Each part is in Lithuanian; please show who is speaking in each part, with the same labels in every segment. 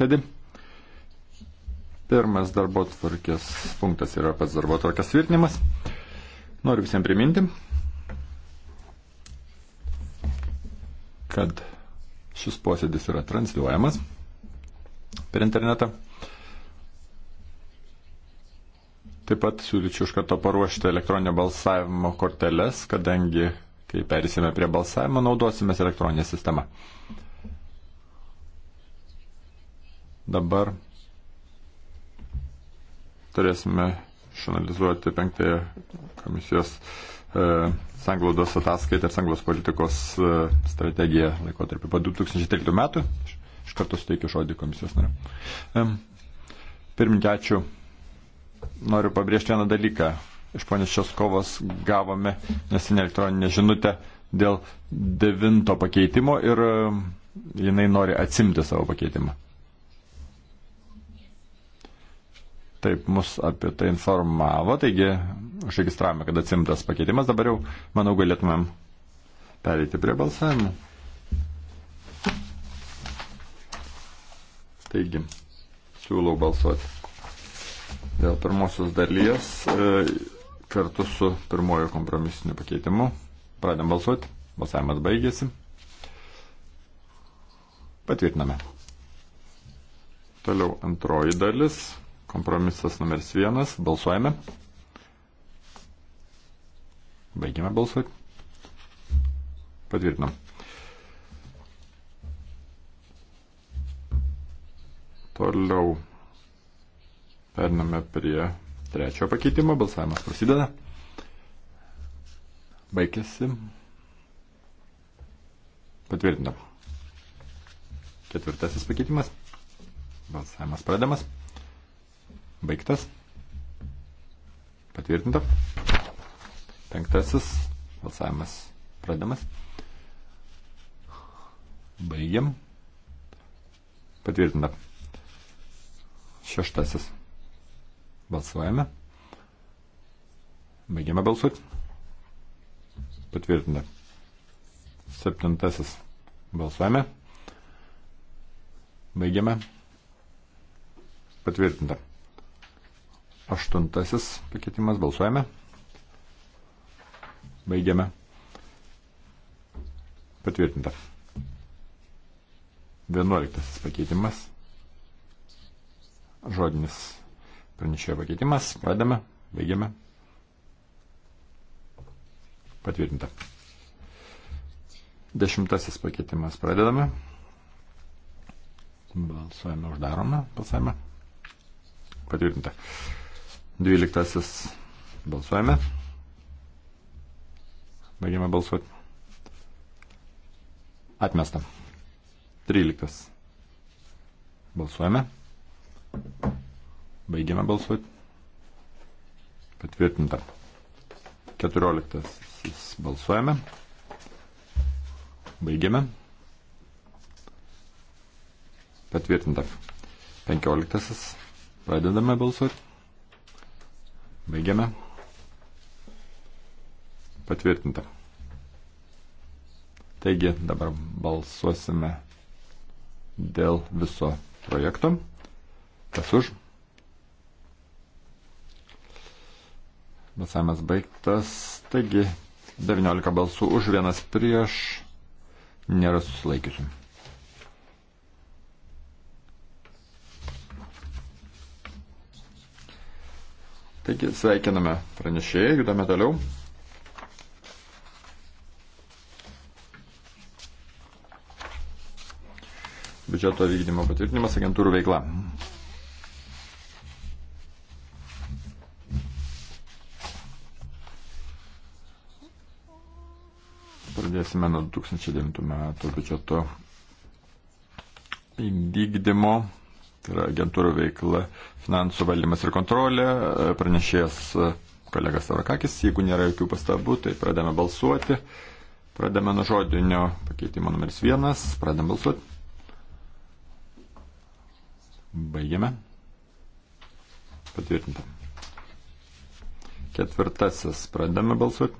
Speaker 1: posėdį. Pirmas darbo tvarkės punktas yra pats darbo tvarkės tvirtinimas. Noriu visiems priminti, kad šis posėdis yra transliuojamas per internetą. Taip pat siūlyčiau iš karto paruošti elektroninio balsavimo korteles, kadangi, kai perėsime prie balsavimo, naudosime elektroninę sistemą. Dabar turėsime išanalizuoti penktąją komisijos e, sanglaudos ataskaitą ir sanglaudos politikos e, strategiją laikotarpį po 2013 metų. Iš karto suteikiu žodį komisijos nariu. E, Pirmininkė, ačiū. Noriu pabrėžti vieną dalyką. Iš ponės šios kovos gavome nesinę elektroninę žinutę dėl devinto pakeitimo ir e, jinai nori atsimti savo pakeitimą. Taip, mus apie tai informavo, taigi užregistravome, kad atsimtas pakeitimas, dabar jau, manau, galėtumėm pereiti prie balsavimo. Taigi, siūlau balsuoti dėl pirmosios dalies e, kartu su pirmojo kompromisiniu pakeitimu. Pradėm balsuoti, balsavimas baigėsi. Patvirtiname. Toliau antroji dalis Kompromisas numeris vienas. Balsuojame. Baigime balsuoti. Patvirtinam. Toliau periname prie trečio pakeitimo. Balsavimas prasideda. Baigėsi. Patvirtinam. Ketvirtasis pakeitimas. Balsavimas pradedamas. Baigtas. Patvirtinta. Penktasis balsavimas pradamas. Baigiam. Patvirtinta. Šeštasis. Balsuojame. Baigiame balsuoti. Patvirtinta. Septintasis. Balsuojame. Baigiame. Patvirtinta. Aštuntasis pakeitimas. Balsuojame. Baigiame. Patvirtinta. Vienuoliktasis pakeitimas. Žodinis pranešėjo pakeitimas. Pradame. Baigiame. Patvirtinta. Dešimtasis pakeitimas. Pradedame. Balsuojame, uždarome. Balsavimą. Patvirtinta. 12. Balsuojame. Baigiame balsuoti. Atmesta. 13. Balsuojame. Baigiame balsuoti. Patvirtinta. 14. Balsuojame. Baigiame. Patvirtinta. 15. Pradedame balsuoti. Baigiame. Patvirtinta. Taigi dabar balsuosime dėl viso projekto. Kas už? Balsavimas baigtas. Taigi 19 balsų už, vienas prieš. Nėra susilaikiusių. Taigi sveikiname pranešėją, judame toliau. Biudžeto vykdymo patvirtinimas agentūrų veikla. Pradėsime nuo 2009 metų biudžeto įvykdymo tai yra agentūrų veikla, finansų valdymas ir kontrolė, pranešėjas kolegas Saurakakis, jeigu nėra jokių pastabų, tai pradame balsuoti, pradame nuo žodinio pakeitimo numeris vienas, pradame balsuoti. Baigiame. Patvirtinta. Ketvirtasis, pradame balsuoti.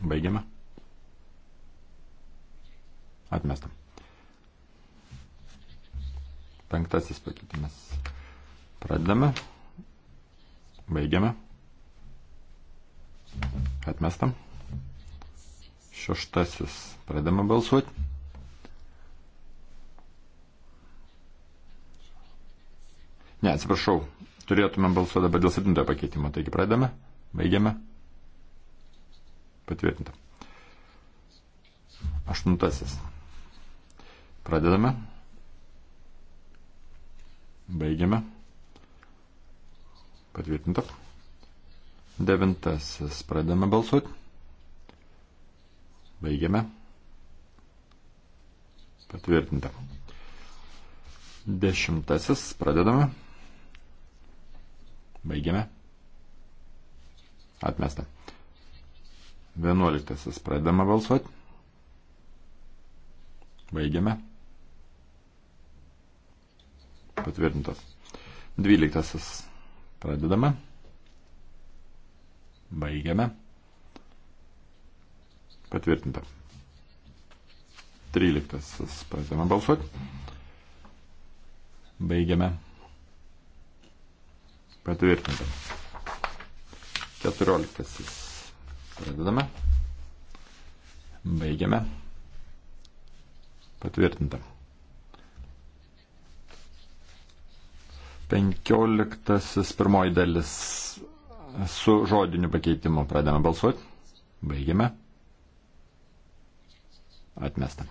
Speaker 1: Baigiame. Atmestam. Penktasis pakeitimas. Pradedame. Baigiame. Atmestam. Šeštasis. Pradedame balsuoti. Ne, atsiprašau, turėtume balsuoti dabar dėl septintojo pakeitimo. Taigi pradedame, baigiame. Patvirtinta. Aštuntasis. Pradedame. Baigiame. Patvirtinta. Devintasis. Pradame balsuoti. Baigiame. Patvirtinta. Dešimtasis. Pradedame. Baigiame. Atmesta. Vienuoliktasis. Pradedame balsuoti. Baigiame. Patvirtintas. Dvyliktasis. Pradedame. Baigiame. Patvirtinta. Tryliktasis. Pradedame balsuoti. Baigiame. Patvirtinta. Keturioliktasis. Pradedame. Baigiame. Patvirtinta. 15. pirmoji dalis su žodiniu pakeitimu pradame balsuoti. Baigiame. Atmesta.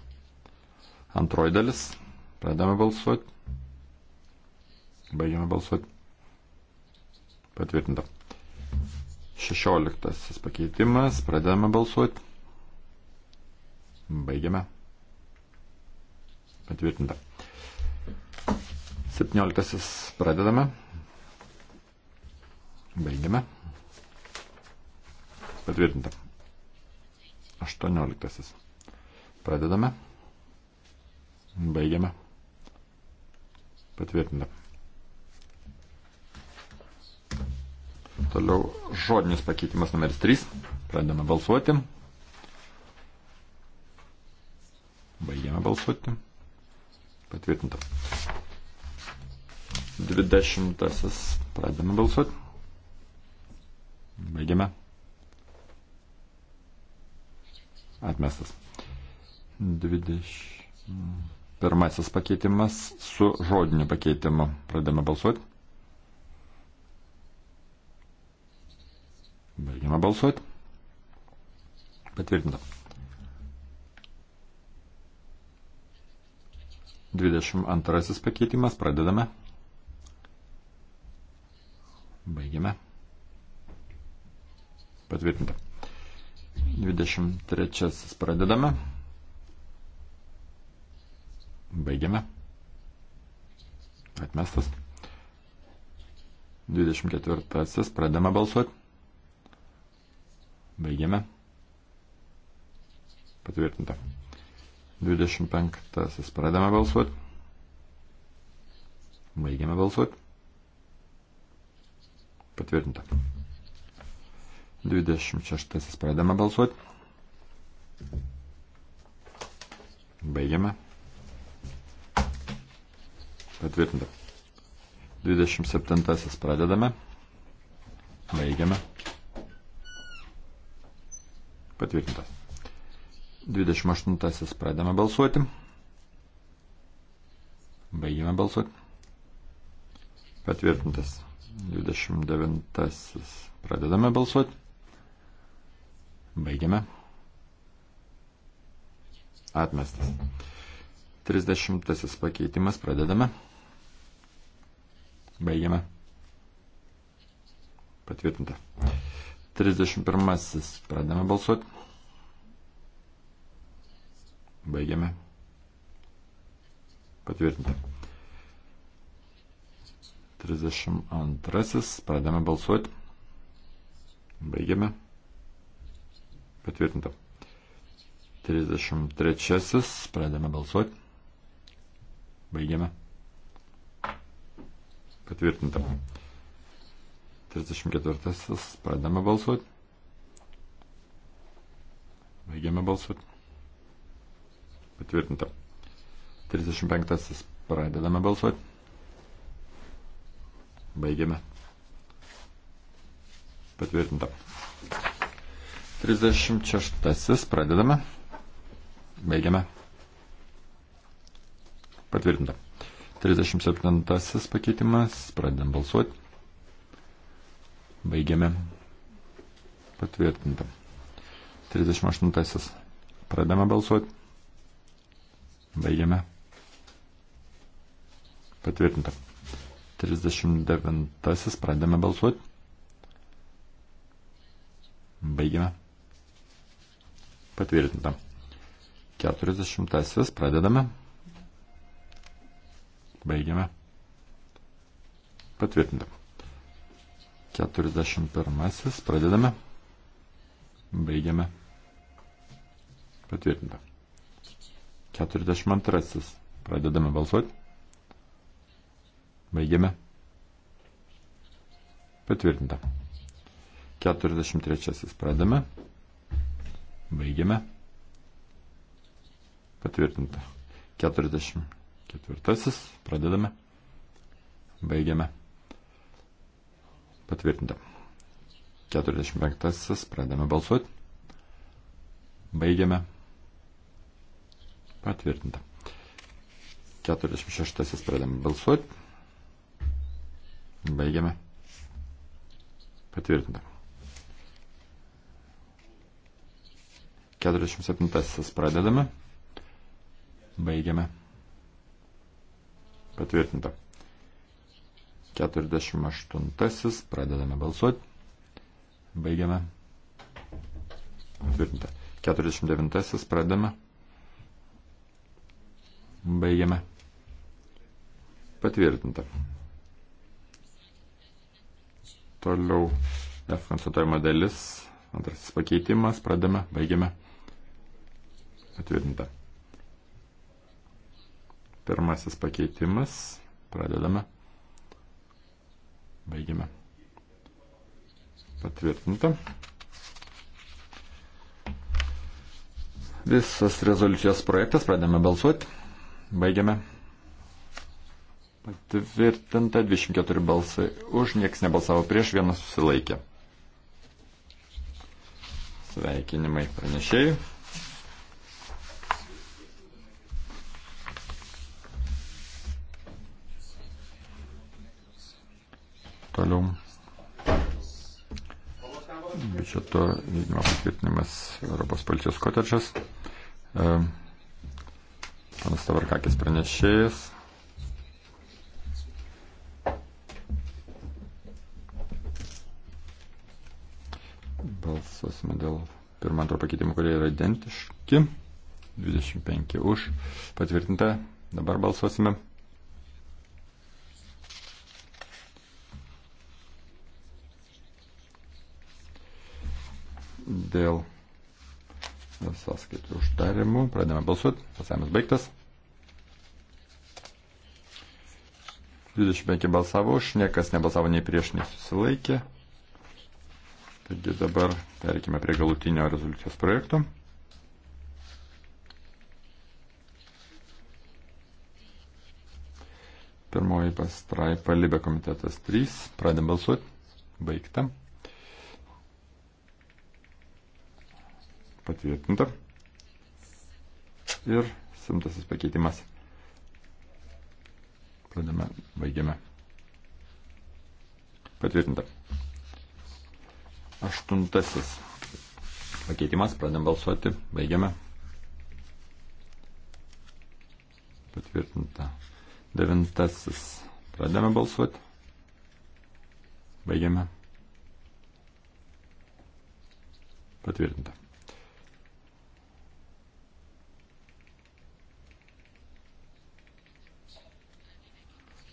Speaker 1: Antroji dalis. Pradame balsuoti. Baigiame balsuoti. Patvirtinta. 16. pakeitimas. Pradedame balsuoti. Baigiame. Patvirtinta. 17 pradedame. Baigiame. Patvirtinta. 18. Pradedame. Baigiame. Patvirtinta. Toliau žodinis pakeitimas numeris 3. Pradedame balsuoti. Baigiame balsuoti. Patvirtinta. 20. Pradame balsuoti. Baigiame. Atmestas. 21 pakeitimas su žodiniu pakeitimu. Pradame balsuoti. Baigiame balsuoti. Patvirtinta. 22 pakeitimas. Pradedame. Baigiame. Patvirtinta. 23 pradedame. Baigiame. Atmestas. 24 pradedame balsuoti. Baigiame. Patvirtinta. 25 pradedame balsuoti. Baigiame balsuoti. Patvirtinta. 26. Pradame balsuoti. Baigiame. Patvirtinta. 27. Pradedame. Baigiame. Patvirtintas. 28. Pradedame balsuoti. Baigiame balsuoti. Patvirtintas. 29. Pradedame balsuoti. Baigiame. Atmestas. 30. Pakeitimas. Pradedame. Baigiame. Patvirtinta. 31. Pradedame balsuoti. Baigiame. Patvirtinta. 32. Pradame balsuoti. Baigiame. Patvirtinta. 33. Pradame balsuoti. Baigiame. Patvirtinta. 34. Pradame balsuoti. Baigiame balsuoti. Patvirtinta. 35. Pradedame balsuoti. Baigiame. Patvirtinta. 36. Pradedame. Baigiame. Patvirtinta. 37. pakeitimas. Pradedam balsuoti. Baigiame. Patvirtinta. 38. Pradedame balsuoti. Baigiame. Patvirtinta. 39. Pradėme balsuoti. Baigime. Patvirtinta. 40. Pradedame. Baigiame. Patvirtinta. 41. Pradedame. Baigiame. Patvirtinta. 42. Pradedame balsuoti. Baigiame. Patvirtinta. 43 pradame. Baigiame. Patvirtinta. 44 pradedame. Baigiame. Patvirtinta. 45 pradedame balsuoti. Baigiame. Patvirtinta. 46 pradedame balsuoti. Baigiame. Patvirtinta. 47 pradedame. Baigiame. Patvirtinta. 48 pradedame balsuoti. Baigiame. Patvirtinta. 49 pradedame. Baigiame. Patvirtinta. Toliau F konstatuojama dalis, antrasis pakeitimas, pradame, baigiame. Atvirtinta. Pirmasis pakeitimas, pradedame, baigiame. Patvirtinta. Visas rezoliucijos projektas, pradedame balsuoti, baigiame. Patvirtinta 24 balsai už, nieks nebalsavo prieš, vienas susilaikė. Sveikinimai pranešėjai. Toliau. Biudžeto vykdymo patvirtinimas Europos policijos kotečas. E, Panas Tavarkakis pranešėjas. Balsuosime dėl pirmo antro pakeitimo, kurie yra identiški. 25 už. Patvirtinta. Dabar balsuosime. Dėl sąskaitų uždarimų. Pradėjome balsuoti. Pasavimas baigtas. 25 balsavo už, niekas nebalsavo nei prieš, nei susilaikė. Taigi dabar pereikime prie galutinio rezoliucijos projekto. Pirmoji pastraipa Libė komitetas 3. Pradėm balsuoti. Baigta. Patvirtinta. Ir simtasis pakeitimas. Pradėme, baigėme. Patvirtinta. Aštuntasis pakeitimas, pradėm balsuoti, baigiame. Patvirtinta. Devintasis, pradėme balsuoti, baigiame. Patvirtinta.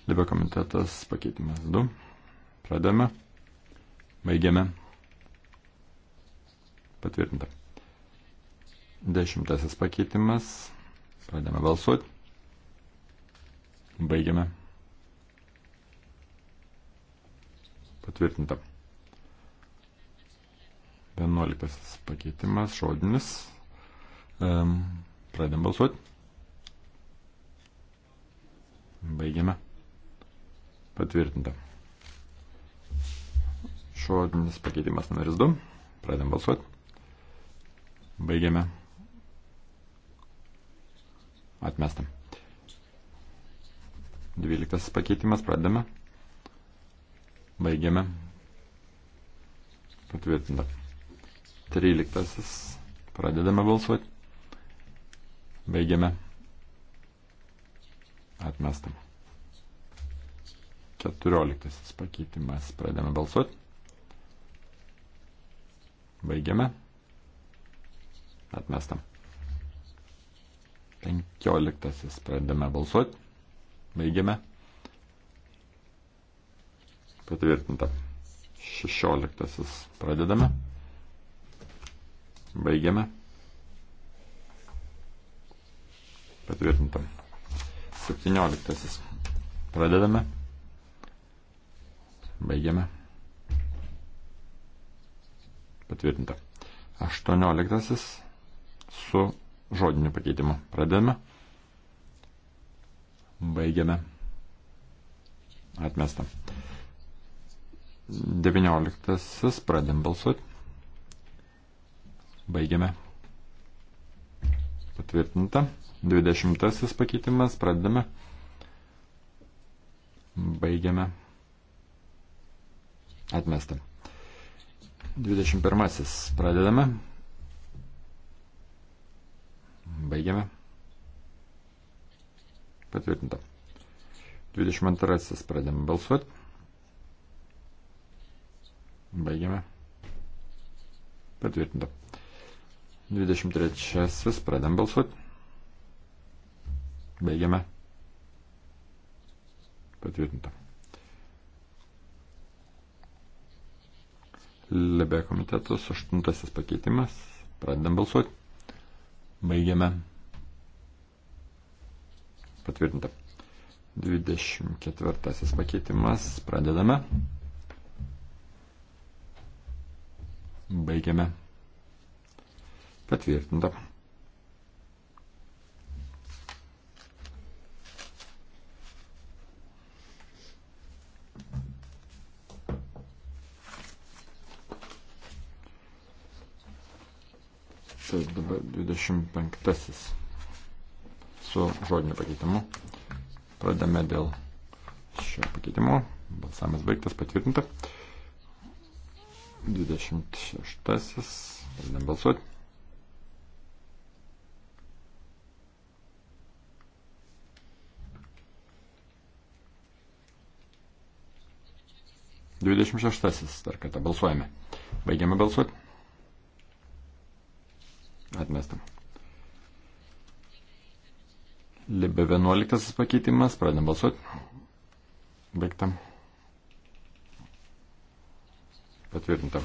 Speaker 1: Libe komitetas pakeitimas 2. Pradame. Baigiame. Patvirtinta. Dešimtasis pakeitimas. Pradėme balsuoti. Baigiame. Patvirtinta. Vienuoliktasis pakeitimas. Žodinis. Pradėm balsuoti. Baigiame. Patvirtinta. Žodinis pakeitimas numeris 2. Pradėm balsuoti. Baigiame. Atmestam. Dvyliktasis pakeitimas, pradame. Baigiame. Patvirtinta. Tryliktasis, pradedame balsuoti. Baigiame. Atmestam. Keturioliktasis pakeitimas, pradedame balsuoti. Baigiame. Atmesta. 15. Pradedame balsuoti. Baigiame. Patvirtinta. 16. Pradedame. Baigiame. Patvirtinta. 17. Pradedame. Baigiame. Patvirtinta. 18 su žodiniu pakeitimu. Pradedame. Baigiame. Atmesta. 19. Pradėm balsuoti. Baigiame. Patvirtinta. 20. pakeitimas. Pradedame. Baigiame. Atmesta. 21. Pradedame. Baigiame. Patvirtinta. 22 pradėm balsuoti. Baigiame. Patvirtinta. 23 pradėm balsuoti. Baigiame. Patvirtinta. Lebe komitetus, aštuntasis pakeitimas. Pradedam balsuoti. Baigiame. Patvirtinta. 24 pakeitimas. Pradedame. Baigiame. Patvirtinta. 125 su žodiniu pakeitimu. Pradame dėl šio pakeitimo. Balsavimas baigtas, patvirtinta. 26. Pradedam balsuoti. Dvidešimt šeštasis, dar kartą balsuojame. Baigiame balsuoti. Atmestam. Libe 11 pakeitimas, pradėm balsuoti. Baigtam. Patvirtintam.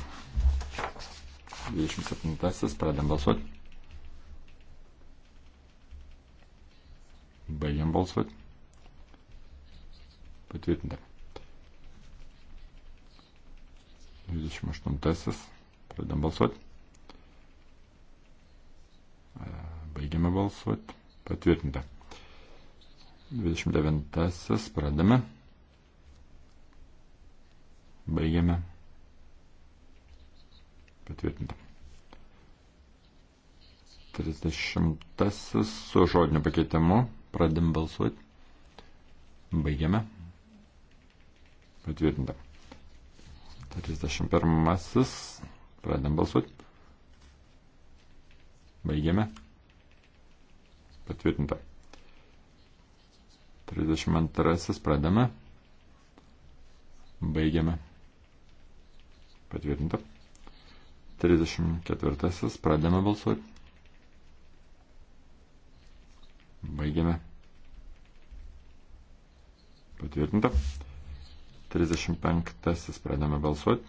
Speaker 1: 27, pradėm balsuoti. Baigiam balsuoti. Patvirtintam. 28, pradėm balsuoti. Baigiame balsuoti. Patvirtinta. 29. Pradame. Baigiame. Patvirtinta. 30. Su žodiniu pakeitimu. Pradėm balsuoti. Baigiame. Patvirtinta. 31. Pradėm balsuoti. Baigiame. Patvirtinta. 32. Pradame. Baigiame. Patvirtinta. 34. Pradame balsuoti. Baigiame. Patvirtinta. 35. Pradame balsuoti.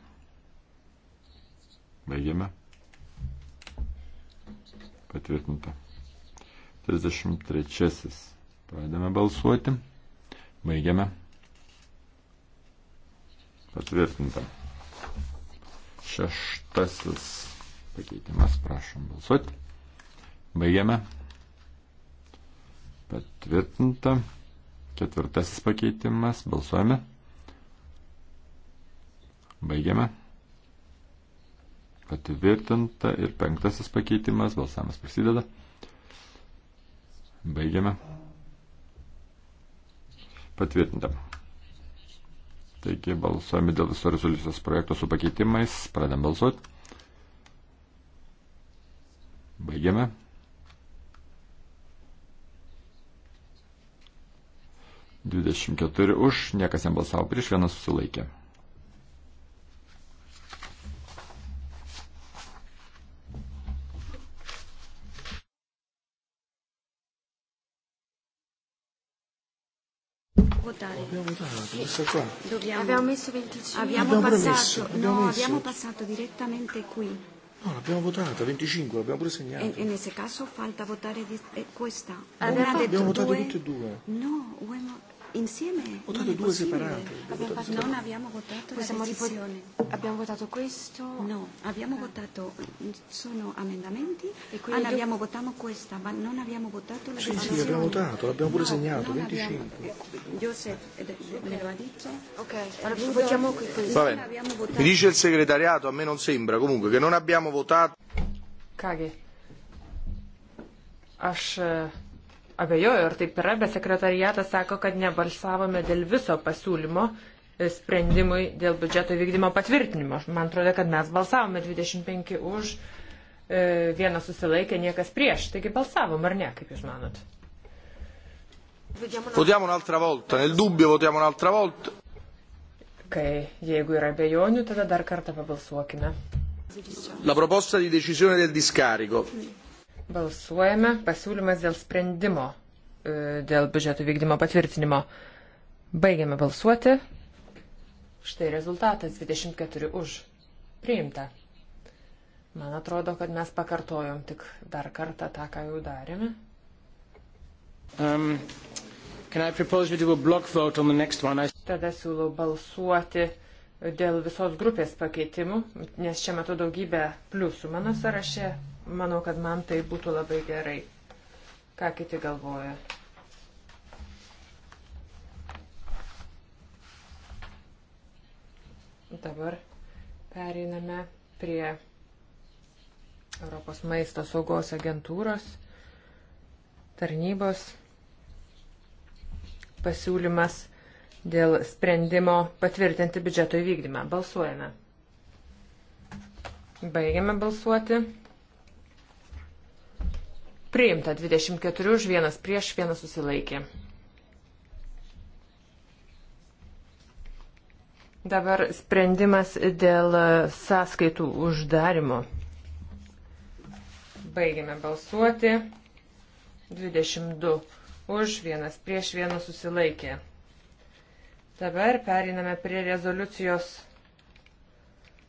Speaker 1: Baigiame. Patvirtinta. 33. Pradame balsuoti. Baigiame. Patvirtinta. Šeštasis pakeitimas. Prašom balsuoti. Baigiame. Patvirtinta. Ketvirtasis pakeitimas. Balsuojame. Baigiame. Patvirtinta ir penktasis pakeitimas. Balsavimas prasideda. Baigiame. Patvirtinta. Taigi balsuojame dėl viso rezoliucijos projekto su pakeitimais. Pradėm balsuoti. Baigiame. Dvidešimt keturi už, niekas nebalsavo prieš, vienas susilaikė.
Speaker 2: questa qua. Dobbiamo, abbiamo messo 25. Abbiamo, abbiamo passato, messo, abbiamo no, messo. abbiamo
Speaker 3: passato direttamente qui.
Speaker 2: No, l'abbiamo votata, 25, l'abbiamo pure segnata. E, e nel
Speaker 3: caso falta votare di, eh, questa. Abbiamo, una abbiamo votato due, tutte e due. No, uno, Insieme? Votato due separate. Abbiamo fatto, non abbiamo votato Possiamo la decisione. Ripot- abbiamo votato questo? No, abbiamo ah. votato, sono emendamenti e, e quindi ah, io... abbiamo votato questa, ma non abbiamo votato la sì, decisione. Sì, sì, l'abbiamo votato, l'abbiamo pure no, segnato, 25. Abbiamo, eh, Joseph
Speaker 1: eh, me lo ha detto. Ok, eh, allora Rudo, votiamo qui questo.
Speaker 2: Va bene. Mi dice il segretariato, a me non sembra comunque, che non abbiamo votato.
Speaker 4: Kage. Aš abejoju, ar taip yra, bet sekretariatas sako, kad nebalsavome dėl viso pasiūlymo e, sprendimui dėl biudžeto vykdymo patvirtinimo. Man atrodo, kad mes balsavome 25 už, e, vienas susilaikė, niekas prieš. Taigi balsavom, ar ne, kaip Jūs manot?
Speaker 2: Votiamo un'altra volta, nel dubbio votiamo un'altra volta.
Speaker 4: Kai jeigu yra abejonių, tada dar kartą pabalsuokime.
Speaker 2: La proposta di decisione del discarico. Mm
Speaker 4: Balsuojame pasiūlymas dėl sprendimo, e, dėl biudžeto vykdymo patvirtinimo. Baigiame balsuoti. Štai rezultatas 24 už. Priimta. Man atrodo, kad mes pakartojom tik dar kartą tą, ką jau darėme. Um, I... Tada siūlau balsuoti dėl visos grupės pakeitimų, nes čia matau daugybę pliusų mano sąraše, Manau, kad man tai būtų labai gerai. Ką kiti galvoja? Dabar pereiname prie Europos maisto saugos agentūros tarnybos pasiūlymas dėl sprendimo patvirtinti biudžeto įvykdymą. Balsuojame. Baigiame balsuoti. Priimta 24 už vienas prieš vieną susilaikė. Dabar sprendimas dėl sąskaitų uždarimo. Baigiame balsuoti. 22 už vienas prieš vieną susilaikė. Dabar periname prie rezoliucijos.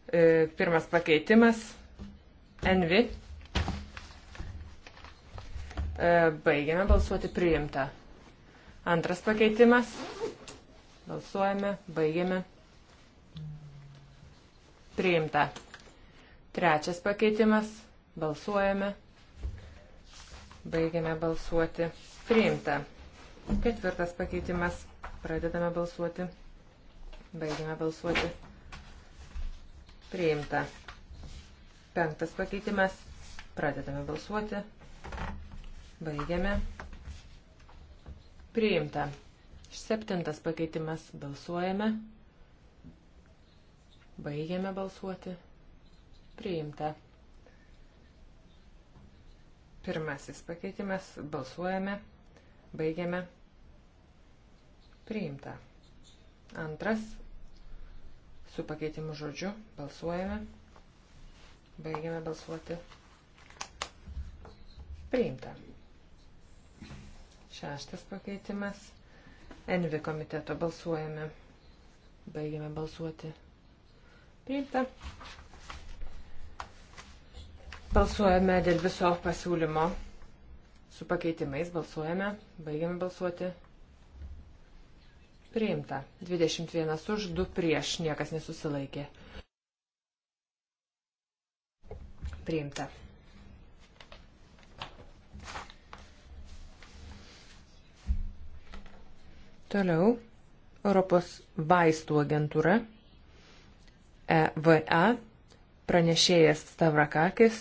Speaker 4: E, pirmas pakeitimas. Envi E, baigiame balsuoti priimta. Antras pakeitimas. Balsuojame, baigiame. Priimta. Trečias pakeitimas. Balsuojame. Baigiame balsuoti. Priimta. Ketvirtas pakeitimas. Pradedame balsuoti. Baigiame balsuoti. Priimta. Penktas pakeitimas. Pradedame balsuoti. Baigiame. Priimta. Septintas pakeitimas. Balsuojame. Baigiame balsuoti. Priimta. Pirmasis pakeitimas. Balsuojame. Baigiame. Priimta. Antras. Su pakeitimu žodžiu. Balsuojame. Baigiame balsuoti. Priimta. Šeštas pakeitimas. Envi komiteto balsuojame. Baigiame balsuoti. Priimta. Balsuojame dėl viso pasiūlymo. Su pakeitimais balsuojame. Baigiame balsuoti. Priimta. 21 už, 2 prieš. Niekas nesusilaikė. Priimta. Toliau Europos vaistų agentūra EVA pranešėjas Stavrakakis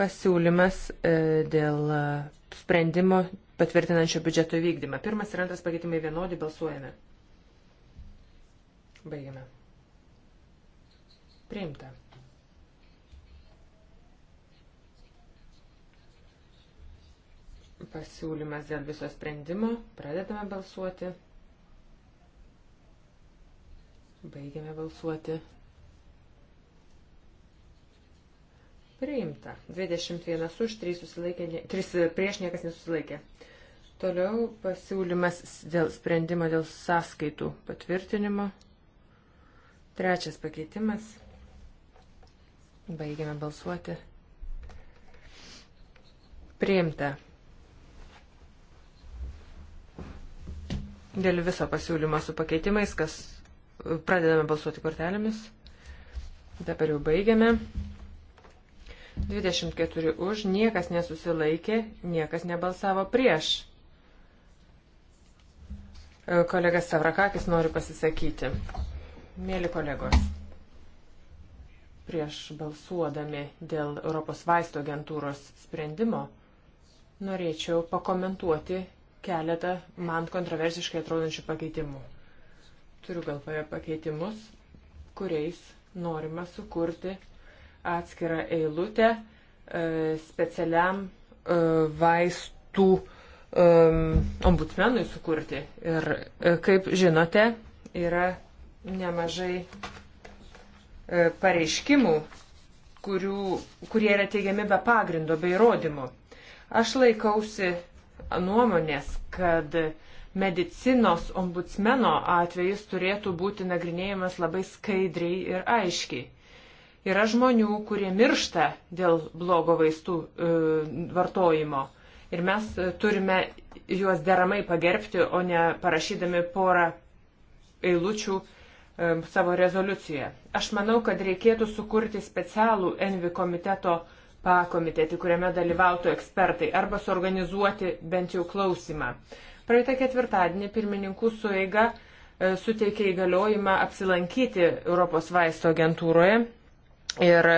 Speaker 4: pasiūlymas e, dėl sprendimo patvirtinančio biudžeto vykdymą. Pirmas ir antras pakeitimai vienodi, balsuojame. Baigiame. Priimta. Pasiūlymas dėl viso sprendimo. Pradedame balsuoti. Baigiame balsuoti. Priimta. 21 už, 3, susilaikė, 3 prieš niekas nesusilaikė. Toliau pasiūlymas dėl sprendimo dėl sąskaitų patvirtinimo. Trečias pakeitimas. Baigiame balsuoti. Priimta. Dėl viso pasiūlymo su pakeitimais, kas Pradedame balsuoti kortelėmis. Dabar jau baigiame. 24 už, niekas nesusilaikė, niekas nebalsavo prieš. E, Kolegas Savrakakis nori pasisakyti. Mėly kolegos, prieš balsuodami dėl Europos vaisto agentūros sprendimo, norėčiau pakomentuoti keletą man kontroversiškai atrodančių pakeitimų. Turiu galvoje pakeitimus, kuriais norima sukurti atskirą eilutę e, specialiam e, vaistų e, ombudsmenui sukurti. Ir kaip žinote, yra nemažai pareiškimų, kurių, kurie yra teigiami be pagrindo, be įrodymų. Aš laikausi nuomonės, kad uh, medicinos ombudsmeno atvejis turėtų būti nagrinėjimas labai skaidriai ir aiškiai. Yra žmonių, kurie miršta dėl blogo vaistų e, vartojimo ir mes e, turime juos deramai pagerbti, o ne parašydami porą eilučių e, savo rezoliucijoje. Aš manau, kad reikėtų sukurti specialų Envi komiteto pakomitetį, kuriame dalyvautų ekspertai, arba suorganizuoti bent jau klausimą. Praeitą ketvirtadienį pirmininkų sueiga e, suteikė įgaliojimą apsilankyti Europos vaisto agentūroje ir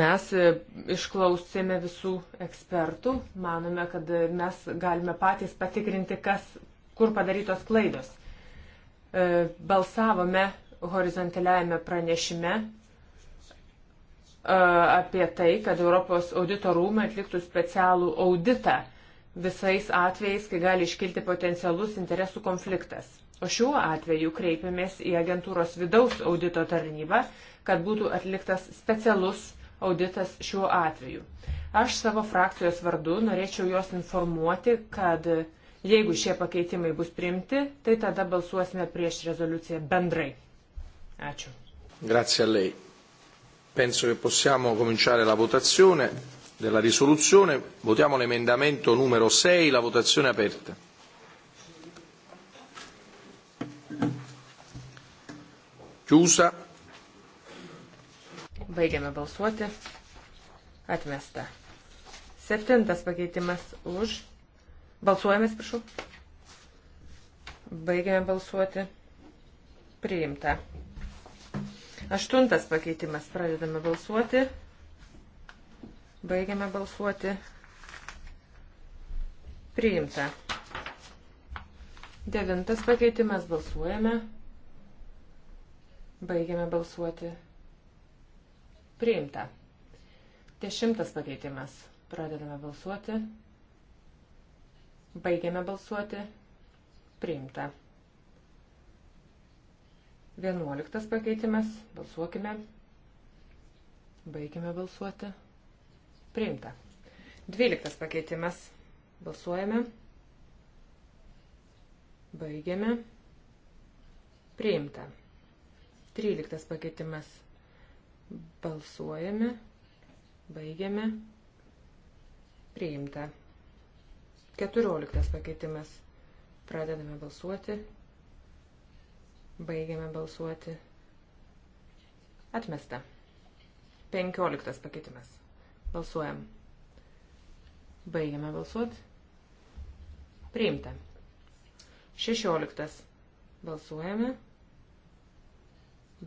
Speaker 4: mes e, išklausėme visų ekspertų, manome, kad e, mes galime patys patikrinti, kas, kur padarytos klaidos. Balsavome horizontaliajame pranešime apie tai, kad Europos audito rūmai atliktų specialų auditą visais atvejais, kai gali iškilti potencialus interesų konfliktas. O šiuo atveju kreipiamės į agentūros vidaus audito tarnybą, kad būtų atliktas specialus auditas šiuo atveju. Aš savo frakcijos vardu norėčiau jos informuoti, kad jeigu šie pakeitimai bus priimti, tai tada balsuosime prieš rezoliuciją bendrai. Ačiū.
Speaker 2: Grazie a lei. Penso che possiamo cominciare la votazione della risoluzione. Votiamo l'emendamento numero 6, la votazione è aperta. Chiusa.
Speaker 4: Baigiame balsuoti. Atmesta. Septintas pakeitimas už. Balsuojame, prašau. Baigiame balsuoti. Priimta. Aštuntas pakeitimas. Pradedame balsuoti. Baigiame balsuoti. Priimta. Devintas pakeitimas balsuojame. Baigiame balsuoti. Priimta. Dešimtas pakeitimas. Pradedame balsuoti. Baigiame balsuoti. Priimta. Vienuoliktas pakeitimas. Balsuokime. Baigiame balsuoti. Priimta. Dvyliktas pakeitimas. Balsuojame. Baigiame. Priimta. Tryliktas pakeitimas. Balsuojame. Baigiame. Priimta. Keturioliktas pakeitimas. Pradedame balsuoti. Baigiame balsuoti. Atmesta. Penkioliktas pakeitimas. Balsuojam. Baigiame balsuoti. Priimta. 16. Balsuojame.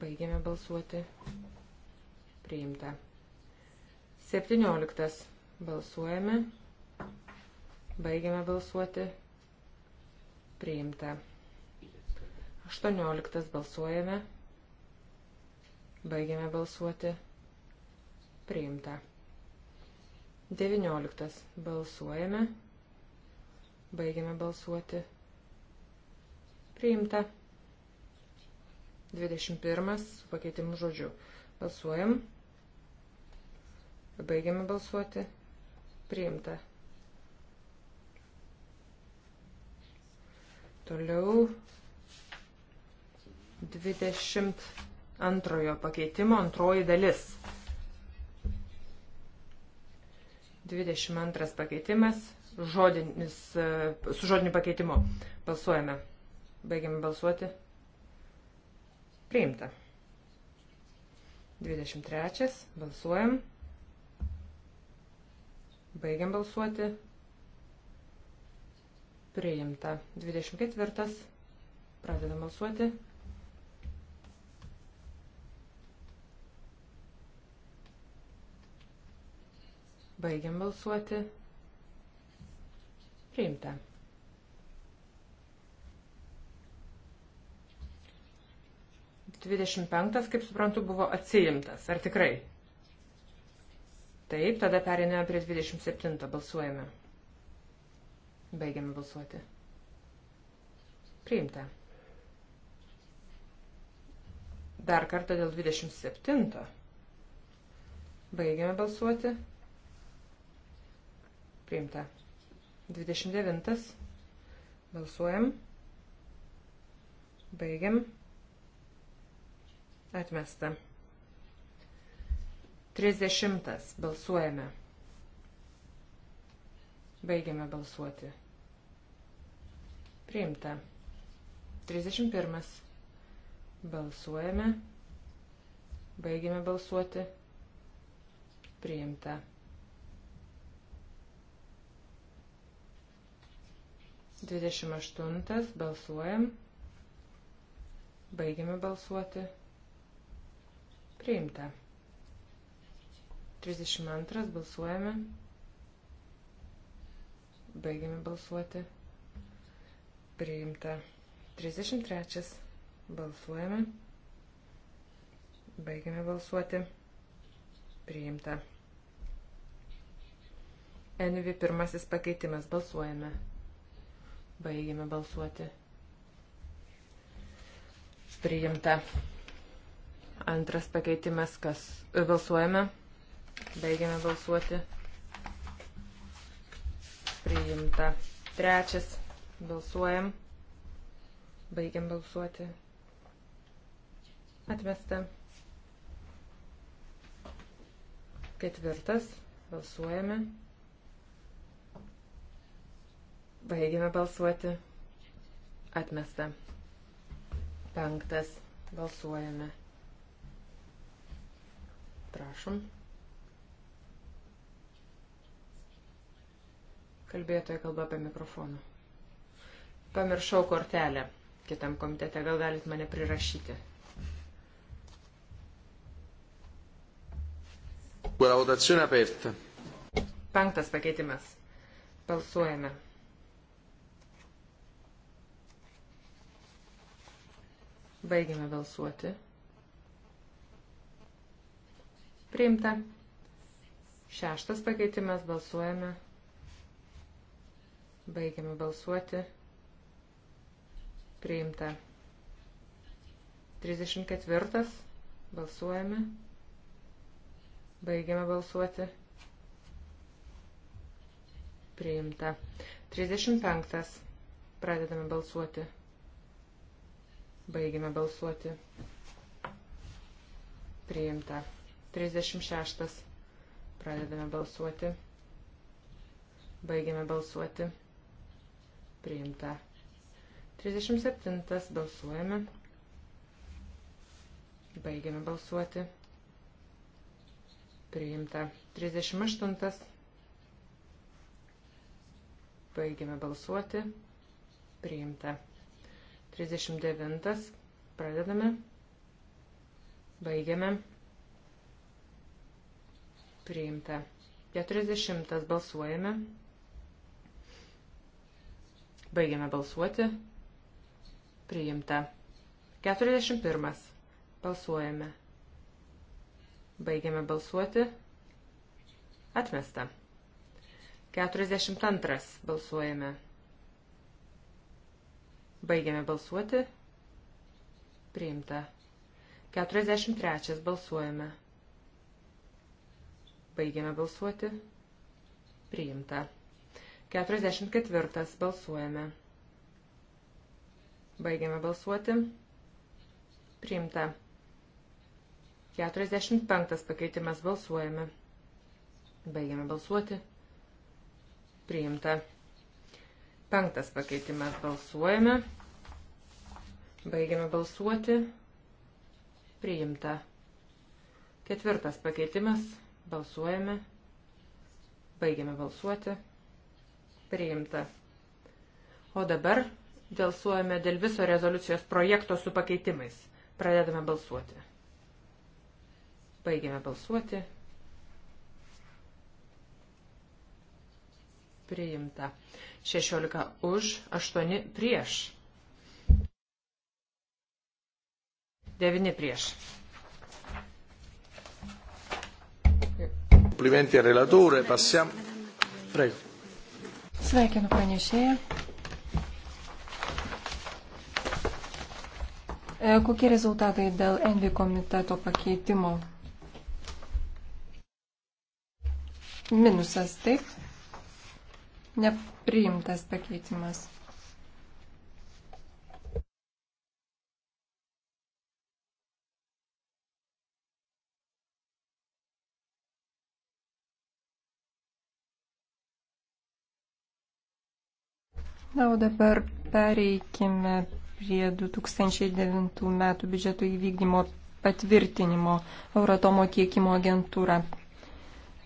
Speaker 4: Baigiame balsuoti. Priimta. 17. Balsuojame. Baigiame balsuoti. Priimta. 18. Balsuojame. Baigiame balsuoti. Priimta. 19. Balsuojame. Baigiame balsuoti. Priimta. 21. Su pakeitimu žodžiu. Balsuojam. Baigiame balsuoti. Priimta. Toliau 22 pakeitimo antroji dalis. 22 pakeitimas žodinis, e, su žodiniu pakeitimu. Balsuojame. Baigiame balsuoti. Priimta. 23. Balsuojam. Baigiam balsuoti. Priimta. 24. Pradedam balsuoti. Baigiam balsuoti. Priimta. Dvidešimt penktas, kaip suprantu, buvo atsiimtas. Ar tikrai? Taip, tada perinėme prie 27. Balsuojame. Baigiame balsuoti. Priimta. Dar kartą dėl 27. Baigiame balsuoti. Priimta. 29. Balsuojam. Baigiam. Atmesta. 30. Balsuojame. Baigiame balsuoti. Priimta. 31. Balsuojame. Baigiame balsuoti. Priimta. 28. Balsuojam. Baigiame balsuoti. Priimta. 32. Balsuojame. Baigiame balsuoti. Priimta. 33. Balsuojame. Baigiame balsuoti. Priimta. NV pirmasis pakeitimas. Balsuojame. Baigėme balsuoti. Priimta. Antras pakeitimas, kas e, balsuojame. Baigėme balsuoti. Priimta. Trečias. Balsuojam. Baigiam balsuoti. Atmesta. Ketvirtas. Balsuojame. Baigėme balsuoti. Atmesta. Penktas. Balsuojame. Prašom. Kalbėtoja kalba apie mikrofoną. Pamiršau kortelę kitam komitete. Gal galit mane prirašyti?
Speaker 2: Quella votazione aperta.
Speaker 4: Penktas pakeitimas. Balsuojame. Baigėme balsuoti. Priimta. Šeštas pakeitimas balsuojame. Baigiame balsuoti. Priimta. 34. Balsuojame. Baigiame balsuoti. Priimta. 35. Pradedame balsuoti. Baigime balsuoti. Priimta. 36. Pradedame balsuoti. Baigėme balsuoti. Priimta. 37. Balsuojame. Baigėme balsuoti. Priimta. 38. Baigėme balsuoti. Priimta. 39. Pradedame. Baigiame. Priimta. 40. Balsuojame. Baigiame balsuoti. Priimta. 41. Balsuojame. Baigiame balsuoti. Atmesta. 42. Balsuojame. Baigiame balsuoti. Priimta. 43. Balsuojame. Baigiame balsuoti. Priimta. 44. Balsuojame. Baigiame balsuoti. Priimta. 45. Pakeitimas balsuojame. Baigiame balsuoti. Priimta. Penktas pakeitimas balsuojame. Baigiame balsuoti. Priimta. Ketvirtas pakeitimas balsuojame. Baigiame balsuoti. Priimta. O dabar balsuojame dėl viso rezoliucijos projekto su pakeitimais. Pradedame balsuoti. Baigiame balsuoti. priimta. 16 už, 8 prieš. 9 prieš.
Speaker 2: Komplimenti al relatore, passiamo. Prego.
Speaker 3: Sveikinu pranešėją. E, kokie rezultatai dėl Envi komiteto pakeitimo? Minusas, taip nepriimtas pakeitimas. Na, o dabar pereikime prie 2009 metų biudžeto įvykdymo patvirtinimo Euratomo tiekimo agentūra.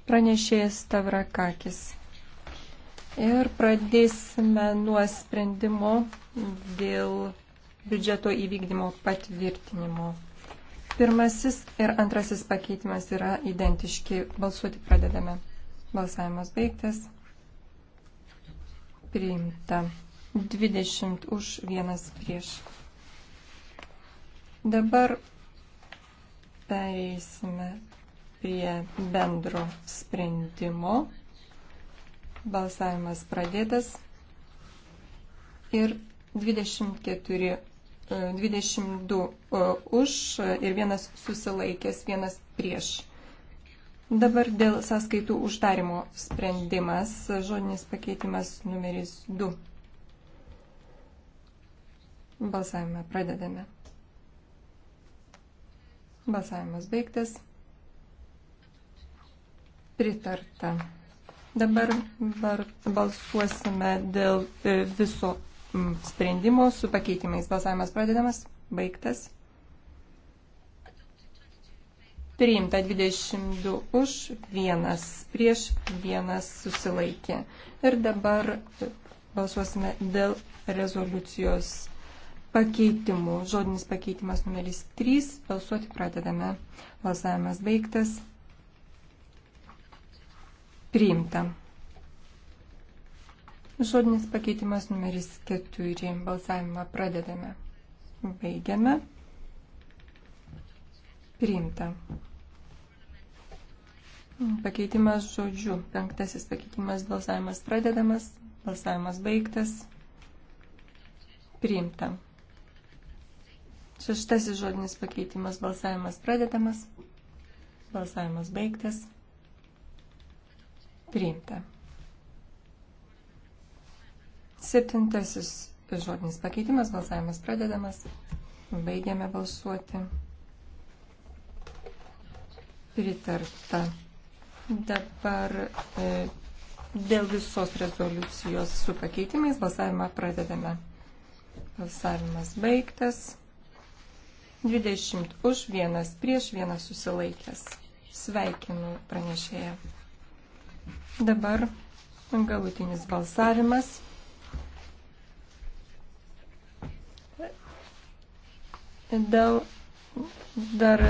Speaker 3: Pranešėjas Tavrakakis. Ir pradėsime nuo sprendimo dėl biudžeto įvykdymo patvirtinimo. Pirmasis ir antrasis pakeitimas yra identiški. Balsuoti pradedame. Balsavimas baigtas. Priimta. 20 už vienas prieš. Dabar pereisime prie bendro sprendimo Balsavimas pradėtas. Ir 24, 22 e, e, už ir vienas susilaikęs, vienas prieš. Dabar dėl sąskaitų uždarimo sprendimas, žodinis pakeitimas numeris 2. Balsavimą pradedame. Balsavimas baigtas. Pritarta. Dabar bar, balsuosime dėl e, viso sprendimo su pakeitimais. Balsavimas pradedamas, baigtas. Priimta 22 už, vienas prieš, vienas susilaikė. Ir dabar e, balsuosime dėl rezoliucijos pakeitimų. Žodinis pakeitimas numeris 3. Balsuoti pradedame. Balsavimas baigtas. Priimta. Žodinis pakeitimas numeris 4. Balsavimą pradedame. Baigiame. Priimta. Pakeitimas žodžiu. Penktasis pakeitimas balsavimas pradedamas. Balsavimas baigtas. Priimta. Šeštasis žodinis pakeitimas balsavimas pradedamas. Balsavimas baigtas. Priimta. Septintasis žodinis pakeitimas, balsavimas pradedamas. Baigiame balsuoti. Pritarta. Dabar e, dėl visos rezoliucijos su pakeitimais balsavimą pradedame. Balsavimas baigtas. 20 už, 1 prieš, 1 susilaikęs. Sveikinu pranešėją. Dabar galutinis balsavimas. Dėl dar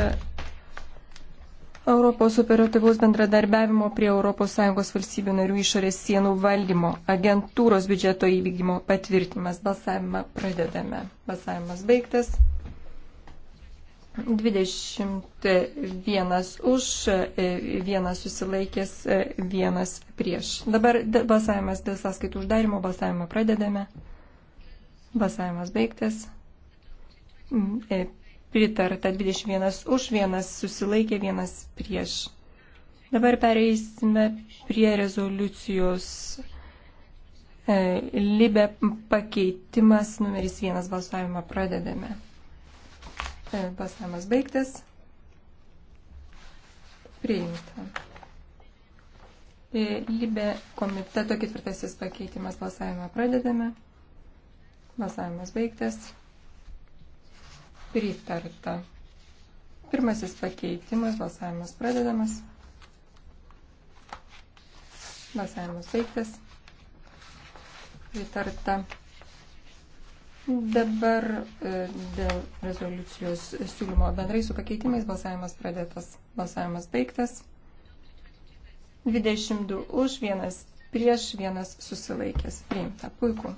Speaker 3: Europos operatyvaus bendradarbiavimo prie ES valstybių narių išorės sienų valdymo agentūros biudžeto įvykdymo patvirtinimas. Balsavimą pradedame. Balsavimas baigtas. 21 už, vienas susilaikęs, vienas prieš. Dabar balsavimas dėl sąskaitų uždarimo, balsavimą pradedame. Balsavimas baigtas. E, pritarta 21 už, vienas susilaikė, vienas prieš. Dabar pereisime prie rezoliucijos e, libe pakeitimas numeris vienas balsavimą pradedame. Balsavimas e, baigtas. Priimta. E, Lybė komiteto ketvirtasis pakeitimas balsavimą pradedame. Balsavimas baigtas. Pritarta. Pirmasis pakeitimas, balsavimas pradedamas. Balsavimas baigtas. Pritarta. Dabar e, dėl rezoliucijos siūlymo bendrai su pakeitimais balsavimas pradėtas, balsavimas baigtas. 22 už, vienas prieš, vienas susilaikęs. Priimta. Puiku.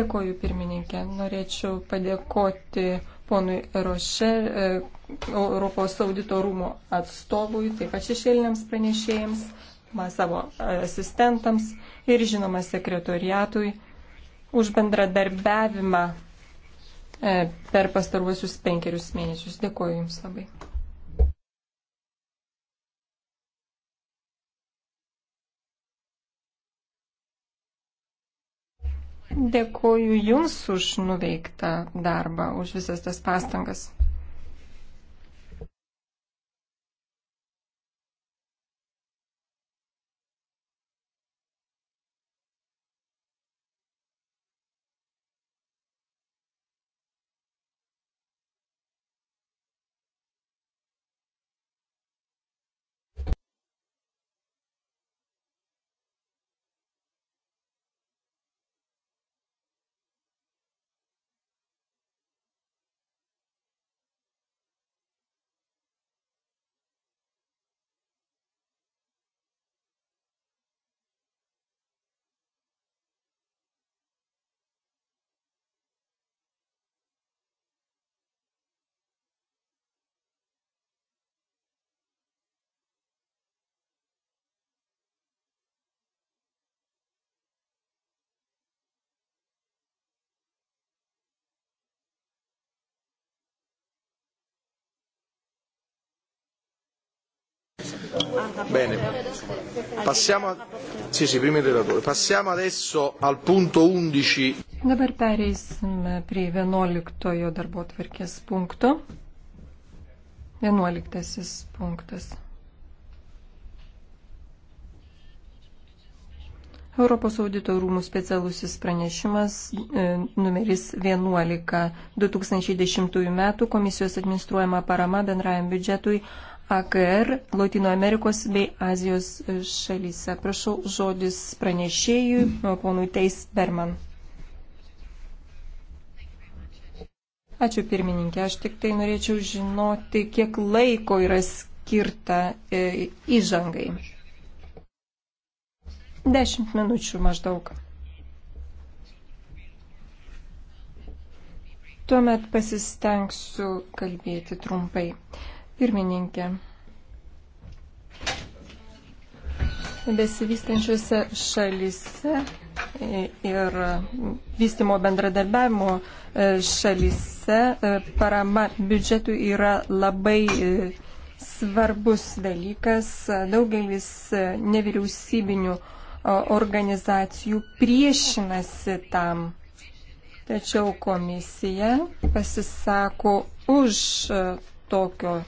Speaker 3: Dėkoju pirmininkė. Norėčiau padėkoti ponui Roše, e, Europos audito rūmo atstovui, taip pat šešėliniams pranešėjams, savo asistentams ir žinoma sekretoriatui už bendradarbiavimą e, per pastaruosius penkerius mėnesius. Dėkuoju Jums labai. Dėkuoju Jums už nuveiktą darbą, už visas tas pastangas.
Speaker 2: Bene. Passiamo, a... sì, sì, prima il relatore. Passiamo adesso al punto 11.
Speaker 3: Dabar pereisime prie 11 darbo tvarkės punkto. 11 punktas. Europos audito rūmų specialusis pranešimas e, numeris 11 2010 m. Komisijos administruojama parama bendrajam biudžetui AKR, Latino Amerikos bei Azijos šalyse. Prašau žodis pranešėjui, ponui Teis Berman. Ačiū pirmininkė, aš tik tai norėčiau žinoti, kiek laiko yra skirta e, įžangai. Dešimt minučių maždaug. Tuomet pasistengsiu kalbėti trumpai. Pirmininkė. Besivystančiose šalyse ir vystimo bendradarbiavimo e, šalyse e, parama biudžetų yra labai e, svarbus dalykas. Daugelis nevyriausybinių organizacijų priešinasi tam. Tačiau komisija pasisako už tokio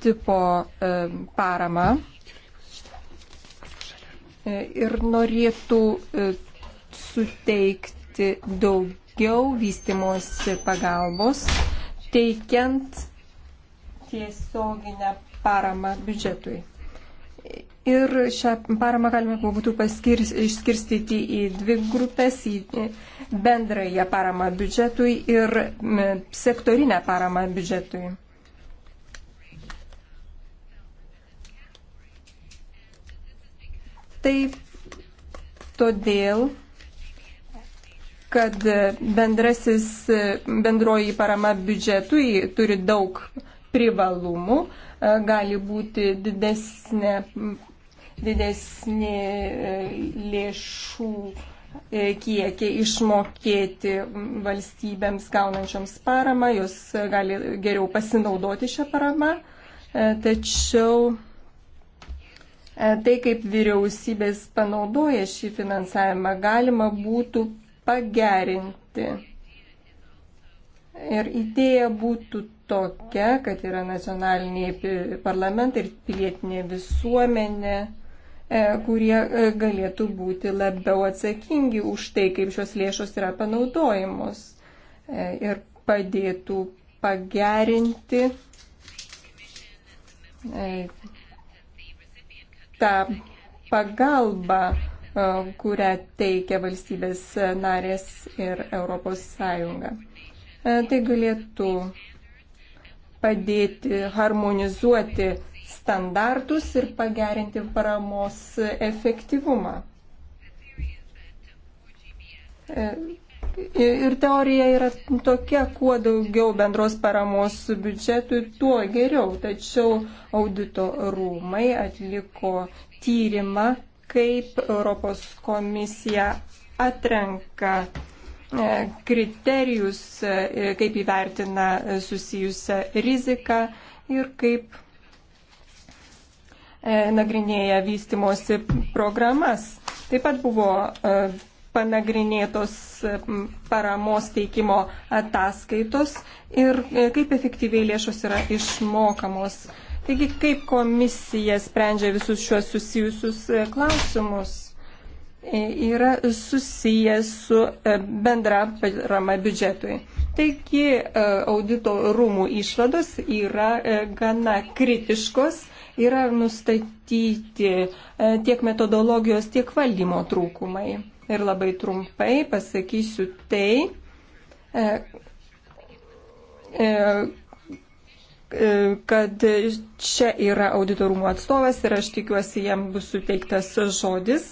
Speaker 3: tipo e, paramą e, ir norėtų e, suteikti daugiau vystimosi pagalbos, teikiant tiesioginę paramą biudžetui. Ir šią paramą galime būtų paskirs, išskirstyti į dvi grupės - į bendrąją paramą biudžetui ir sektorinę paramą biudžetui. tai todėl, kad bendrasis, bendroji parama biudžetui turi daug privalumų, e, gali būti didesnė, didesnė e, lėšų e, kiekį išmokėti valstybėms gaunančioms paramą, jos gali geriau pasinaudoti šią paramą, tačiau E, tai, kaip vyriausybės panaudoja šį finansavimą, galima būtų pagerinti. Ir idėja būtų tokia, kad yra nacionaliniai parlamentai ir pilietinė visuomenė, e, kurie e, galėtų būti labiau atsakingi už tai, kaip šios lėšos yra panaudojamos ir padėtų pagerinti tą pagalbą, e, kurią teikia valstybės narės ir Europos Sąjunga. E, tai galėtų padėti harmonizuoti standartus ir pagerinti paramos efektyvumą. E, Ir teorija yra tokia, kuo daugiau bendros paramos biudžetui, tuo geriau. Tačiau audito rūmai atliko tyrimą, kaip Europos komisija atrenka e, kriterijus, e, kaip įvertina susijusią riziką ir kaip e, nagrinėja vystimosi programas. Taip pat buvo panagrinėtos paramos teikimo ataskaitos ir e, kaip efektyviai lėšos yra išmokamos. Taigi, kaip komisija sprendžia visus šiuos susijusius e, klausimus, e, yra susijęs su bendra parama biudžetui. Taigi, audito rūmų išvados yra gana kritiškos, yra nustatyti tiek metodologijos, tiek valdymo trūkumai ir labai trumpai pasakysiu tai, e, e, e, kad čia yra auditorumo atstovas ir aš tikiuosi jam bus suteiktas žodis.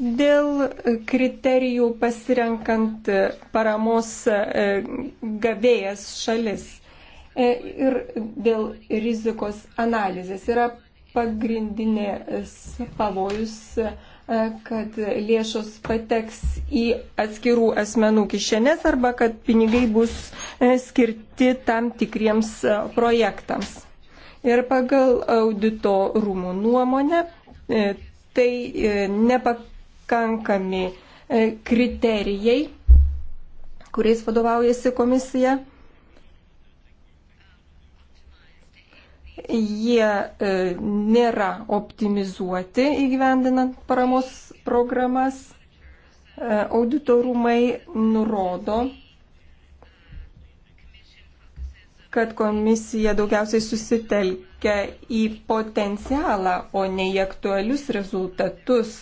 Speaker 3: Dėl kriterijų pasirenkant paramos gavėjas šalis ir dėl rizikos analizės yra pagrindinės pavojus kad lėšos pateks į atskirų asmenų kišenės arba kad pinigai bus e, skirti tam tikriems e, projektams. Ir pagal audito rūmų nuomonę e, tai nepakankami kriterijai, kuriais vadovaujasi komisija. Jie e, nėra optimizuoti įgyvendinant paramos programas. E, auditorumai nurodo, kad komisija daugiausiai susitelkia į potencialą, o ne į aktualius rezultatus.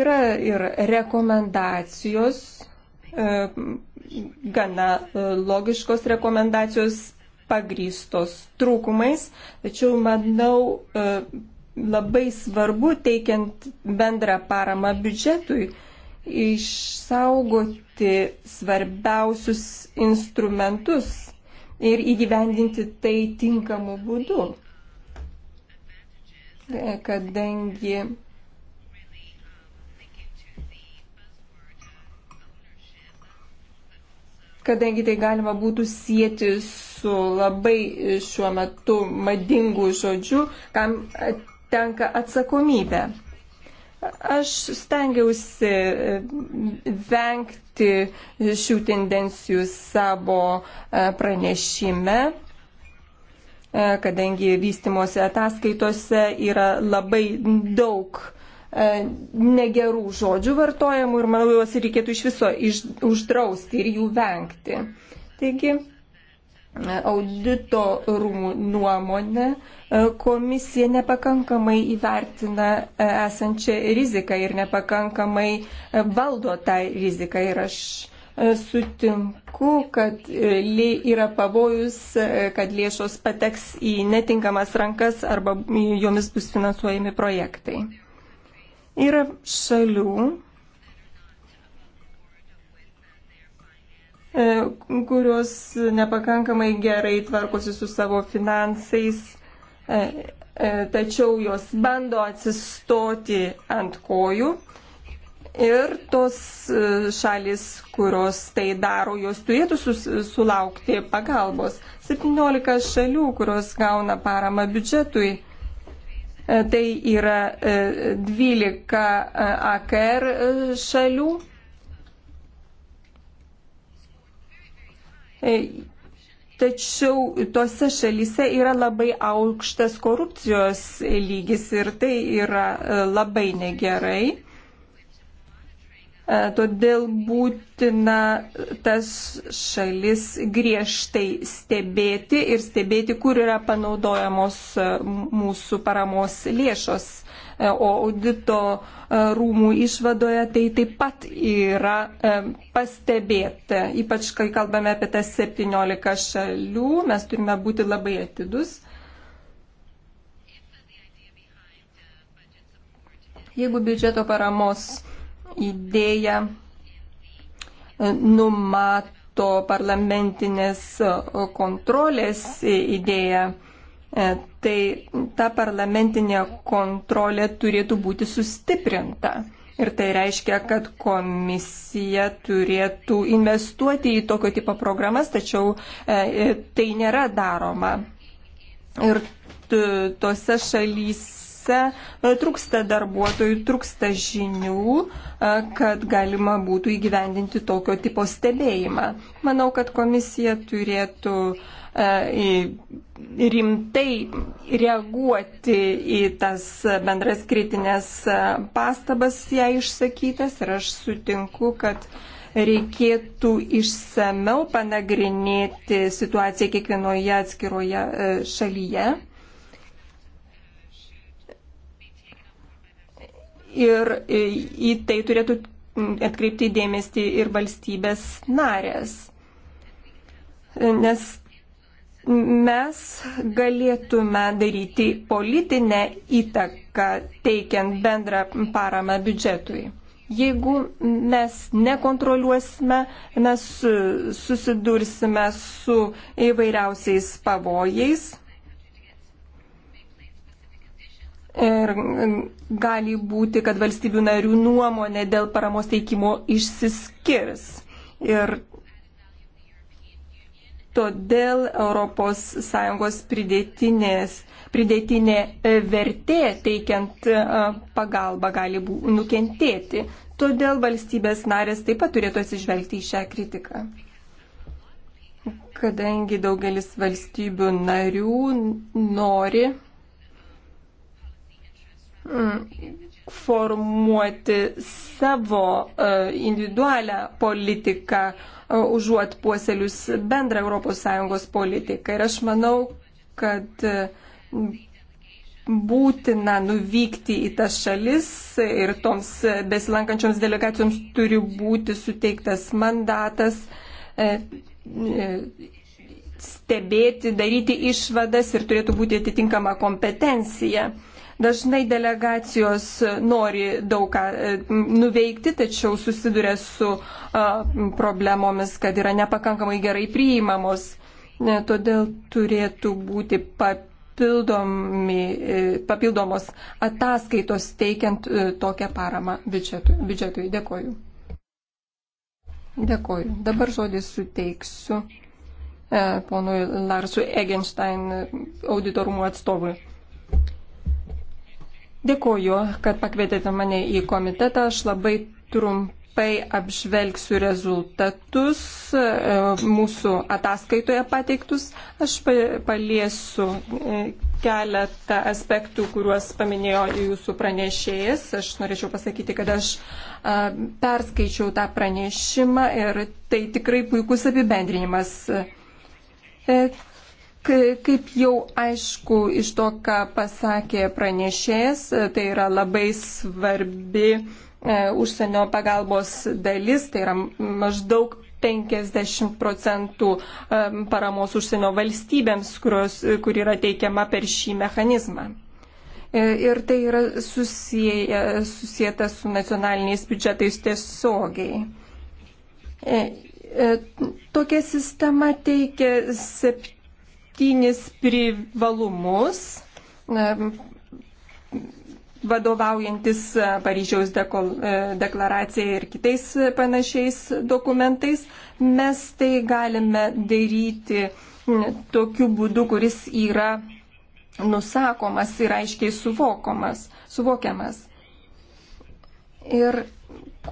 Speaker 3: Yra ir rekomendacijos E, gana e, logiškos rekomendacijos pagrystos trūkumais, tačiau manau e, labai svarbu teikiant bendrą paramą biudžetui išsaugoti svarbiausius instrumentus ir įgyvendinti tai tinkamu būdu, kadangi kadangi tai galima būtų sieti su labai šiuo metu madingu žodžiu, kam tenka atsakomybė. Aš stengiausi e, vengti šių tendencijų savo e, pranešime e, kadangi vystimosi ataskaitose yra labai daug uh, E, negerų žodžių vartojimų ir manau juos reikėtų iš viso iš, uždrausti ir jų vengti. Taigi, e, audito rūmų nuomonė e, komisija nepakankamai įvertina esančią riziką ir nepakankamai valdo tą riziką. Ir aš sutinku, kad yra pavojus, kad lėšos pateks į netinkamas rankas arba jomis bus finansuojami projektai. Yra šalių, e, kurios nepakankamai gerai tvarkosi su savo finansais, e, e, tačiau jos bando atsistoti ant kojų. Ir tos šalis, kurios tai daro, jos turėtų sulaukti pagalbos. 17 šalių, kurios gauna paramą biudžetui E, tai yra 12 e, e, AKR šalių. Tačiau tose šalyse yra labai aukštas korupcijos lygis ir tai yra labai negerai. E, todėl būtina tas šalis griežtai stebėti ir stebėti, kur yra panaudojamos e, mūsų paramos lėšos. E, o audito rūmų išvadoje tai taip pat yra pastebėta. Ypač, kai kalbame apie tas 17 šalių, mes turime būti labai atidus. Jeigu biudžeto paramos idėja e, numato parlamentinės e, kontrolės idėją. E, tai ta parlamentinė kontrolė turėtų būti sustiprinta. Ir tai reiškia, kad komisija turėtų investuoti į tokio tipo programas, tačiau e, tai nėra daroma. Ir tose šalyse kuriuose trūksta darbuotojų, trūksta žinių, e, kad galima būtų įgyvendinti tokio tipo stebėjimą. Manau, kad komisija turėtų e, rimtai reaguoti į tas bendras kritinės e, pastabas ją išsakytas ir aš sutinku, kad reikėtų išsameu panagrinėti situaciją kiekvienoje atskiroje šalyje. ir e, į tai turėtų atkreipti dėmesį ir valstybės narės. E, nes mes galėtume daryti politinę įtaką teikiant bendrą paramą biudžetui. Jeigu mes nekontroliuosime, mes susidursime su įvairiausiais pavojais Ir gali būti, kad valstybių narių nuomonė dėl paramos teikimo išsiskirs. Ir todėl ES pridėtinės pridėtinė e, vertė teikiant e, pagalbą gali bū, nukentėti. Todėl valstybės narės taip pat turėtų atsižvelgti į šią kritiką. Kadangi daugelis valstybių narių nori Mm, formuoti savo e, individualią politiką, e, užuot puoselius bendrą ES politiką. Ir aš manau, kad e, būtina nuvykti į tas šalis ir toms besilankančioms delegacijoms turi būti suteiktas mandatas stebėti, daryti išvadas ir turėtų būti atitinkama kompetencija. Dažnai delegacijos nori daug ką e, nuveikti, tačiau susiduria su problemomis, kad yra nepakankamai gerai priimamos. E, todėl turėtų būti papildomi, e, papildomos ataskaitos teikiant tokią paramą biudžetui. biudžetui. Dėkoju. Dėkoju. Dabar žodį suteiksiu ponui Larsui Egenstein auditorumų atstovui. Dėkuoju, kad pakvietėte mane į komitetą. Aš labai trumpai apžvelgsiu rezultatus e, mūsų ataskaitoje pateiktus. Aš paliesiu e, keletą aspektų, kuriuos paminėjo jūsų pranešėjas. Aš norėčiau pasakyti, kad aš e, perskaičiau tą pranešimą ir tai tikrai puikus apibendrinimas. Kaip jau aišku iš to, ką pasakė pranešėjas, tai yra labai svarbi e, užsienio pagalbos dalis, tai yra maždaug 50 procentų e, paramos užsienio valstybėms, kurios, kur yra teikiama per šį mechanizmą. E, ir tai yra susiję, susijęta su nacionaliniais biudžetais tiesiogiai. E, e tokia sistema teikia 7 septynis privalumus e, vadovaujantis e, Paryžiaus e, deklaracija ir kitais panašiais dokumentais, mes tai galime daryti tokiu būdu, kuris yra nusakomas ir aiškiai suvokomas, suvokiamas. Ir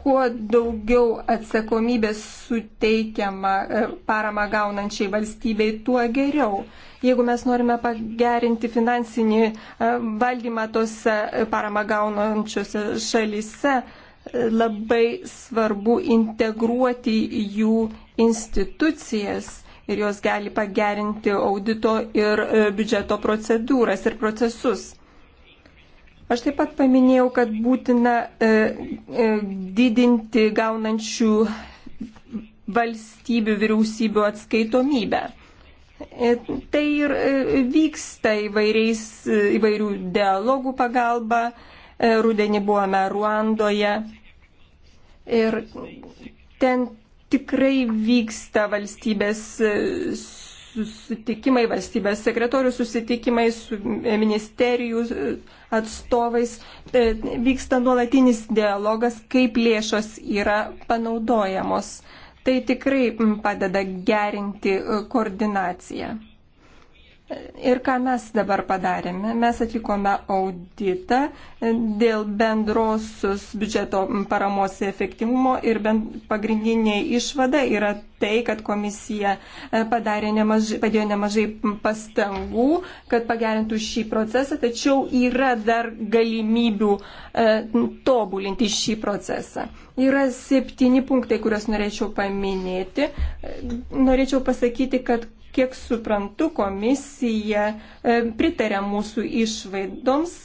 Speaker 3: kuo daugiau atsakomybės suteikiama e, parama gaunančiai valstybei, tuo geriau. Jeigu mes norime pagerinti finansinį e, valdymą tose e, parama gaunančiose šalise, labai svarbu integruoti jų institucijas ir jos gali pagerinti audito ir biudžeto procedūras ir procesus. Aš taip pat paminėjau, kad būtina e, e, didinti gaunančių valstybių vyriausybių atskaitomybę. E, tai ir vyksta įvairiais, įvairių dialogų pagalba. Rudenį buvome Ruandoje. Ir ten tikrai vyksta valstybės susitikimai, valstybės sekretorių susitikimai su e, ministerijų e, atstovais, e, vyksta nuolatinis dialogas, kaip lėšos yra panaudojamos. Tai tikrai padeda gerinti koordinaciją. Ir ką mes dabar padarėme? Mes atlikome auditą dėl bendrosios biudžeto paramos efektyvumo ir pagrindinė išvada yra tai, kad komisija e, padarė nemažai, padėjo nemažai pastangų, kad pagerintų šį procesą, tačiau yra dar galimybių e, tobulinti šį procesą. Yra septyni punktai, kuriuos norėčiau paminėti. E, norėčiau pasakyti, kad Kiek suprantu, komisija e, pritarė mūsų išvaidoms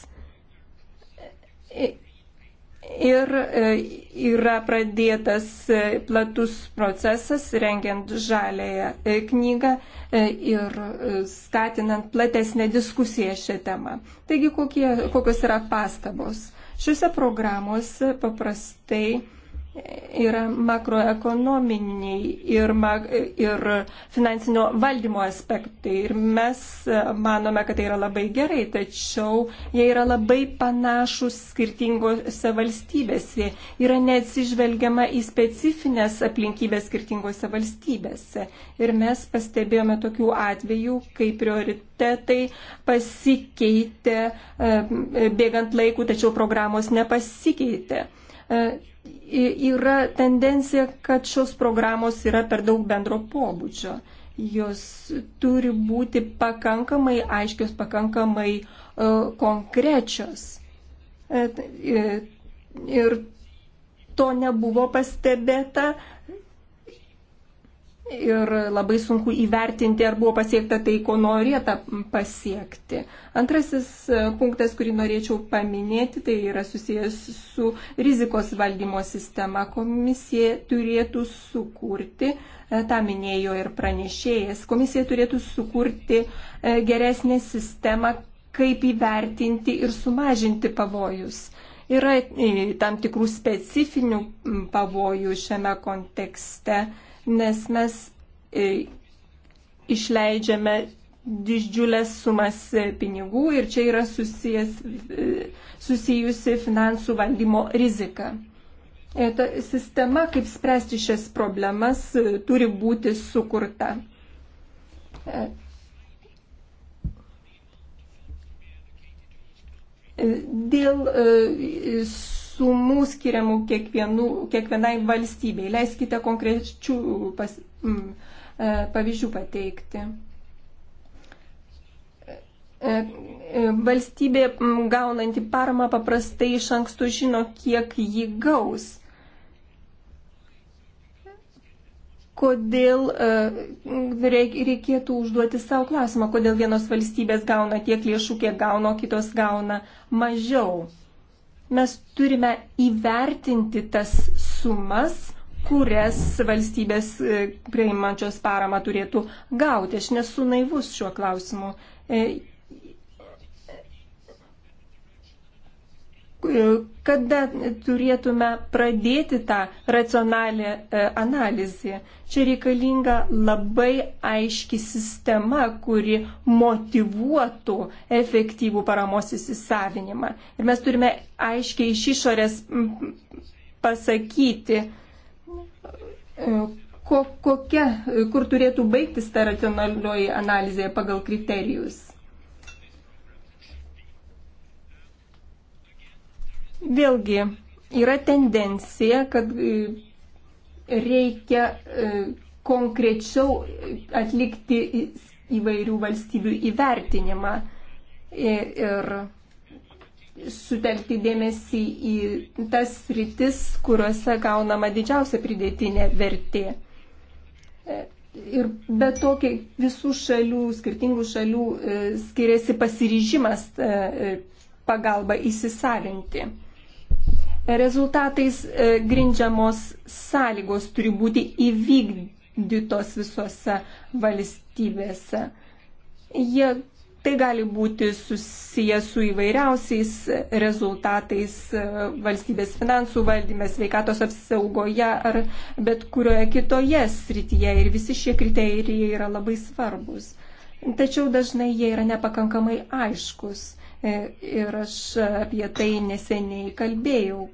Speaker 3: e, ir e, yra pradėtas platus procesas rengiant žalėją knygą ir skatinant platesnę diskusiją šią temą. Taigi, kokie, kokios yra pastabos? Šiuose programuose paprastai yra makroekonominiai ir, mak ir finansinio valdymo aspektai. Ir mes manome, kad tai yra labai gerai, tačiau jie yra labai panašus skirtingose valstybėse. Yra neatsižvelgiama į specifines aplinkybės skirtingose valstybėse. Ir mes pastebėjome tokių atvejų, kai prioritetai pasikeitė e, bėgant laikų, tačiau programos nepasikeitė e, yra tendencija, kad šios programos yra per daug bendro pobūdžio. Jos turi būti pakankamai aiškios, pakankamai e, konkrečios. E, e, ir to nebuvo pastebėta ir labai sunku įvertinti, ar buvo pasiekta tai, ko norėta pasiekti. Antrasis e, punktas, kurį norėčiau paminėti, tai yra susijęs su rizikos valdymo sistema. Komisija turėtų sukurti, e, tą minėjo ir pranešėjas, komisija turėtų sukurti e, geresnę sistemą, kaip įvertinti ir sumažinti pavojus. Yra tam tikrų specifinių pavojų šiame kontekste nes mes e, išleidžiame didžiulės sumas e, pinigų ir čia yra susijęs, e, susijusi finansų valdymo rizika. Ta sistema, kaip spręsti šias problemas, turi būti sukurta. Dėl sumų skiriamų kiekvienų, kiekvienai valstybei. Leiskite konkrečių pas, m, mm, e, pavyzdžių pateikti. E, e, valstybė mm, gaunanti paramą paprastai iš anksto žino, kiek jį gaus. kodėl reikėtų užduoti savo klausimą, kodėl vienos valstybės gauna tiek lėšų, kiek gauna, o kitos gauna mažiau mes turime įvertinti tas sumas, kurias valstybės e, priimančios paramą turėtų gauti. Aš nesu naivus šiuo klausimu. E, E, kada turėtume pradėti tą racionalią e, analizę. Čia reikalinga labai aiški sistema, kuri motivuotų efektyvų paramos įsisavinimą. Ir mes turime aiškiai iš išorės pasakyti, e, ko, kokia, kur turėtų baigtis ta racionalioji analizė pagal kriterijus. Vėlgi yra tendencija, kad e, reikia e, konkrečiau atlikti įvairių valstybių įvertinimą e, ir sutelkti dėmesį į tas rytis, kuriuose gaunama didžiausia pridėtinė vertė. Ir be to, visų šalių, skirtingų šalių skiriasi pasiryžimas pagalba įsisavinti rezultatais e, grindžiamos sąlygos turi būti įvykdytos visose valstybėse. Jie, tai gali būti susijęs su įvairiausiais rezultatais e, valstybės finansų valdyme, sveikatos apsaugoje ar bet kurioje kitoje srityje ir visi šie kriterijai yra labai svarbus. Tačiau dažnai jie yra nepakankamai aiškus E, ir aš apie tai neseniai kalbėjau.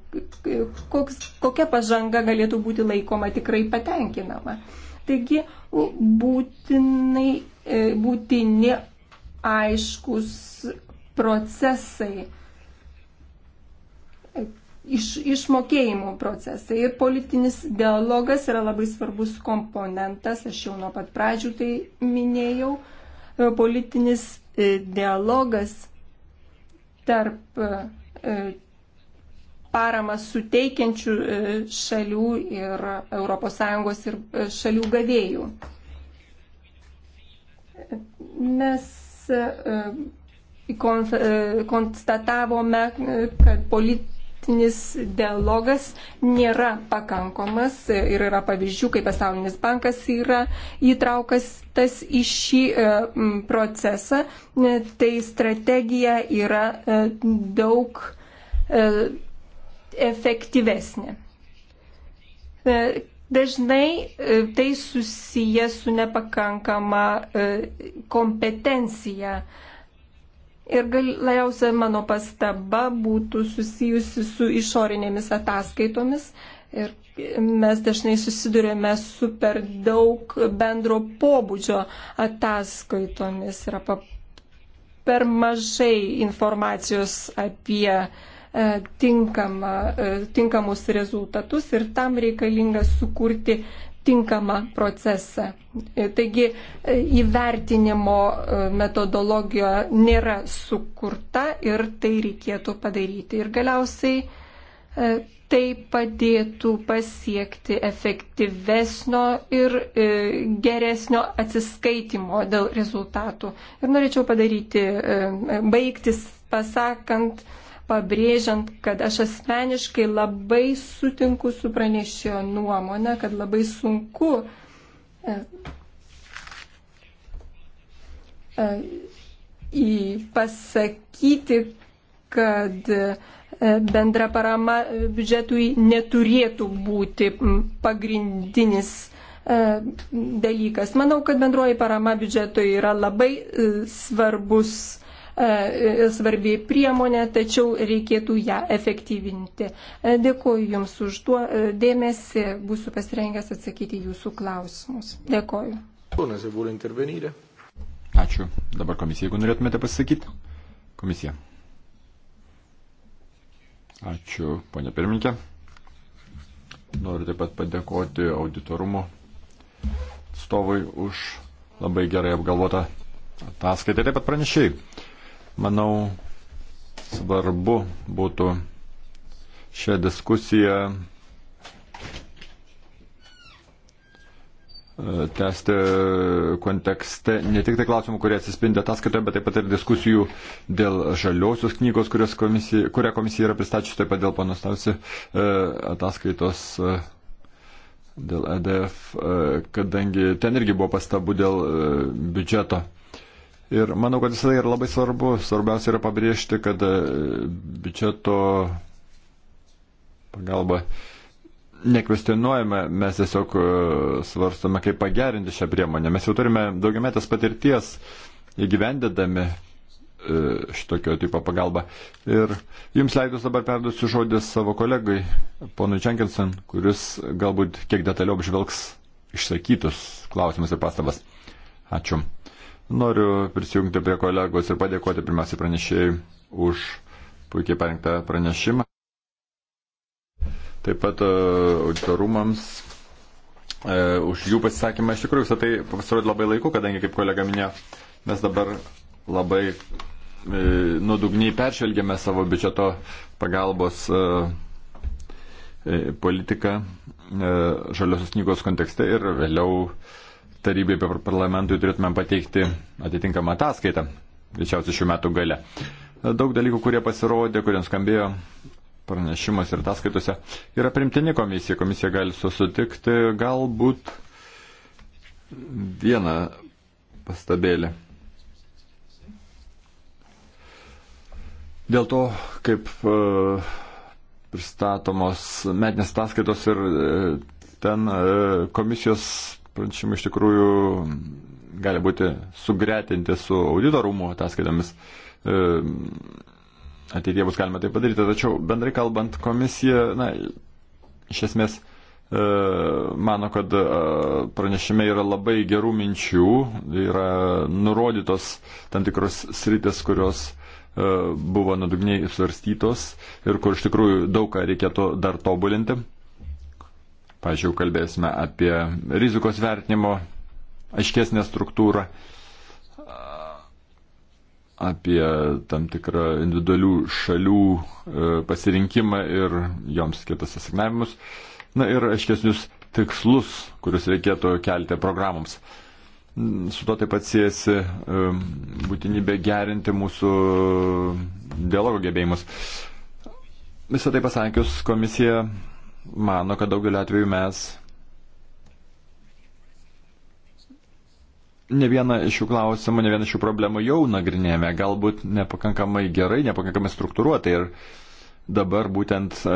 Speaker 3: Koks, kokia pažanga galėtų būti laikoma tikrai patenkinama. Taigi būtinai, e, būtini aiškus procesai, iš, išmokėjimų procesai. Ir politinis dialogas yra labai svarbus komponentas, aš jau nuo pat pradžių tai minėjau. E, politinis dialogas tarp e, paramas suteikiančių e, šalių ir ES ir e, šalių gavėjų. Mes konstatavome, kad politika politinis dialogas nėra pakankamas ir yra pavyzdžių, kai pasaulinis bankas yra įtraukas tas į šį e, procesą, e, tai strategija yra e, daug efektyvesnė. Dažnai tai susiję su nepakankama kompetencija Ir galiausia mano pastaba būtų susijusi su išorinėmis ataskaitomis. Ir mes dažnai susidurėme su per daug bendro pobūdžio ataskaitomis. Yra pa, per mažai informacijos apie e, tinkama, e, tinkamus rezultatus ir tam reikalinga sukurti tinkamą procesą. Taigi įvertinimo e, metodologija nėra sukurta ir tai reikėtų padaryti. Ir galiausiai e, tai padėtų pasiekti efektyvesnio ir e, geresnio atsiskaitimo dėl rezultatų. Ir norėčiau padaryti, baigtis pasakant, pabrėžiant, kad aš asmeniškai labai sutinku su pranešėjo nuomonė, kad labai sunku e, e, pasakyti, kad e, bendra parama biudžetui neturėtų būti pagrindinis dalykas. Manau, kad bendroji parama biudžetui yra labai svarbus E, svarbi priemonė, tačiau reikėtų ją efektyvinti. E, Dėkuoju Jums už tuo e, dėmesį, būsiu pasirengęs atsakyti Jūsų klausimus. Dėkuoju.
Speaker 1: Ačiū. Dabar komisija, jeigu norėtumėte pasakyti. Komisija. Ačiū, ponė pirmininkė. Noriu taip pat padėkoti auditorumo atstovui už labai gerai apgalvotą ataskaitą ir taip pat pranešėjai. Manau, svarbu būtų šią diskusiją e, tęsti kontekste ne tik tai klausimų, kurie atsispindi ataskaitoje, bet taip pat ir diskusijų dėl žaliosios knygos, komisija, kurią komisija yra pristačiusi, taip pat dėl panastavusi e, ataskaitos e, dėl EDF, kadangi ten irgi buvo pastabų dėl biudžeto. Ir manau, kad visada yra labai svarbu. Svarbiausia yra pabrėžti, kad e, biudžeto pagalba nekvestionuojame, mes tiesiog e, svarstome, kaip pagerinti šią priemonę. Mes jau turime daugiametės patirties įgyvendėdami e, šitokio tipo pagalbą. Ir jums leidus dabar perduosiu žodį savo kolegai, ponui Jenkinson, kuris galbūt kiek detaliau apžvelgs išsakytus klausimus ir pastabas. Ačiū. Noriu prisijungti prie kolegos ir padėkoti pirmiausiai pranešėjai už puikiai parengtą pranešimą. Taip pat e, auditorumams e, už jų pasisakymą. Iš tikrųjų, visą tai pasirodė labai laiku, kadangi, kaip kolega minėjo, mes dabar labai e, nuodugniai peržvelgėme savo biudžeto pagalbos e, e politiką e, žaliosios knygos kontekste ir vėliau e, tarybai per parlamentui turėtumėm pateikti atitinkamą ataskaitą, greičiausiai šių metų gale. Daug dalykų, kurie pasirodė, kuriems skambėjo pranešimas ir ataskaitose, yra primtini komisija. Komisija gali susitikti galbūt vieną pastabėlį. Dėl to, kaip uh, pristatomos metinės ataskaitos ir uh, ten uh, komisijos pranešimai iš tikrųjų gali būti sugretinti su audito rūmų ataskaitomis. E, ateitie bus galima tai padaryti, tačiau bendrai kalbant, komisija, na, iš esmės, e, mano, kad e, pranešime yra labai gerų minčių, yra nurodytos tam tikros sritis, kurios e, buvo nuodugniai svarstytos ir kur iš tikrųjų daug ką reikėtų dar tobulinti. Pavyzdžiui, kalbėsime apie rizikos vertinimo aiškesnę struktūrą, apie tam tikrą individualių šalių e, pasirinkimą ir joms skirtas asignavimus, na ir aiškesnius tikslus, kuriuos reikėtų kelti programoms. Su to taip pat siejasi e, būtinybė gerinti mūsų dialogo gebėjimus. Visą tai pasakius, komisija mano, kad daugeliu atveju mes ne vieną iš šių klausimų, ne vieną iš šių problemų jau nagrinėjame, galbūt nepakankamai gerai, nepakankamai struktūruotai. Ir dabar būtent e,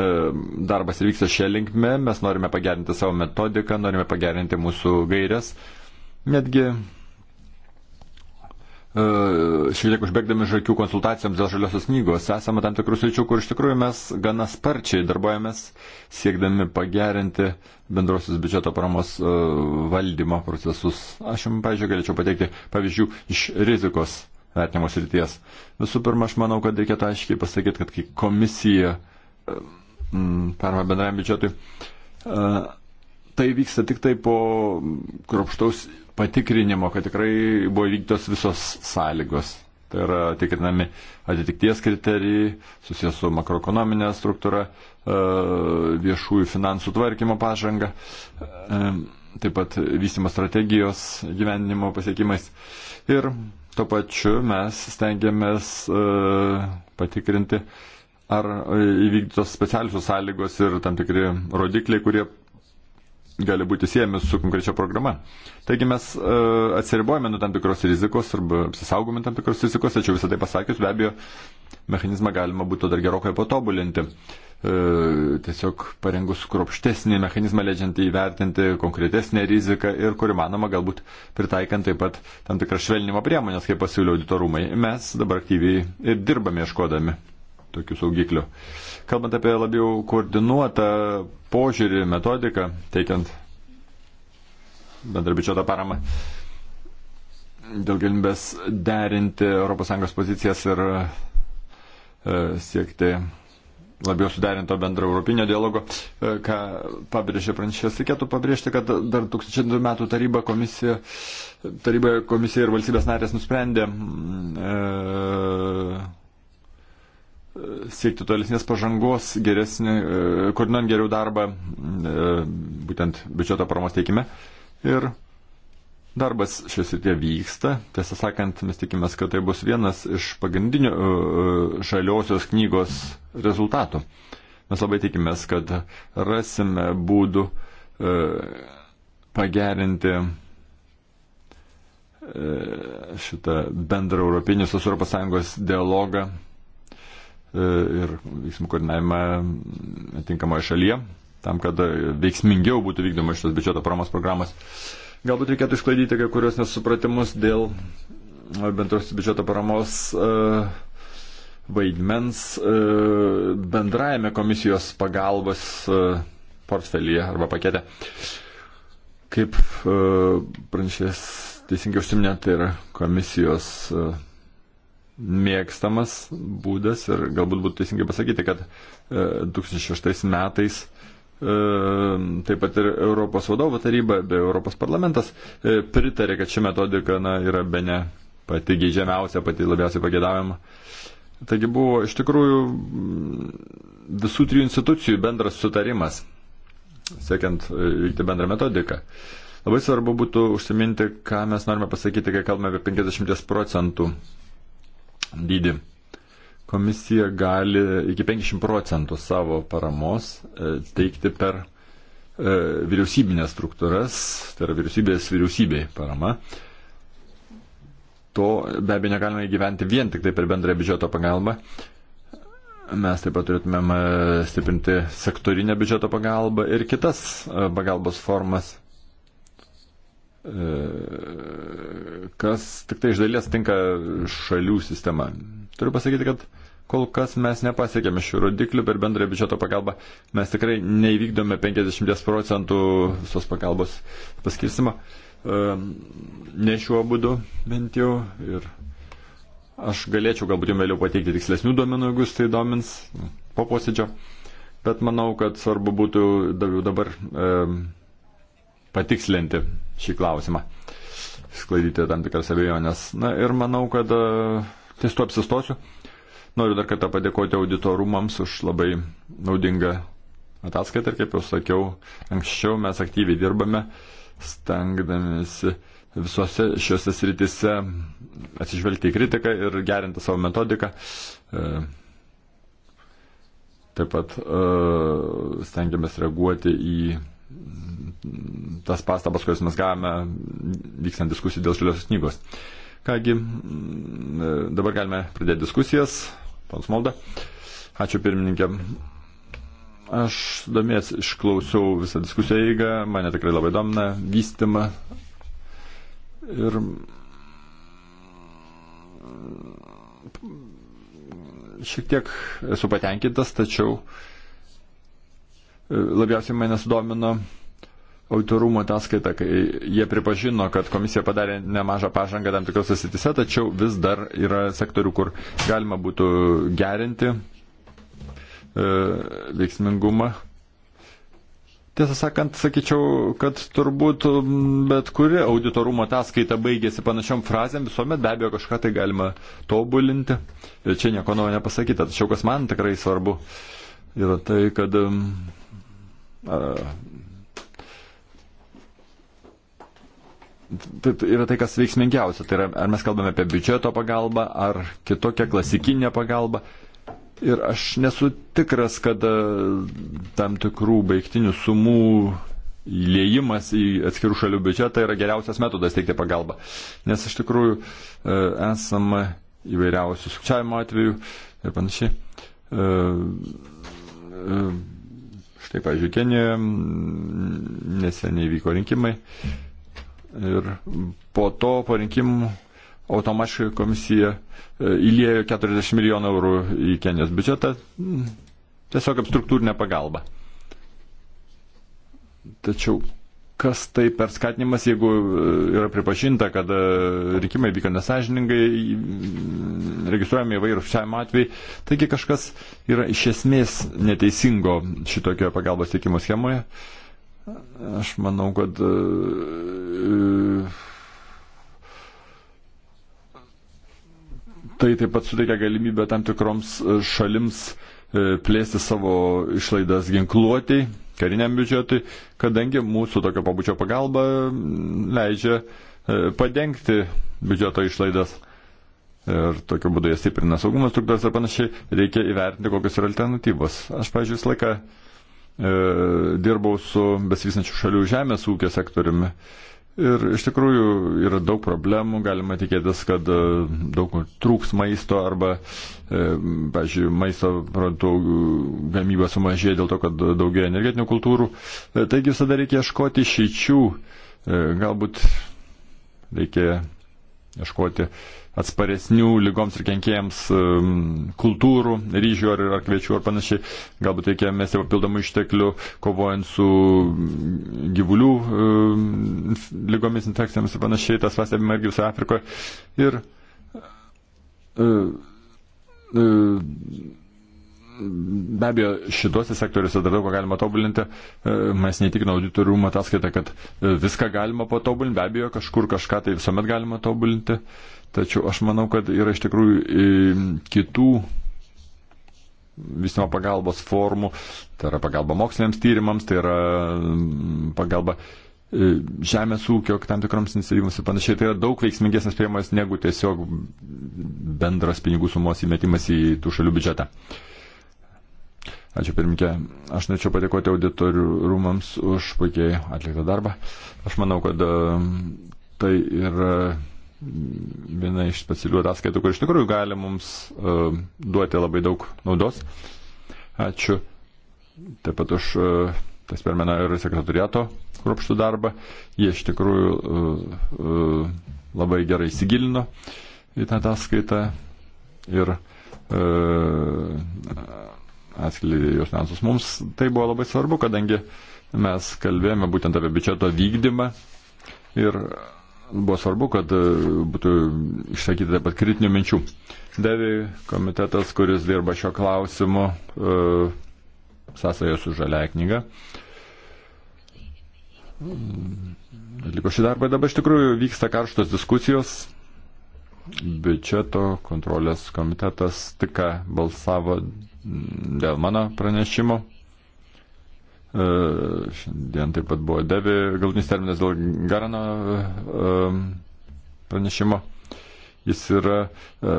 Speaker 1: darbas vyksta šią linkmę, mes norime pagerinti savo metodiką, norime pagerinti mūsų gairias. Netgi E, šiek tiek užbėgdami žakių konsultacijoms dėl žaliosios knygos, esame tam tikrų sričių, kur iš tikrųjų mes gana sparčiai darbojamės, siekdami pagerinti bendrosios biudžeto paramos e, valdymo procesus. Aš jums, pavyzdžiui, galėčiau pateikti pavyzdžių iš rizikos vertinimo srities. Visų pirma, aš manau, kad reikėtų aiškiai pasakyti, kad kai komisija e, parma bendrajam biudžetui, tai vyksta tik tai po kropštaus patikrinimo, kad tikrai buvo įvykdytos visos sąlygos. Tai yra tikrinami atitikties kriterijai, susijęs su makroekonominė struktūra, e, viešųjų finansų tvarkymo pažanga, e, taip pat vystimo strategijos gyvenimo pasiekimais. Ir tuo pačiu mes stengiamės e, patikrinti, ar įvykdytos specialiusios sąlygos ir tam tikri rodikliai, kurie gali būti siejami su konkrečia programa. Taigi mes e, atsiribojame nuo tam tikros rizikos arba apsisaugome tam tikros rizikos, tačiau visą tai pasakius, be abejo, mechanizmą galima būtų dar gerokai patobulinti. E, tiesiog parengus kropštesnį mechanizmą, leidžiantį įvertinti konkretesnę riziką ir, kur įmanoma, galbūt pritaikant taip pat tam tikras švelnimo priemonės, kaip pasiūlė auditorumai. Mes dabar aktyviai ir dirbame ieškodami tokių saugiklių. Kalbant apie labiau koordinuotą požiūrį, metodiką, teikiant bendrabičiotą paramą dėl galimybės derinti ES pozicijas ir e, siekti labiau suderinto bendro europinio dialogo, e, ką pabrėžė pranešės. Reikėtų pabrėžti, kad dar 2002 metų taryba komisija, taryba komisija ir valstybės narės nusprendė mm, e, siekti tolesnės pažangos, geresnį, e, koordinuojant geriau darbą, e, būtent biudžeto paramos teikime. Ir darbas šios ir tie vyksta. Tiesą sakant, mes tikimės, kad tai bus vienas iš pagrindinių e, žaliosios knygos rezultatų. Mes labai tikimės, kad rasime būdų pagerinti šitą bendrą europinį su Europos Sąjungos dialogą E, ir veiksmų koordinavimą atinkamoje šalyje, tam, kad veiksmingiau būtų vykdoma šitas biudžeto paramos programas. Galbūt reikėtų išklaidyti kai kurios nesupratimus dėl bendros biudžeto paramos e, vaidmens e, bendrajame komisijos pagalbos portfelyje arba pakete. Kaip pranešės teisingai užsiminė, tai yra komisijos mėgstamas būdas ir galbūt būtų teisingai pasakyti, kad 2006 e, metais e, taip pat ir Europos vadovo taryba bei Europos parlamentas e, pritarė, kad ši metodika na, yra be ne pati geidžiamiausia, pati labiausiai pagėdavima. Taigi buvo iš tikrųjų mm, visų trijų institucijų bendras sutarimas, siekiant vykti bendrą metodiką. Labai svarbu būtų užsiminti, ką mes norime pasakyti, kai kalbame apie 50 procentų dydį. Komisija gali iki 50 procentų savo paramos e, teikti per e, vyriausybinės struktūras, tai yra vyriausybės vyriausybei parama. To be abejo negalime įgyventi vien tik tai per bendrąją biudžeto pagalbą. Mes taip pat turėtumėm e, stiprinti sektorinę biudžeto pagalbą ir kitas pagalbos formas, kas tik tai iš dalies tinka šalių sistema. Turiu pasakyti, kad kol kas mes nepasiekėme šių rodiklių per bendrąją biudžeto pagalbą. Mes tikrai neįvykdome 50 procentų visos pagalbos paskirstimo. Ehm, ne šiuo būdu bent jau. Ir aš galėčiau galbūt jums vėliau pateikti tikslesnių duomenų, jeigu jūs tai domins nu, po posėdžio. Bet manau, kad svarbu būtų dabar e, patikslinti šį klausimą, sklaidyti tam tikras abejonės. Na ir manau, kad e, ties to apsistosiu. Noriu dar kartą padėkoti auditorumams už labai naudingą ataskaitą ir kaip jau sakiau, anksčiau mes aktyviai dirbame, stengdamėsi visose šiuose sritise atsižvelgti į kritiką ir gerinti savo metodiką. E, taip pat e, stengiamės reaguoti į tas pastabas, kurias mes gavome vykstant diskusijų dėl žaliosios knygos. Kągi, dabar galime pradėti diskusijas. Pons Malda. Ačiū pirmininkė. Aš domės išklausiau visą diskusiją eigą, mane tikrai labai domina vystimą. Ir šiek tiek esu patenkintas, tačiau e, labiausiai mane sudomino auditorumo ataskaitą, kai jie pripažino, kad komisija padarė nemažą pažangą tam tikrose sitise, tačiau vis dar yra sektorių, kur galima būtų gerinti e, veiksmingumą. Tiesą sakant, sakyčiau, kad turbūt bet kuri auditorumo ataskaita baigėsi panašiom frazėm, visuomet be abejo kažką tai galima tobulinti. Ir čia nieko naujo nepasakyta. Tačiau kas man tikrai svarbu yra tai, kad a, tai yra tai, kas veiksmingiausia. Tai yra, ar mes kalbame apie biudžeto pagalbą, ar kitokią klasikinę pagalbą. Ir aš nesu tikras, kad e, tam tikrų baigtinių sumų įlėjimas į atskirų šalių biudžetą yra geriausias metodas teikti pagalbą. Nes iš tikrųjų e, esama įvairiausių sukčiavimo atvejų ir panašiai. E, štai, pažiūrėjau, Kenijoje neseniai vyko rinkimai Ir po to po rinkimų automatiškai komisija e, įlėjo 40 milijonų eurų į Kenijos biudžetą mm, tiesiog kaip struktūrinė pagalba. Tačiau kas tai per skatinimas, jeigu e, yra pripažinta, kad e, rinkimai vyko nesažiningai, mm, registruojami įvairūs šiam atvejai, taigi kažkas yra iš esmės neteisingo šitokio pagalbos teikimo schemoje. Uh, Aš manau, kad e, tai taip pat suteikia galimybę tam tikroms e, šalims e, plėsti savo išlaidas ginkluotėjai, kariniam biudžetui, kadangi mūsų tokio pabučio pagalba leidžia padengti biudžeto išlaidas. Ir tokiu būdu jie stiprina saugumo struktūras ir panašiai, reikia įvertinti, kokios yra alternatyvos. Aš, pažiūrėjau, visą laiką E, dirbau su besivysančių šalių žemės ūkio sektoriumi. Ir iš tikrųjų yra daug problemų, galima tikėtis, kad e, daug trūks maisto arba, e, pažiūrėjau, maisto prantų gamyba sumažėja dėl to, kad daugėja energetinių kultūrų. Taigi visada reikia ieškoti šeičių, galbūt reikia ieškoti atsparesnių lygoms ir kenkėjams kultūrų, ryžių ar, ar kviečių ar panašiai. Galbūt reikia mesti papildomų išteklių, kovojant su mm, gyvulių lygomis, infekcijomis ir panašiai. Tas pastebime irgi visoje Afrikoje. Ir, uh, uh, Be abejo, šituose sektoriuose dar daug ką galima tobulinti. E, mes netikino auditorių ataskaitą, kad e, viską galima patobulinti, be abejo, kažkur kažką tai visuomet galima tobulinti. Tačiau aš manau, kad yra iš tikrųjų e, kitų vystimo pagalbos formų, tai yra pagalba moksliniams tyrimams, tai yra mm, pagalba žemės ūkio, tam tikroms iniciatyvams ir panašiai. Tai yra daug veiksmingesnės priemonės negu tiesiog bendras pinigų sumos įmetimas į tų šalių biudžetą. Uh, Ačiū pirmininkė. Aš norėčiau padėkoti auditorių rūmams už puikiai atliktą darbą. Aš manau, kad e, tai yra viena iš specialių ataskaitų, kur iš tikrųjų gali mums uh, duoti labai daug naudos. Ačiū taip pat už uh, tas permena ir sekretariato kruopštų darbą. Jie iš tikrųjų uh, uh, labai gerai įsigilino į tą ataskaitą ir uh, atskleidė jos finansus. Mums tai buvo labai svarbu, kadangi mes kalbėjome būtent apie biudžeto vykdymą ir buvo svarbu, kad e, būtų išsakyti taip pat kritinių minčių. Devi komitetas, kuris dirba šio klausimu, e, sąsąjo su žalia knyga. Liko šį darbą, dabar iš tikrųjų vyksta karštos diskusijos biudžeto kontrolės komitetas tik balsavo dėl mano pranešimo. E, šiandien taip pat buvo devi galutinis terminas dėl Garano e, pranešimo. Jis yra e,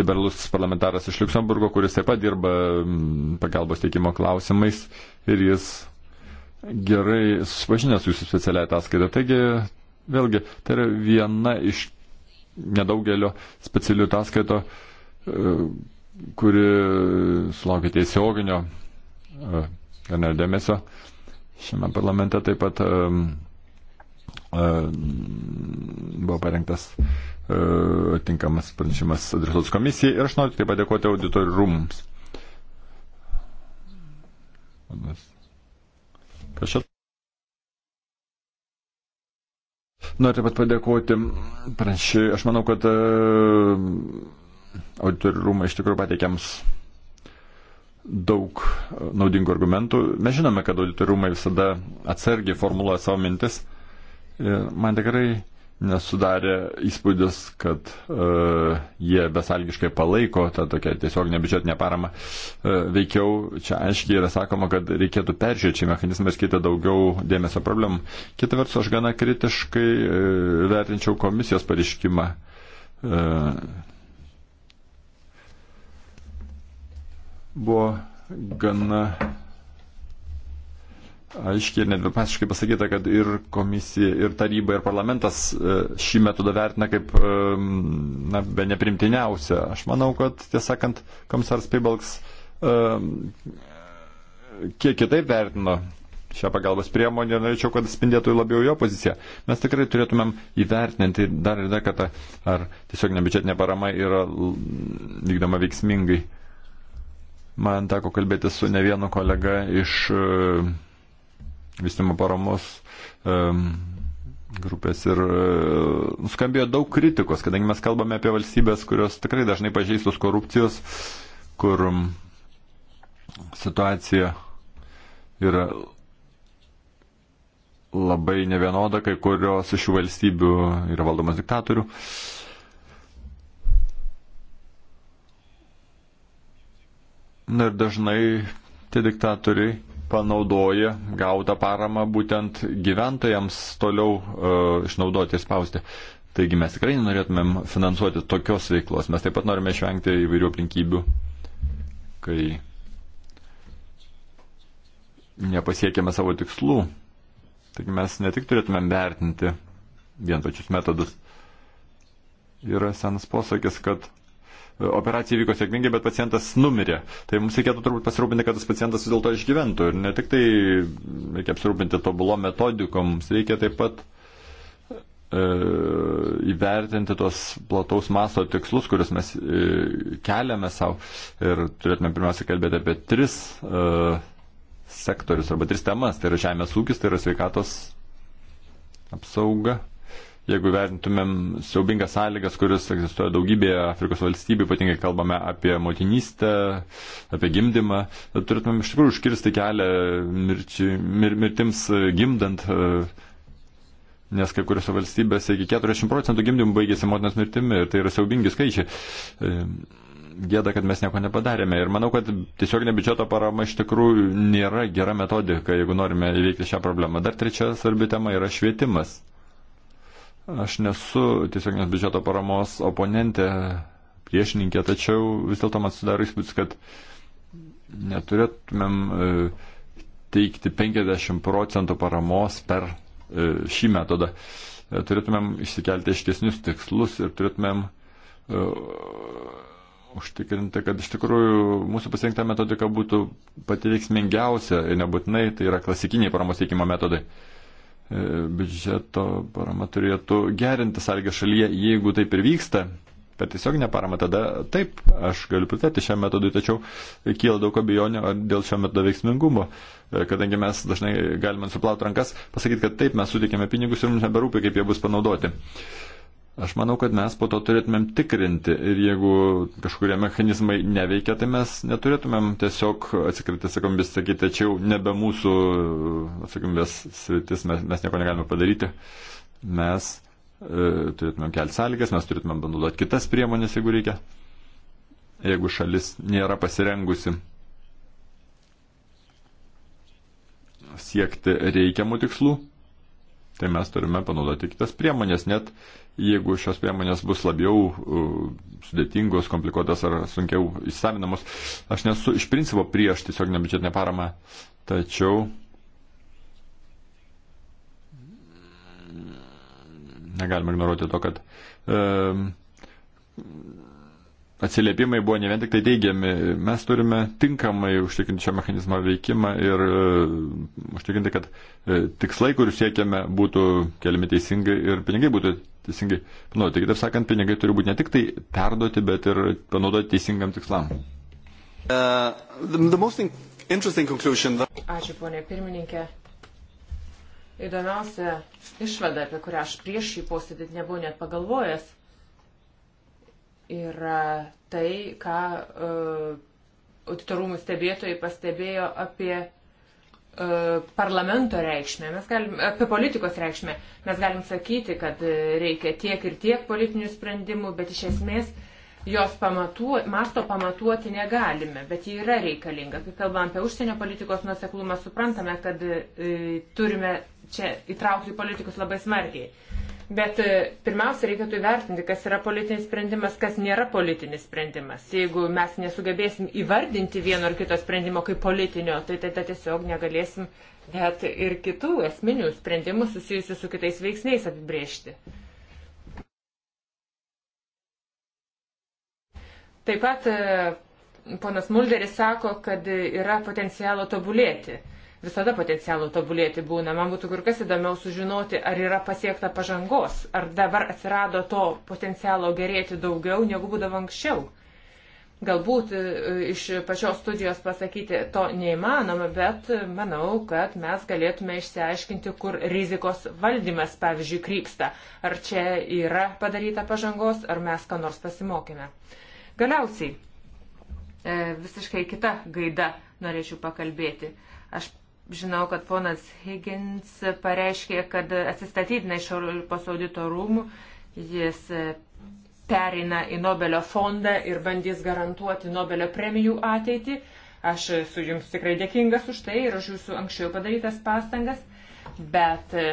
Speaker 1: liberalus parlamentaras iš Luxemburgo, kuris taip pat dirba pagalbos teikimo klausimais ir jis gerai susipažinęs su jūsų specialiai ataskaita. Taigi, vėlgi, tai yra viena iš nedaugelio specialių ataskaito, e, kuri sulaukė tiesioginio e, ar dėmesio šiame parlamente taip pat e, buvo parengtas tinkamas pranešimas adresuotas komisijai ir aš noriu tik padėkoti auditorių rūmums. Kas čia? Noriu taip pat padėkoti pranešėjui. Aš manau, kad e, auditorių rūmai iš tikrųjų pateikėms daug e, naudingų argumentų. Mes žinome, kad auditorių rūmai visada atsargiai formuluoja savo mintis. Ir man tikrai nesudarė įspūdis, kad e, jie besalgiškai palaiko tą tokią tiesiog nebiudžetinę paramą. E, veikiau čia aiškiai yra sakoma, kad reikėtų peržiūrėti šį mechanizmą ir skirti daugiau dėmesio problemų. Kita vertus, aš gana kritiškai e, vertinčiau komisijos pareiškimą. E, buvo gana aiškiai ir nedviprasmiškai pasakyta, kad ir komisija, ir taryba, ir parlamentas e, šį metodą vertina kaip e, na, be neprimtiniausią. Aš manau, kad, tiesąkant, komisaras Pibalks e, kiek kitaip vertino šią pagalbos priemonę ir norėčiau, kad spindėtų labiau jo poziciją. Mes tikrai turėtumėm įvertinti dar ir dar kartą, ar tiesiog nebičetinė parama yra vykdoma veiksmingai. Man teko kalbėti su ne vienu kolega iš uh, vystimo paramos grupės ir e, skambėjo daug kritikos, kadangi mes kalbame apie valstybės, kurios tikrai dažnai pažeistos korupcijos, kur situacija yra labai nevienoda, kai kurios iš šių valstybių yra valdomas diktatorių. Na ir dažnai tie diktatoriai panaudoja gautą paramą būtent gyventojams toliau e, išnaudoti ir spausti. Taigi mes tikrai nenorėtumėm finansuoti tokios veiklos. Mes taip pat norime išvengti įvairių aplinkybių, kai nepasiekėme savo tikslų. Taigi mes ne tik turėtumėm vertinti vien pačius metodus. Yra senas posakis, kad operacija vyko sėkmingai, bet pacientas numirė. Tai mums reikėtų turbūt pasirūpinti, kad tas pacientas vis dėlto išgyventų. Ir ne tik tai reikia apsirūpinti tobulo metodikom, mums reikia taip pat e, įvertinti tos plataus masto tikslus, kuriuos mes e, keliame savo. Ir turėtume pirmiausia kalbėti apie tris e, sektorius arba tris temas. Tai yra žemės ūkis, tai yra sveikatos apsauga jeigu vertintumėm siaubingas sąlygas, kuris egzistuoja daugybėje Afrikos valstybių, ypatingai kalbame apie motinystę, apie gimdymą, turėtumėm iš tikrųjų užkirsti kelią mirči, mir, mirtims gimdant, e, nes kai kuriuose valstybėse iki 40 procentų gimdymų baigėsi motinos mirtimi ir tai yra siaubingi skaičiai. E, gėda, kad mes nieko nepadarėme. Ir manau, kad tiesiog nebiudžeto parama iš tikrųjų nėra gera metodika, jeigu norime įveikti šią problemą. Dar trečia svarbi tema yra švietimas. Aš nesu tiesioginės biudžeto paramos oponentė, priešininkė, tačiau vis dėlto man sudaro įspūdis, kad neturėtumėm e, teikti 50 procentų paramos per e, šį metodą. E, turėtumėm išsikelti aiškesnius tikslus ir turėtumėm užtikrinti, kad iš tikrųjų mūsų pasirinkta metodika būtų pati veiksmingiausia ir nebūtinai tai yra klasikiniai paramos teikimo metodai. Uh, biudžeto parama turėtų gerinti sąlygą šalyje, jeigu taip ir vyksta. Per tiesioginę paramą tada taip, aš galiu pritarti šiam metodui, tačiau kyla daug abejonių dėl šio metodo veiksmingumo, kadangi mes dažnai galime suplauti rankas, pasakyti, kad taip, mes sutikėme pinigus ir mums neberūpi, kaip jie bus panaudoti. Uh, Aš manau, kad mes po to turėtumėm tikrinti ir jeigu kažkurie mechanizmai neveikia, tai mes neturėtumėm tiesiog atsikratyti atsakomybės, sakyti, tai čia jau nebe mūsų uh, atsakomybės sritis, mes, mes nieko negalime padaryti. Mes e, turėtumėm kelti sąlygas, mes turėtumėm bandudoti kitas priemonės, jeigu reikia, jeigu šalis nėra pasirengusi siekti reikiamų tikslų tai mes turime panaudoti kitas priemonės, net jeigu šios priemonės bus labiau sudėtingos, komplikuotas ar sunkiau įsavinamos. Aš nesu iš principo prieš tiesiog nebiudžetinę paramą, tačiau negalima ignoruoti to, kad e, atsiliepimai buvo ne vien tik tai teigiami. Mes turime tinkamai užtikrinti šio mechanizmo veikimą ir e, užtikrinti, kad e, tikslai, kurių siekiame, būtų keliami teisingai ir pinigai būtų teisingai panaudoti. Kitaip sakant, pinigai turi būti ne tik tai perduoti, bet ir panaudoti teisingam tikslam. Uh, the, the that...
Speaker 4: Ačiū, ponė pirmininkė. Įdomiausia išvada, apie kurią aš prieš šį posėdį nebuvau net pagalvojęs yra tai, ką e, auditorumų stebėtojai pastebėjo apie e, parlamento reikšmę, mes galim, apie politikos reikšmę. Mes galim sakyti, kad e, reikia tiek ir tiek politinių sprendimų, bet iš esmės jos pamatuo, masto pamatuoti negalime, bet ji yra reikalinga. Kai kalbam apie užsienio politikos nuoseklumą, suprantame, kad e, turime čia įtraukti politikus labai smarkiai. Bet e, pirmiausia, reikėtų įvertinti, kas yra politinis sprendimas, kas nėra politinis sprendimas. Jeigu mes nesugebėsim įvardinti vieno ar kito sprendimo kaip politinio, tai tada tiesiog negalėsim net ir kitų esminių sprendimų susijusių su kitais veiksniais apibriežti. Taip pat e, ponas Mulderis sako, kad yra potencialo tobulėti. Visada potencialo tobulėti būna. Man būtų kur kas įdomiau sužinoti, ar yra pasiekta pažangos, ar dabar atsirado to potencialo gerėti daugiau, negu būdavo anksčiau. Galbūt e, iš pačios studijos pasakyti to neįmanoma, bet e, manau, kad mes galėtume išsiaiškinti, kur rizikos valdymas, pavyzdžiui, krypsta. Ar čia yra padaryta pažangos, ar mes ką nors pasimokime. Galiausiai, e, visiškai kita gaida norėčiau pakalbėti. Aš Žinau, kad ponas Higgins pareiškė, kad atsistatydina iš Europos audito rūmų, jis e, perina į Nobelio fondą ir bandys garantuoti Nobelio premijų ateitį. Aš su jums tikrai dėkingas už tai ir už jūsų anksčiau padarytas pastangas, bet e,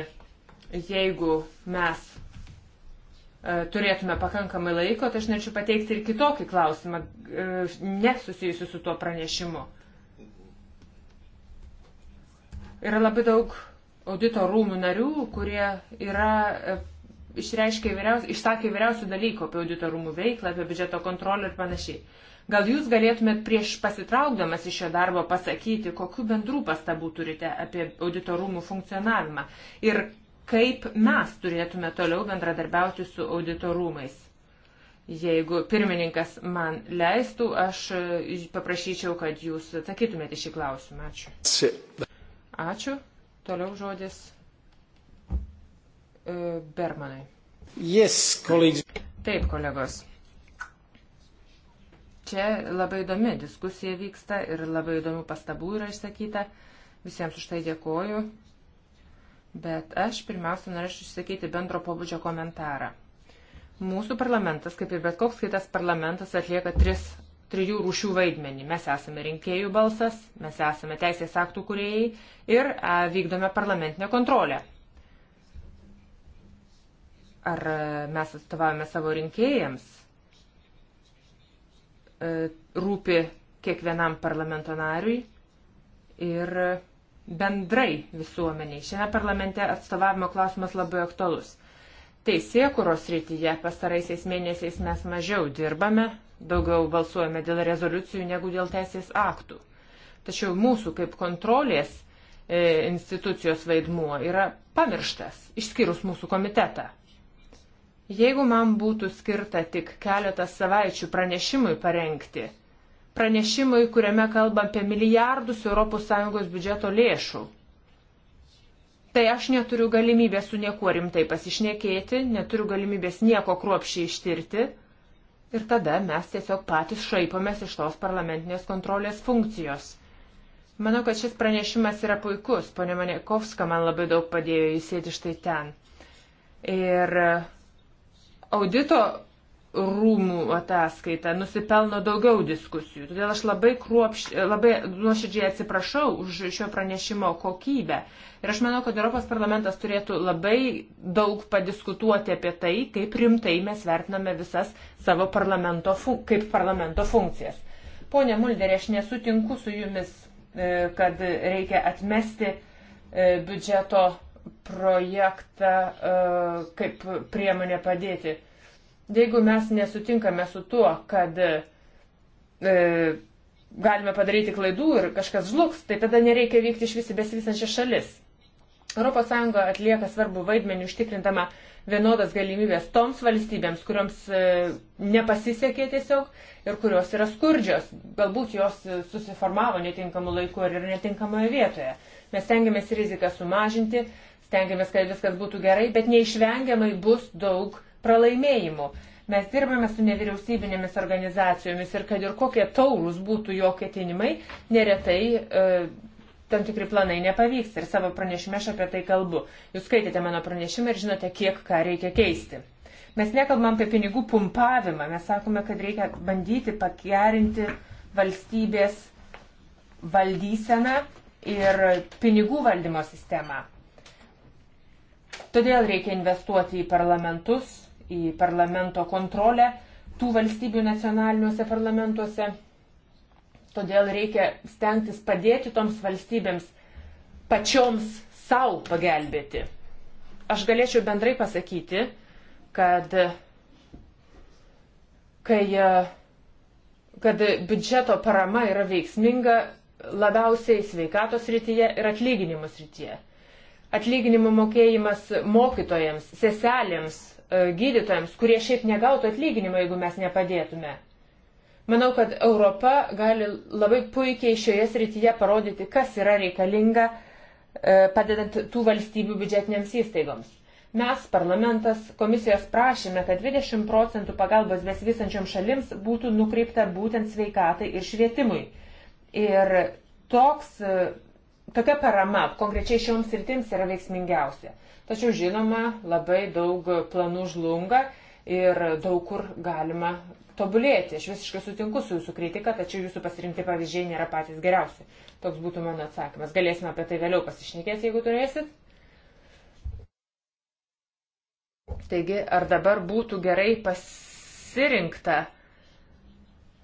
Speaker 4: jeigu mes e, turėtume pakankamai laiko, tai aš norėčiau pateikti ir kitokį klausimą, nesusijusiu su tuo pranešimu. Yra labai daug audito rūmų narių, kurie yra e, išreiškė įvairiausių, išsakė įvairiausių dalykų apie audito rūmų veiklą, apie biudžeto kontrolę ir panašiai. Gal jūs galėtumėt prieš pasitraukdamas iš šio darbo pasakyti, kokiu bendrų pastabų turite apie audito rūmų funkcionavimą ir kaip mes turėtume toliau bendradarbiauti su audito rūmais. Jeigu pirmininkas man leistų, aš e, paprašyčiau, kad jūs atsakytumėte šį klausimą.
Speaker 2: Ačiū.
Speaker 4: Ačiū. Toliau žodis e, Bermanai. Yes, colleagues. Taip, kolegos. Čia labai įdomi diskusija vyksta ir labai įdomių pastabų yra išsakyta. Visiems už tai dėkoju. Bet aš pirmiausia norėčiau išsakyti bendro pobūdžio komentarą. Mūsų parlamentas, kaip ir bet koks kitas parlamentas, atlieka tris trijų rūšių vaidmenį. Mes esame rinkėjų balsas, mes esame teisės aktų kuriejai ir e, vykdome parlamentinę kontrolę. Ar e, mes atstovavome savo rinkėjams? E, rūpi kiekvienam parlamento nariui ir bendrai visuomeniai. Šiame parlamente atstovavimo klausimas labai aktualus. Teisėkuros rytyje pastaraisiais mėnesiais mes mažiau dirbame, daugiau balsuojame dėl rezoliucijų negu dėl teisės aktų. Tačiau mūsų kaip kontrolės e, institucijos vaidmuo yra pamirštas, išskyrus mūsų komitetą. Jeigu man būtų skirta tik keletas savaičių pranešimui parengti, pranešimui, kuriame kalbam apie milijardus ES biudžeto lėšų, tai aš neturiu galimybės su niekuo rimtai pasišnekėti, neturiu galimybės nieko kruopšiai ištirti ir tada mes tiesiog patys šaipomės iš tos parlamentinės kontrolės funkcijos. Manau, kad šis pranešimas yra puikus. Pone Manekovska man labai daug padėjo įsėti štai ten. Ir audito rūmų ataskaita nusipelno daugiau diskusijų. Todėl aš labai, kruopš, labai nuoširdžiai atsiprašau už šio pranešimo kokybę. Ir aš manau, kad Europos parlamentas turėtų labai daug padiskutuoti apie tai, kaip rimtai mes vertiname visas savo parlamento, fun, kaip parlamento funkcijas. Pone Mulderė, aš nesutinku su jumis, e, kad reikia atmesti e, biudžeto projektą e, kaip priemonę padėti Jeigu mes nesutinkame su tuo, kad e, galime padaryti klaidų ir kažkas žlugs, tai tada nereikia vykti iš visi besivysančias šalis. ES atlieka svarbu vaidmenį užtikrintama vienodas galimybės toms valstybėms, kuriuoms e, nepasisekė tiesiog ir kurios yra skurdžios. Galbūt jos e, susiformavo netinkamu laiku ir yra netinkamoje vietoje. Mes stengiamės riziką sumažinti, stengiamės, kad viskas būtų gerai, bet neišvengiamai bus daug pralaimėjimų. Mes dirbame su nevyriausybinėmis organizacijomis ir kad ir kokie taurūs būtų jo ketinimai, neretai e, tam tikri planai nepavyks ir savo pranešime aš apie tai kalbu. Jūs skaitėte mano pranešimą ir žinote, kiek ką reikia keisti. Mes nekalbam apie pinigų pumpavimą, mes sakome, kad reikia bandyti pagerinti valstybės valdyseną ir pinigų valdymo sistemą. Todėl reikia investuoti į parlamentus, į parlamento kontrolę tų valstybių nacionaliniuose parlamentuose. Todėl reikia stengtis padėti toms valstybėms pačioms savo pagelbėti. Aš galėčiau bendrai pasakyti, kad kai kad biudžeto parama yra veiksminga labiausiai sveikatos rytyje ir atlyginimų rytyje. Atlyginimų mokėjimas mokytojams, seselėms, E, gydytojams, kurie šiaip negautų atlyginimo, jeigu mes nepadėtume. Manau, kad Europa gali labai puikiai šioje srityje parodyti, kas yra reikalinga e, padedant tų valstybių biudžetinėms įstaigoms. Mes, parlamentas, komisijos prašėme, kad 20 procentų pagalbos besivysančiom šalims būtų nukreipta būtent sveikatai ir švietimui. Ir toks e, tokia parama konkrečiai šioms sritims yra veiksmingiausia. Tačiau žinoma, labai daug planų žlunga ir daug kur galima tobulėti. Aš visiškai sutinku su jūsų kritika, tačiau jūsų pasirinkti pavyzdžiai nėra patys geriausi. Toks būtų mano atsakymas. Galėsime apie tai vėliau pasišnekėti, jeigu turėsit. Taigi, ar dabar būtų gerai pasirinkta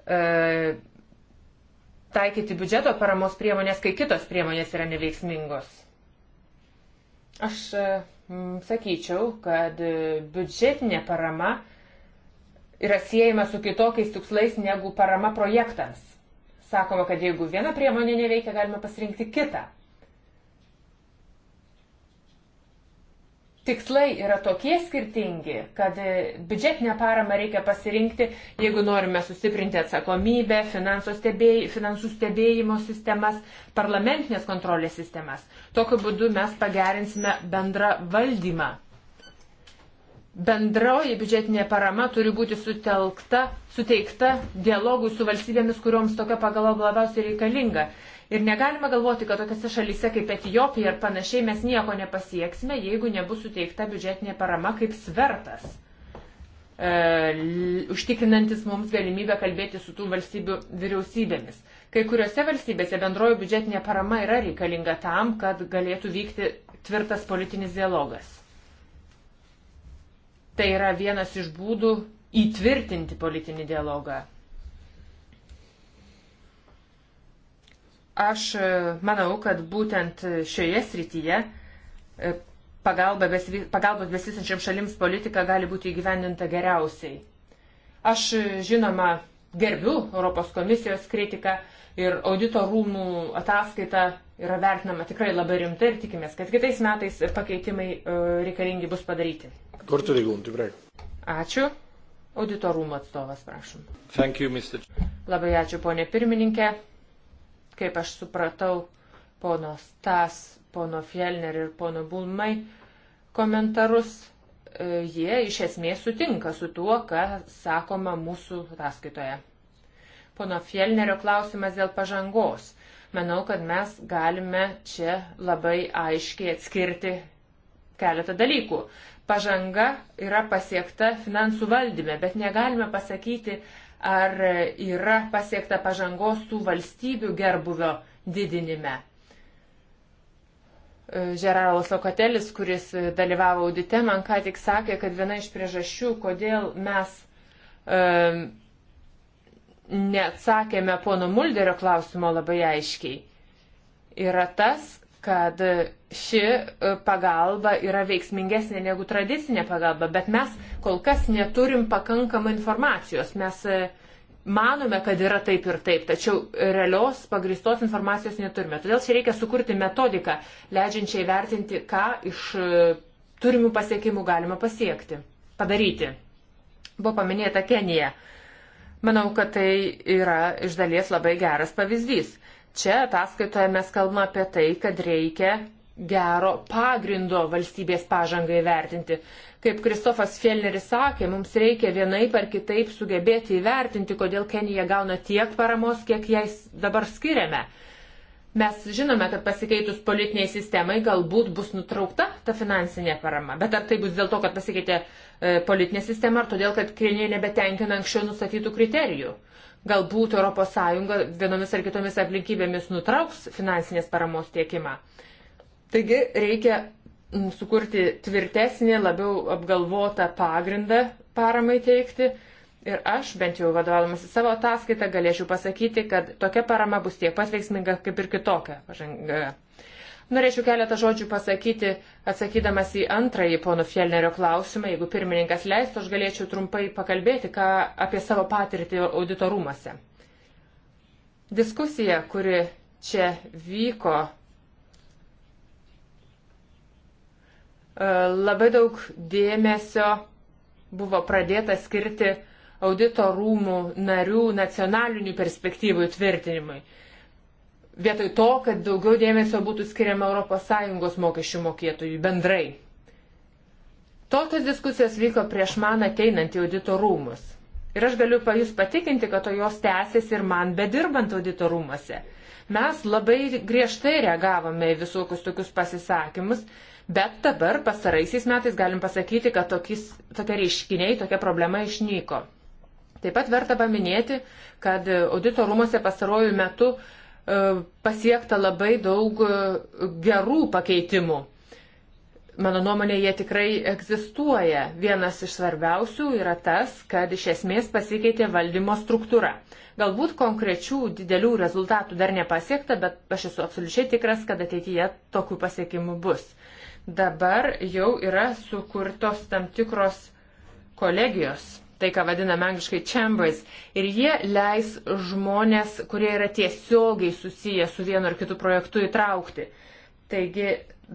Speaker 4: e, taikyti biudžeto paramos priemonės, kai kitos priemonės yra neveiksmingos? Aš e, sakyčiau, kad e, biudžetinė parama yra siejama su kitokiais tikslais negu parama projektams. Sakoma, kad jeigu viena priemonė neveikia, galima pasirinkti kitą. tikslai yra tokie skirtingi, kad e, biudžetinę paramą reikia pasirinkti, jeigu norime sustiprinti atsakomybę, stebėj, finansų stebėjimo sistemas, parlamentinės kontrolės sistemas. Tokiu būdu mes pagerinsime bendrą valdymą. Bendroji biudžetinė parama turi būti sutelkta, suteikta dialogui su valstybėmis, kuriuoms tokia pagalba labiausiai reikalinga. Ir negalima galvoti, kad tokiose šalyse kaip Etijopija ir panašiai mes nieko nepasieksime, jeigu nebus suteikta biudžetinė parama kaip svertas, e, užtikrinantis mums galimybę kalbėti su tų valstybių vyriausybėmis. Kai kuriuose valstybėse bendroji biudžetinė parama yra reikalinga tam, kad galėtų vykti tvirtas politinis dialogas. Tai yra vienas iš būdų įtvirtinti politinį dialogą. Aš e, manau, kad būtent šioje srityje e, pagalba besi, pagalbos besisančiam šalims politika gali būti įgyvendinta geriausiai. Aš e, žinoma gerbiu Europos komisijos kritiką ir audito rūmų ataskaita yra vertinama tikrai labai rimtai ir tikimės, kad kitais metais pakeitimai reikalingi bus padaryti.
Speaker 2: Kortų reikalum, tikrai.
Speaker 4: Ačiū. Audito rūmų atstovas, prašom.
Speaker 1: Thank you, Mr.
Speaker 4: Labai ačiū, ponė pirmininkė. Kaip aš supratau, pono Stas, pono Fjellner ir pono Bulmai komentarus, e, jie iš esmės sutinka su tuo, ką sakoma mūsų ataskaitoje. Pono Fjellnerio klausimas dėl pažangos. Manau, kad mes galime čia labai aiškiai atskirti keletą dalykų. Pažanga yra pasiekta finansų valdyme, bet negalime pasakyti, ar yra pasiekta pažangos tų valstybių gerbuvio didinime. E, Žeralas Lokatelis, kuris dalyvavo audite, man ką tik sakė, kad viena iš priežasčių, kodėl mes um, neatsakėme pono Mulderio klausimo labai aiškiai, yra tas, kad ši e, pagalba yra veiksmingesnė negu tradicinė pagalba, bet mes kol kas neturim pakankamą informacijos. Mes e, manome, kad yra taip ir taip, tačiau realios pagristos informacijos neturime. Todėl čia reikia sukurti metodiką, leidžiančią įvertinti, ką iš e, turimų pasiekimų galima pasiekti, padaryti. Buvo paminėta Kenija. Manau, kad tai yra iš dalies labai geras pavyzdys. Čia ataskaitoje mes kalbame apie tai, kad reikia gero pagrindo valstybės pažangai vertinti. Kaip Kristofas Fjellneris sakė, mums reikia vienaip ar kitaip sugebėti įvertinti, kodėl Kenija gauna tiek paramos, kiek jai dabar skiriame. Mes žinome, kad pasikeitus politiniai sistemai galbūt bus nutraukta ta finansinė parama, bet ar tai bus dėl to, kad pasikeitė e, politinė sistema, ar todėl, kad Kenija nebetenkina anksčiau nustatytų kriterijų. Galbūt ES vienomis ar kitomis aplinkybėmis nutrauks finansinės paramos tiekimą. Taigi reikia mm, sukurti tvirtesnį, labiau apgalvotą pagrindą paramai teikti. Ir aš, bent jau vadovaudamas į savo ataskaitą, galėčiau pasakyti, kad tokia parama bus tiek pat veiksminga, kaip ir kitokia pažanga. Norėčiau keletą žodžių pasakyti, atsakydamas į antrąjį pono Fjellnerio klausimą. Jeigu pirmininkas leistų, aš galėčiau trumpai pakalbėti ką, apie savo patirtį auditorumuose. Diskusija, kuri čia vyko, e, labai daug dėmesio buvo pradėta skirti audito rūmų narių nacionalinių perspektyvų įtvirtinimui vietoj to, kad daugiau dėmesio būtų skiriama ES mokesčių mokėtojų bendrai. Tokios diskusijos vyko prieš man ateinant į auditorūmus. Ir aš galiu pa jūs patikinti, kad to jos tęsės ir man bedirbant auditorumuose. Mes labai griežtai reagavome į visokius tokius pasisakymus, bet dabar pasaraisiais metais galim pasakyti, kad tokis, tokie reiškiniai, tokia problema išnyko. Taip pat verta paminėti, kad auditorumuose pastarojų metų uh, E, pasiekta labai daug e, gerų pakeitimų. Mano nuomonė, jie tikrai egzistuoja. Vienas iš svarbiausių yra tas, kad iš esmės pasikeitė valdymo struktūra. Galbūt konkrečių didelių rezultatų dar nepasiekta, bet aš esu absoliučiai tikras, kad ateityje tokių pasiekimų bus. Dabar jau yra sukurtos tam tikros kolegijos tai ką vadiname angliškai chambers, ir jie leis žmonės, kurie yra tiesiogiai susiję su vienu ar kitu projektu įtraukti. Taigi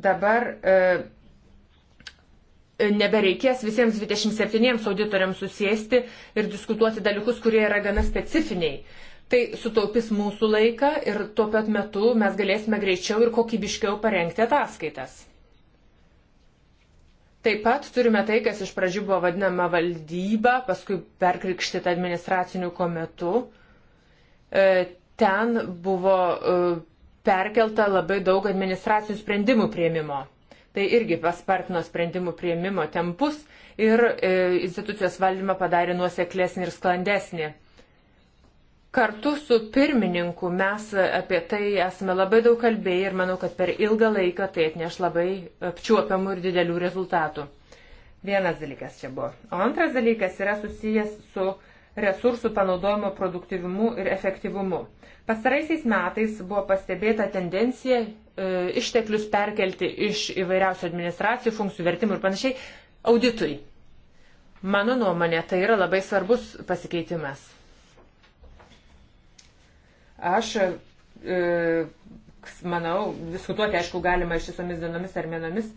Speaker 4: dabar e, nebereikės visiems 27 auditoriams susėsti ir diskutuoti dalykus, kurie yra gana specifiniai. Tai sutaupys mūsų laiką ir tuo pat metu mes galėsime greičiau ir kokybiškiau parengti ataskaitas. Taip pat turime tai, kas iš pradžių buvo vadinama valdyba, paskui perkrikštyta administraciniu kometu. E, ten buvo e, perkelta labai daug administracinių sprendimų prieimimo. Tai irgi paspartino sprendimų prieimimo tempus ir e, institucijos valdymą padarė nuoseklesnį ir sklandesnį. Kartu su pirmininku mes apie tai esame labai daug kalbėję ir manau, kad per ilgą laiką tai atneš labai apčiuopiamų ir didelių rezultatų. Vienas dalykas čia buvo. O antras dalykas yra susijęs su resursų panaudojimo produktyvumu ir efektyvumu. Pastaraisiais metais buvo pastebėta tendencija e, išteklius perkelti iš įvairiausių administracijų, funkcijų vertimų ir panašiai auditui. Mano nuomonė, tai yra labai svarbus pasikeitimas. Aš e, manau, diskutuoti aišku galima šiomis dienomis ar menomis,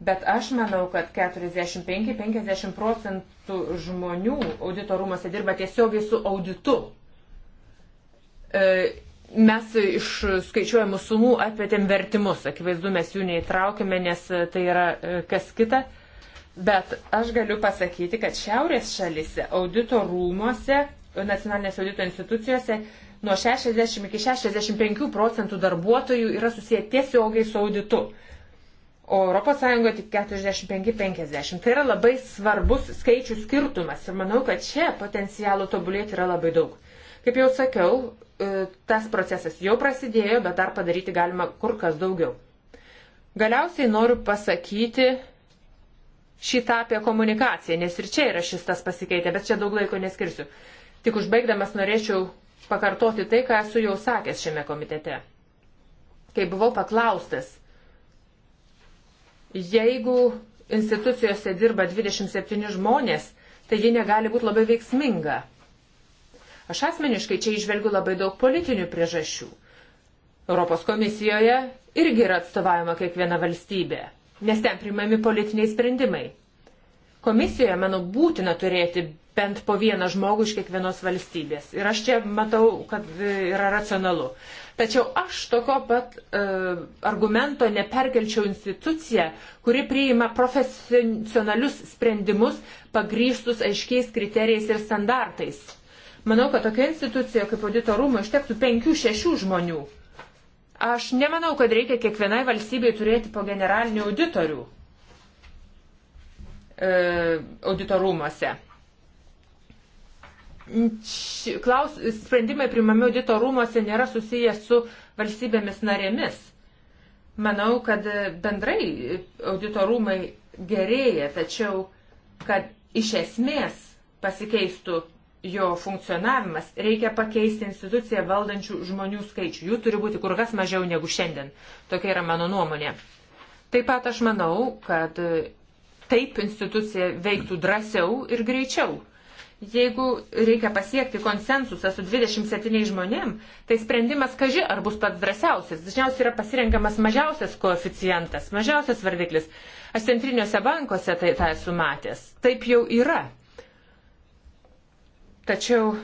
Speaker 4: bet aš manau, kad 45-50 procentų žmonių auditorumuose dirba tiesiogiai su auditu. E, mes iš skaičiuojamų sumų atmetėm vertimus, akivaizdu mes jų neįtraukime, nes tai yra e, kas kita. Bet aš galiu pasakyti, kad šiaurės šalise audito rūmose, nacionalinės audito institucijose nuo 60 iki 65 procentų darbuotojų yra susiję tiesiogiai su auditu. O ES tik 45-50. Tai yra labai svarbus skaičių skirtumas ir manau, kad čia potencialo tobulėti yra labai daug. Kaip jau sakiau, e, tas procesas jau prasidėjo, bet dar padaryti galima kur kas daugiau. Galiausiai noriu pasakyti šitą apie komunikaciją, nes ir čia yra šis tas pasikeitė, bet čia daug laiko neskirsiu. Tik užbaigdamas norėčiau pakartoti tai, ką esu jau sakęs šiame komitete. Kai buvau paklaustas, jeigu institucijose dirba 27 žmonės, tai ji negali būti labai veiksminga. Aš asmeniškai čia išvelgiu labai daug politinių priežasčių. Europos komisijoje irgi yra atstovavimo kiekviena valstybė, nes ten primami politiniai sprendimai. Komisijoje, manau, būtina turėti bent po vieną žmogų iš kiekvienos valstybės. Ir aš čia matau, kad e, yra racionalu. Tačiau aš tokio pat e, argumento neperkelčiau instituciją, kuri priima profesionalius sprendimus pagrįstus aiškiais kriterijais ir standartais. Manau, kad tokia institucija kaip auditorumo ištektų penkių, šešių žmonių. Aš nemanau, kad reikia kiekvienai valstybei turėti po generalinių auditorių e, auditorumuose klaus, sprendimai primami audito rūmose nėra susiję su valstybėmis narėmis. Manau, kad bendrai audito rūmai gerėja, tačiau, kad iš esmės pasikeistų jo funkcionavimas, reikia pakeisti instituciją valdančių žmonių skaičių. Jų turi būti kur kas mažiau negu šiandien. Tokia yra mano nuomonė. Taip pat aš manau, kad taip institucija veiktų drąsiau ir greičiau. Jeigu reikia pasiekti konsensusą su 27 žmonėm, tai sprendimas kaži ar bus pats drąsiausias. Dažniausiai yra pasirenkamas mažiausias koeficientas, mažiausias vardiklis. Aš centriniuose bankuose tai tą tai esu matęs. Taip jau yra. Tačiau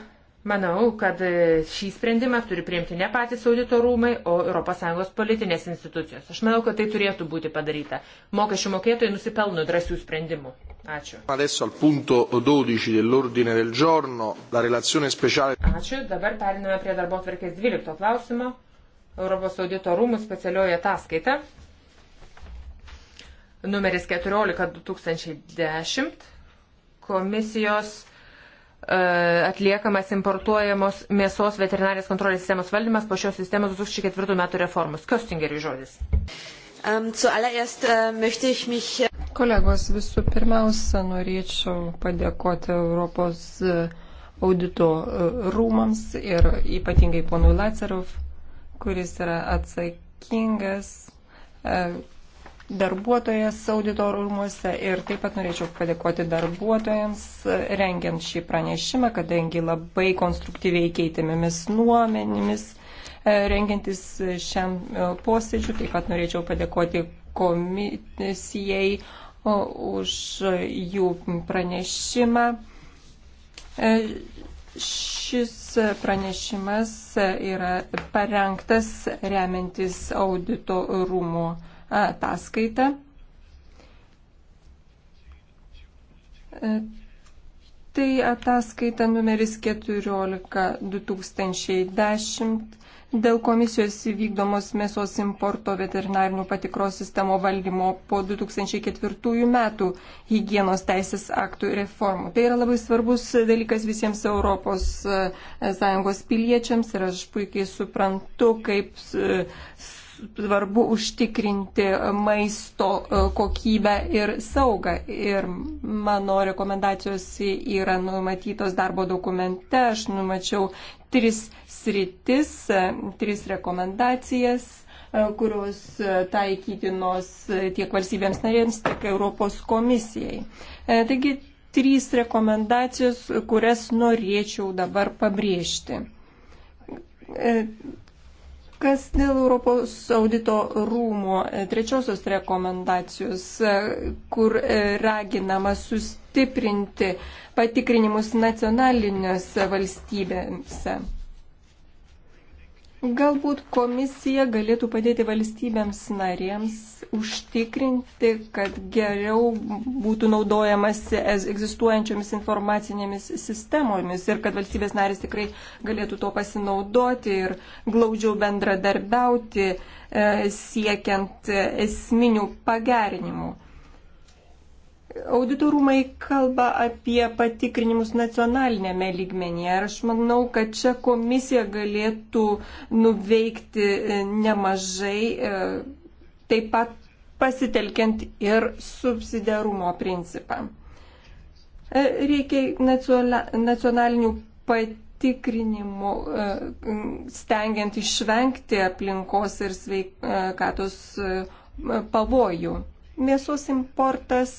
Speaker 4: Manau, kad e, šį sprendimą turi priimti ne patys audito rūmai, o ES politinės institucijos. Aš manau, kad tai turėtų būti padaryta. Mokesčių mokėtojai nusipelno drąsių sprendimų. Ačiū.
Speaker 2: Del giorno, speciale...
Speaker 4: Ačiū. Dabar periname prie darbo tvarkės 12 klausimo. Europos audito rūmų specialioji ataskaita. Numeris 14 2010 komisijos E, atliekamas importuojamos mėsos veterinarijos kontrolės sistemos valdymas po šios sistemos 2004 metų reformos. Kostingeriui žodis.
Speaker 3: Um, zuallererst uh, möchte ich mich. Äh, Kolegos, visų pirmiausia, norėčiau padėkoti Europos e, audito e, rūmams ir ypatingai ponui Lacerov, kuris yra atsakingas darbuotojas audito rūmuose ir taip pat norėčiau padėkoti darbuotojams rengiant šį pranešimą, kadangi labai konstruktyviai keitėmėmis nuomenimis e, rengiantis šiam e, posėdžiu. Taip pat norėčiau padėkoti komisijai už jų pranešimą. E, šis pranešimas yra parengtas remiantis audito rūmų ataskaitą. E, tai ataskaita numeris 14.2010 dėl komisijos įvykdomos mėsos importo veterinarinių patikros sistemo valdymo po 2004 metų hygienos teisės aktų reformų. Tai yra labai svarbus dalykas visiems ES e, piliečiams ir aš puikiai suprantu, kaip svarbu užtikrinti maisto e, kokybę ir saugą. Ir mano rekomendacijos yra numatytos darbo dokumente. Aš numačiau tris sritis, e, tris rekomendacijas e, kurios taikytinos tiek valstybėms narėms, tiek Europos komisijai. Taigi, trys rekomendacijos, kurias norėčiau dabar pabrėžti Kas dėl Europos audito rūmo e, trečiosios rekomendacijos, e, kur e, raginama sustiprinti patikrinimus nacionalinėse valstybėse? Galbūt komisija galėtų padėti valstybėms narėms užtikrinti, kad geriau būtų naudojamas egzistuojančiomis informacinėmis sistemomis ir kad valstybės narės tikrai galėtų to pasinaudoti ir glaudžiau bendradarbiauti e, siekiant e, esminių pagerinimų. Auditorumai kalba apie patikrinimus nacionalinėme lygmenyje ir aš manau, kad čia komisija galėtų nuveikti e, nemažai, e, taip pat pasitelkiant ir subsidiarumo principą. E, reikia nacionalinių patikrinimų, stengiant išvengti aplinkos ir sveikatos pavojų. Mėsos importas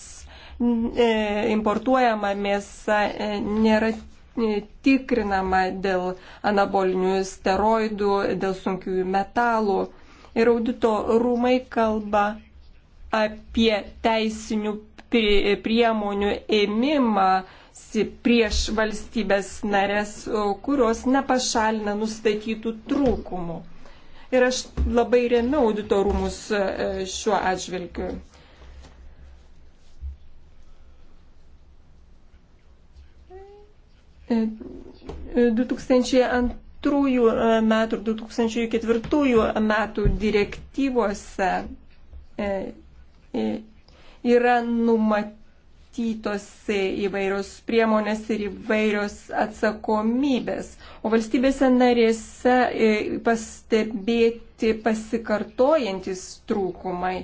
Speaker 3: E, importuojama mėsa e, nėra e, tikrinama dėl anabolinių steroidų, dėl sunkiųjų metalų. Ir audito rūmai kalba apie teisinių priemonių ėmimą prieš valstybės narės, kurios nepašalina nustatytų trūkumų. Ir aš labai remiu auditorumus šiuo atžvilgiu. 2002 metų ir 2004 metų direktyvose e, e, yra numatytos įvairios priemonės ir įvairios atsakomybės. O valstybėse narėse e, pastebėti pasikartojantis trūkumai.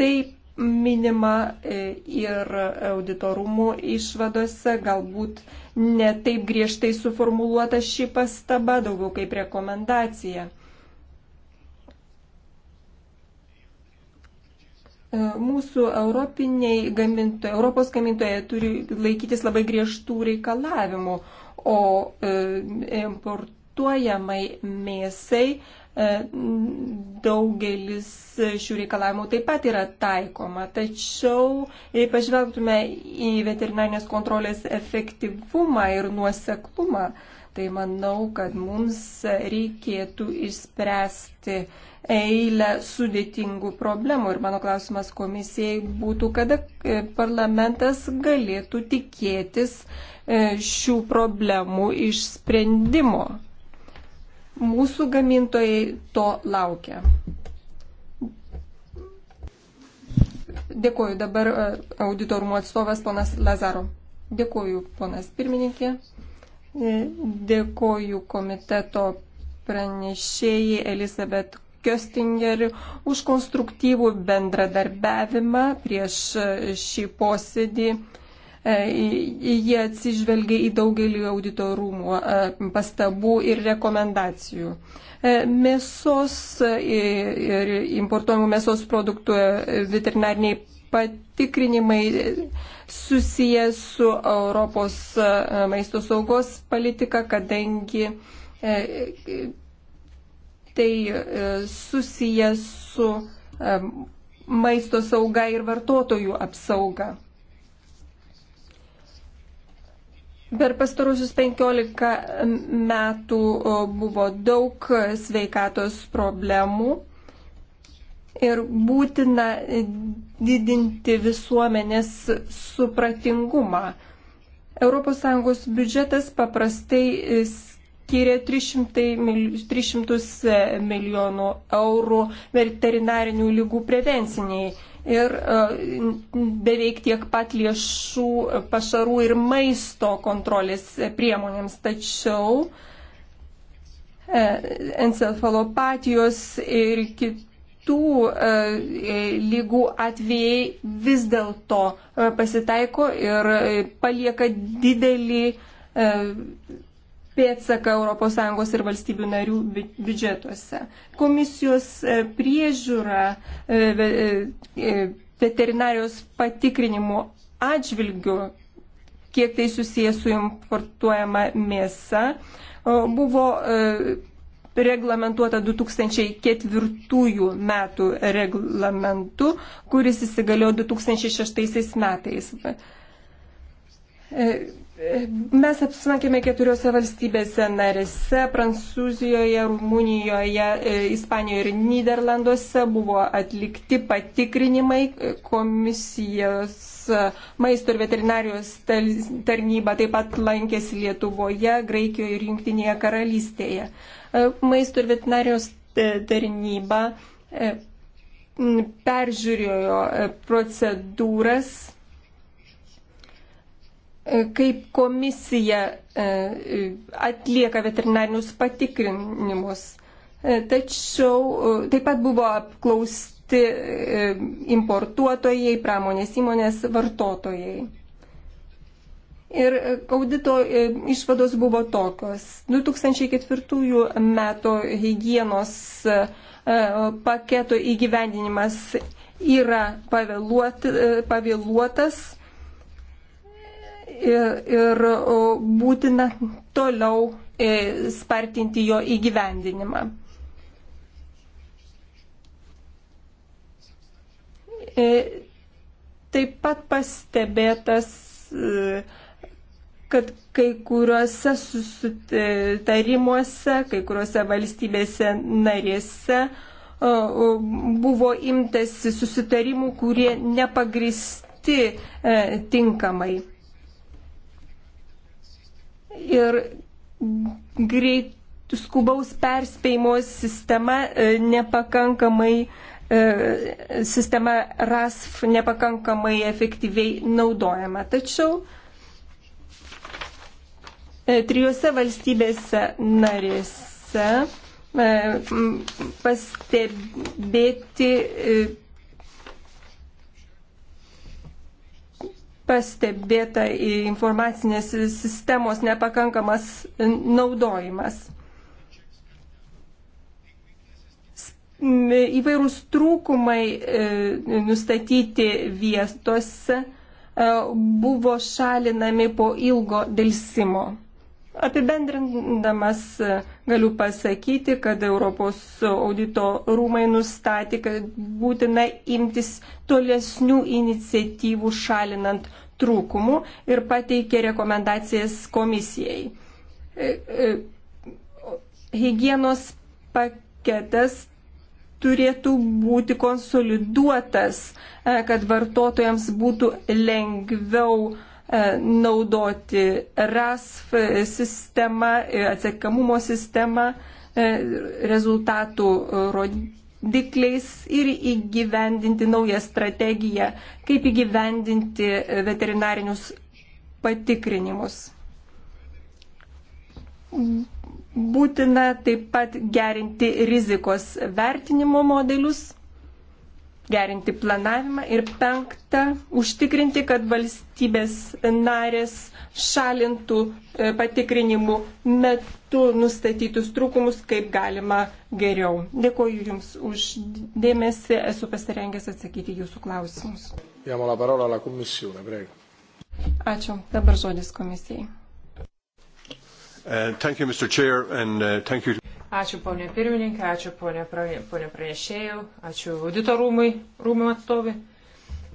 Speaker 3: Taip minima e, ir auditorumų išvadose, galbūt ne taip griežtai suformuluota šį pastabą, daugiau kaip rekomendacija. E, mūsų europiniai gamintojai, Europos gamintojai turi laikytis labai griežtų reikalavimų, o e, importuojamai mėsai E, daugelis šių reikalavimų taip pat yra taikoma. Tačiau, jei pažvelgtume į veterinarinės kontrolės efektyvumą ir nuoseklumą, tai manau, kad mums reikėtų išspręsti eilę sudėtingų problemų. Ir mano klausimas komisijai būtų, kada e, parlamentas galėtų tikėtis e, šių problemų išsprendimo. Mūsų gamintojai to laukia. Dėkuoju dabar e, auditorumo atstovas ponas Lazaro. Dėkuoju ponas pirmininkė. E, dėkuoju komiteto pranešėjai Elisabet Köstingeriu už konstruktyvų bendradarbiavimą prieš e, šį posėdį. Jie atsižvelgia į daugelį auditorumų e, pastabų ir rekomendacijų. E, mėsos ir importuojamų mėsos produktų e, veterinariniai patikrinimai susijęs su Europos maisto saugos politika, kadangi tai susijęs su maisto sauga ir vartotojų apsauga. Per pastarusius 15 metų buvo daug sveikatos problemų ir būtina didinti visuomenės supratingumą. ES biudžetas paprastai skiria 300, mil, 300 e, milijonų eurų veterinarinių lygų prevenciniai ir e, beveik tiek pat lėšų e, pašarų ir maisto kontrolės priemonėms. Tačiau e, encefalopatijos ir kitų lygų atvejai vis dėlto pasitaiko ir palieka didelį pėtsaką ES ir valstybių narių biudžetuose. Komisijos e, priežiūra e, e, veterinarijos patikrinimų atžvilgių, kiek tai susijęs su importuojama mėsa, buvo reglamentuota 2004 metų reglamentu, kuris įsigaliojo 2006 metais Mes apsilankėme keturiose valstybėse narėse - Prancūzijoje, Rumunijoje, e, Ispanijoje ir Niderlanduose buvo atlikti patikrinimai e, komisijos e, maisto ir veterinarijos tarnyba taip pat lankėsi Lietuvoje, Graikijoje ir Junktinėje karalystėje. Maisto ir veterinarijos tarnyba peržiūrėjo procedūras kaip komisija e, atlieka veterinarinius patikrinimus. E, tačiau e, taip pat buvo apklausti importuotojai, pramonės įmonės, vartotojai. Ir audito išvados buvo tokios. 2004 metų hygienos paketo įgyvendinimas yra pavėluotas ir, ir būtina toliau e, spartinti jo įgyvendinimą. E, taip pat pastebėtas, e, kad kai kuriuose susitarimuose, kai kuriuose valstybėse narėse buvo imtasi susitarimų, kurie nepagristi tinkamai ir greit skubaus perspėjimo sistema e, nepakankamai e, sistema RASF nepakankamai efektyviai naudojama. Tačiau e, trijose valstybėse narėse pastebėti pastebėta informacinės sistemos nepakankamas naudojimas. Įvairūs trūkumai e, nustatyti vietose e, buvo šalinami po ilgo dėlsimo. Apibendrindamas e, Galiu pasakyti, kad Europos audito rūmai nustatė, kad būtina imtis tolesnių iniciatyvų šalinant trūkumų ir pateikė rekomendacijas komisijai. E, e, hygienos paketas turėtų būti konsoliduotas, e, kad vartotojams būtų lengviau uh, E, naudoti RASF sistemą, e, atsiekamumo sistemą, e, rezultatų rodikliais ir įgyvendinti naują strategiją, kaip įgyvendinti veterinarinius patikrinimus būtina taip pat gerinti rizikos vertinimo modelius gerinti planavimą ir penktą, užtikrinti, kad valstybės narės šalintų e, patikrinimų metu nustatytus trūkumus kaip galima geriau. Dėkuoju Jums už dėmesį, esu pasirengęs atsakyti Jūsų klausimus. Ačiū. Dabar žodis komisijai.
Speaker 1: Uh, thank you, Mr. Chair, and uh, thank you.
Speaker 4: Ačiū ponė pirmininkė, ačiū ponė, ponė pranešėjų, ačiū auditorumai, rūmų atstovai.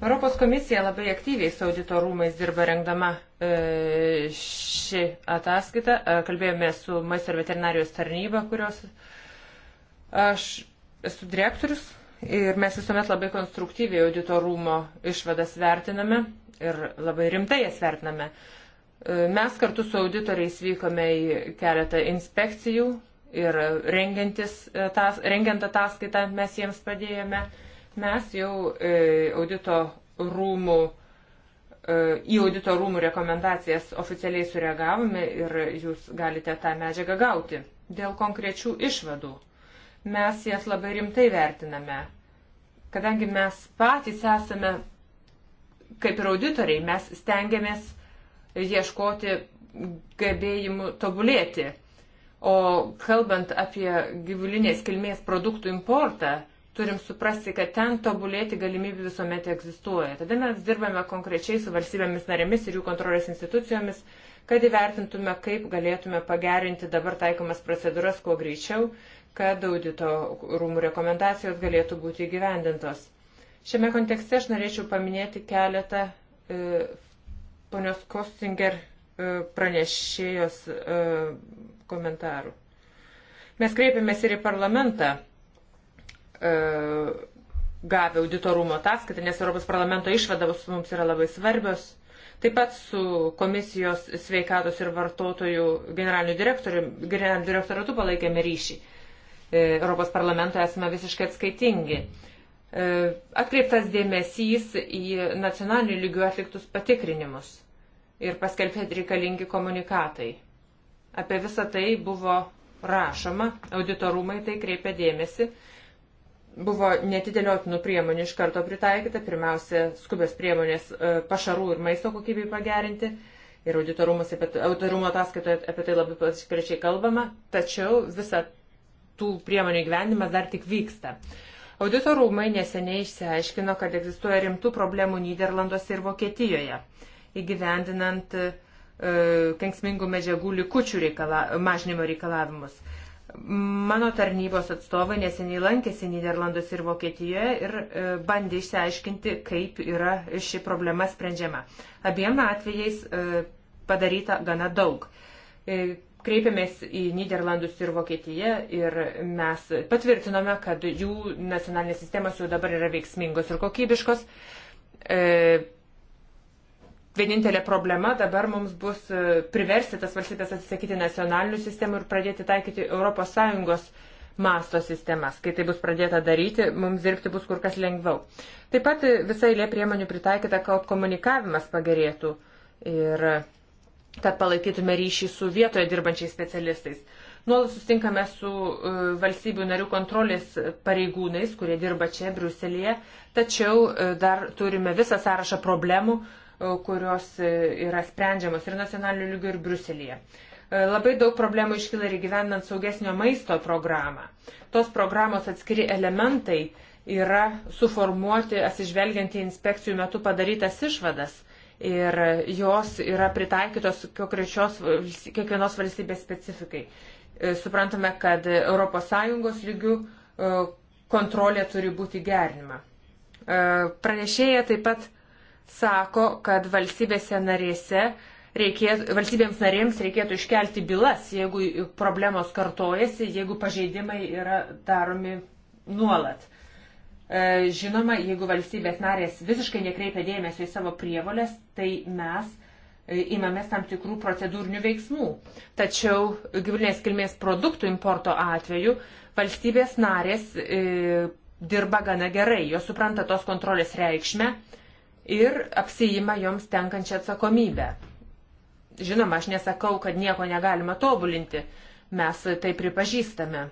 Speaker 4: Europos komisija labai aktyviai su auditorumais dirba rengdama e, šį ataskaitą. E, kalbėjome su maisto ir veterinarijos tarnyba, kurios aš esu direktorius ir mes visuomet labai konstruktyviai auditorumo išvadas vertiname ir labai rimtai jas vertiname. E, mes kartu su auditoriais vykome į keletą inspekcijų ir e, tas, rengiant ataskaitą mes jiems padėjome. Mes jau e, audito rūmų, e, į audito rūmų rekomendacijas oficialiai sureagavome ir jūs galite tą medžiagą gauti. Dėl konkrečių išvadų mes jas labai rimtai vertiname, kadangi mes patys esame, kaip ir auditoriai, mes stengiamės ieškoti gebėjimų tobulėti O kalbant apie gyvulinės kilmės produktų importą, turim suprasti, kad ten tobulėti galimybių visuomet egzistuoja. Tada mes dirbame konkrečiai su valstybėmis narėmis ir jų kontrolės institucijomis, kad įvertintume, kaip galėtume pagerinti dabar taikomas procedūras kuo greičiau, kad audito rūmų rekomendacijos galėtų būti įgyvendintos. Šiame kontekste aš norėčiau paminėti keletą e, ponios Kostinger e, pranešėjos e, komentarų. Mes kreipėmės ir į parlamentą e, gavę auditorumo ataskaitą, nes Europos parlamento išvados mums yra labai svarbios. Taip pat su komisijos sveikatos ir vartotojų generaliniu generaliniu direktoratu palaikėme ryšį. E, Europos parlamento esame visiškai atskaitingi. E, atkreiptas dėmesys į nacionalinių lygių atliktus patikrinimus ir paskelbėti reikalingi komunikatai. Apie visą tai buvo rašoma, auditorumai tai kreipia dėmesį. Buvo netidėliotinų priemonių iš karto pritaikyta, pirmiausia, skubės priemonės e, pašarų ir maisto kokybei pagerinti. Ir auditorumo ataskaitoje apie tai labai plačiai kalbama, tačiau visa tų priemonių gyvenimas dar tik vyksta. Audito rūmai neseniai išsiaiškino, kad egzistuoja rimtų problemų Niderlanduose ir Vokietijoje, įgyvendinant uh, E, kenksmingų medžiagų likučių reikala, mažinimo reikalavimus. Mano tarnybos atstovai neseniai lankėsi Niderlanduose ir Vokietijoje ir e, bandė išsiaiškinti, kaip yra ši problema sprendžiama. Abiem atvejais e, padaryta gana daug. Kreipėmės į Niderlandus ir Vokietiją ir mes patvirtinome, kad jų nacionalinės sistemos jau dabar yra veiksmingos ir kokybiškos. Vienintelė problema dabar mums bus e, priversti tas valstybės atsisakyti nacionalinių sistemų ir pradėti taikyti ES masto sistemas. Kai tai bus pradėta daryti, mums dirbti bus kur kas lengviau. Taip pat e, visai lė priemonių pritaikyta, kad komunikavimas pagerėtų ir e, kad palaikytume ryšį su vietoje dirbančiais specialistais. Nuolat sustinkame su valstybių narių kontrolės pareigūnais, kurie dirba čia, Briuselėje, tačiau dar turime visą sąrašą problemų, E, kurios e, yra sprendžiamos ir nacionaliniu lygiu, ir Bruselėje. E, labai daug problemų iškyla ir gyvenant saugesnio maisto programą. Tos programos atskiri elementai yra suformuoti atsižvelgiant į inspekcijų metu padarytas išvadas ir jos yra pritaikytos kiekvienos valstybės specifikai. Suprantame, kad ES lygių kontrolė turi būti gerinima. Pranešėja taip pat sako, kad valstybėse narėse reikėtų, valstybėms narėms reikėtų iškelti bylas, jeigu problemos kartojasi, jeigu pažeidimai yra daromi nuolat. E, žinoma, jeigu valstybės narės visiškai nekreipia dėmesio į savo prievolės, tai mes e, imamės tam tikrų procedūrinių veiksmų. Tačiau gyvulinės kilmės produktų importo atveju valstybės narės e, dirba gana gerai, jos supranta tos kontrolės reikšmę, ir apsijima joms tenkančią atsakomybę. Žinoma, aš nesakau, kad nieko negalima tobulinti, mes tai pripažįstame.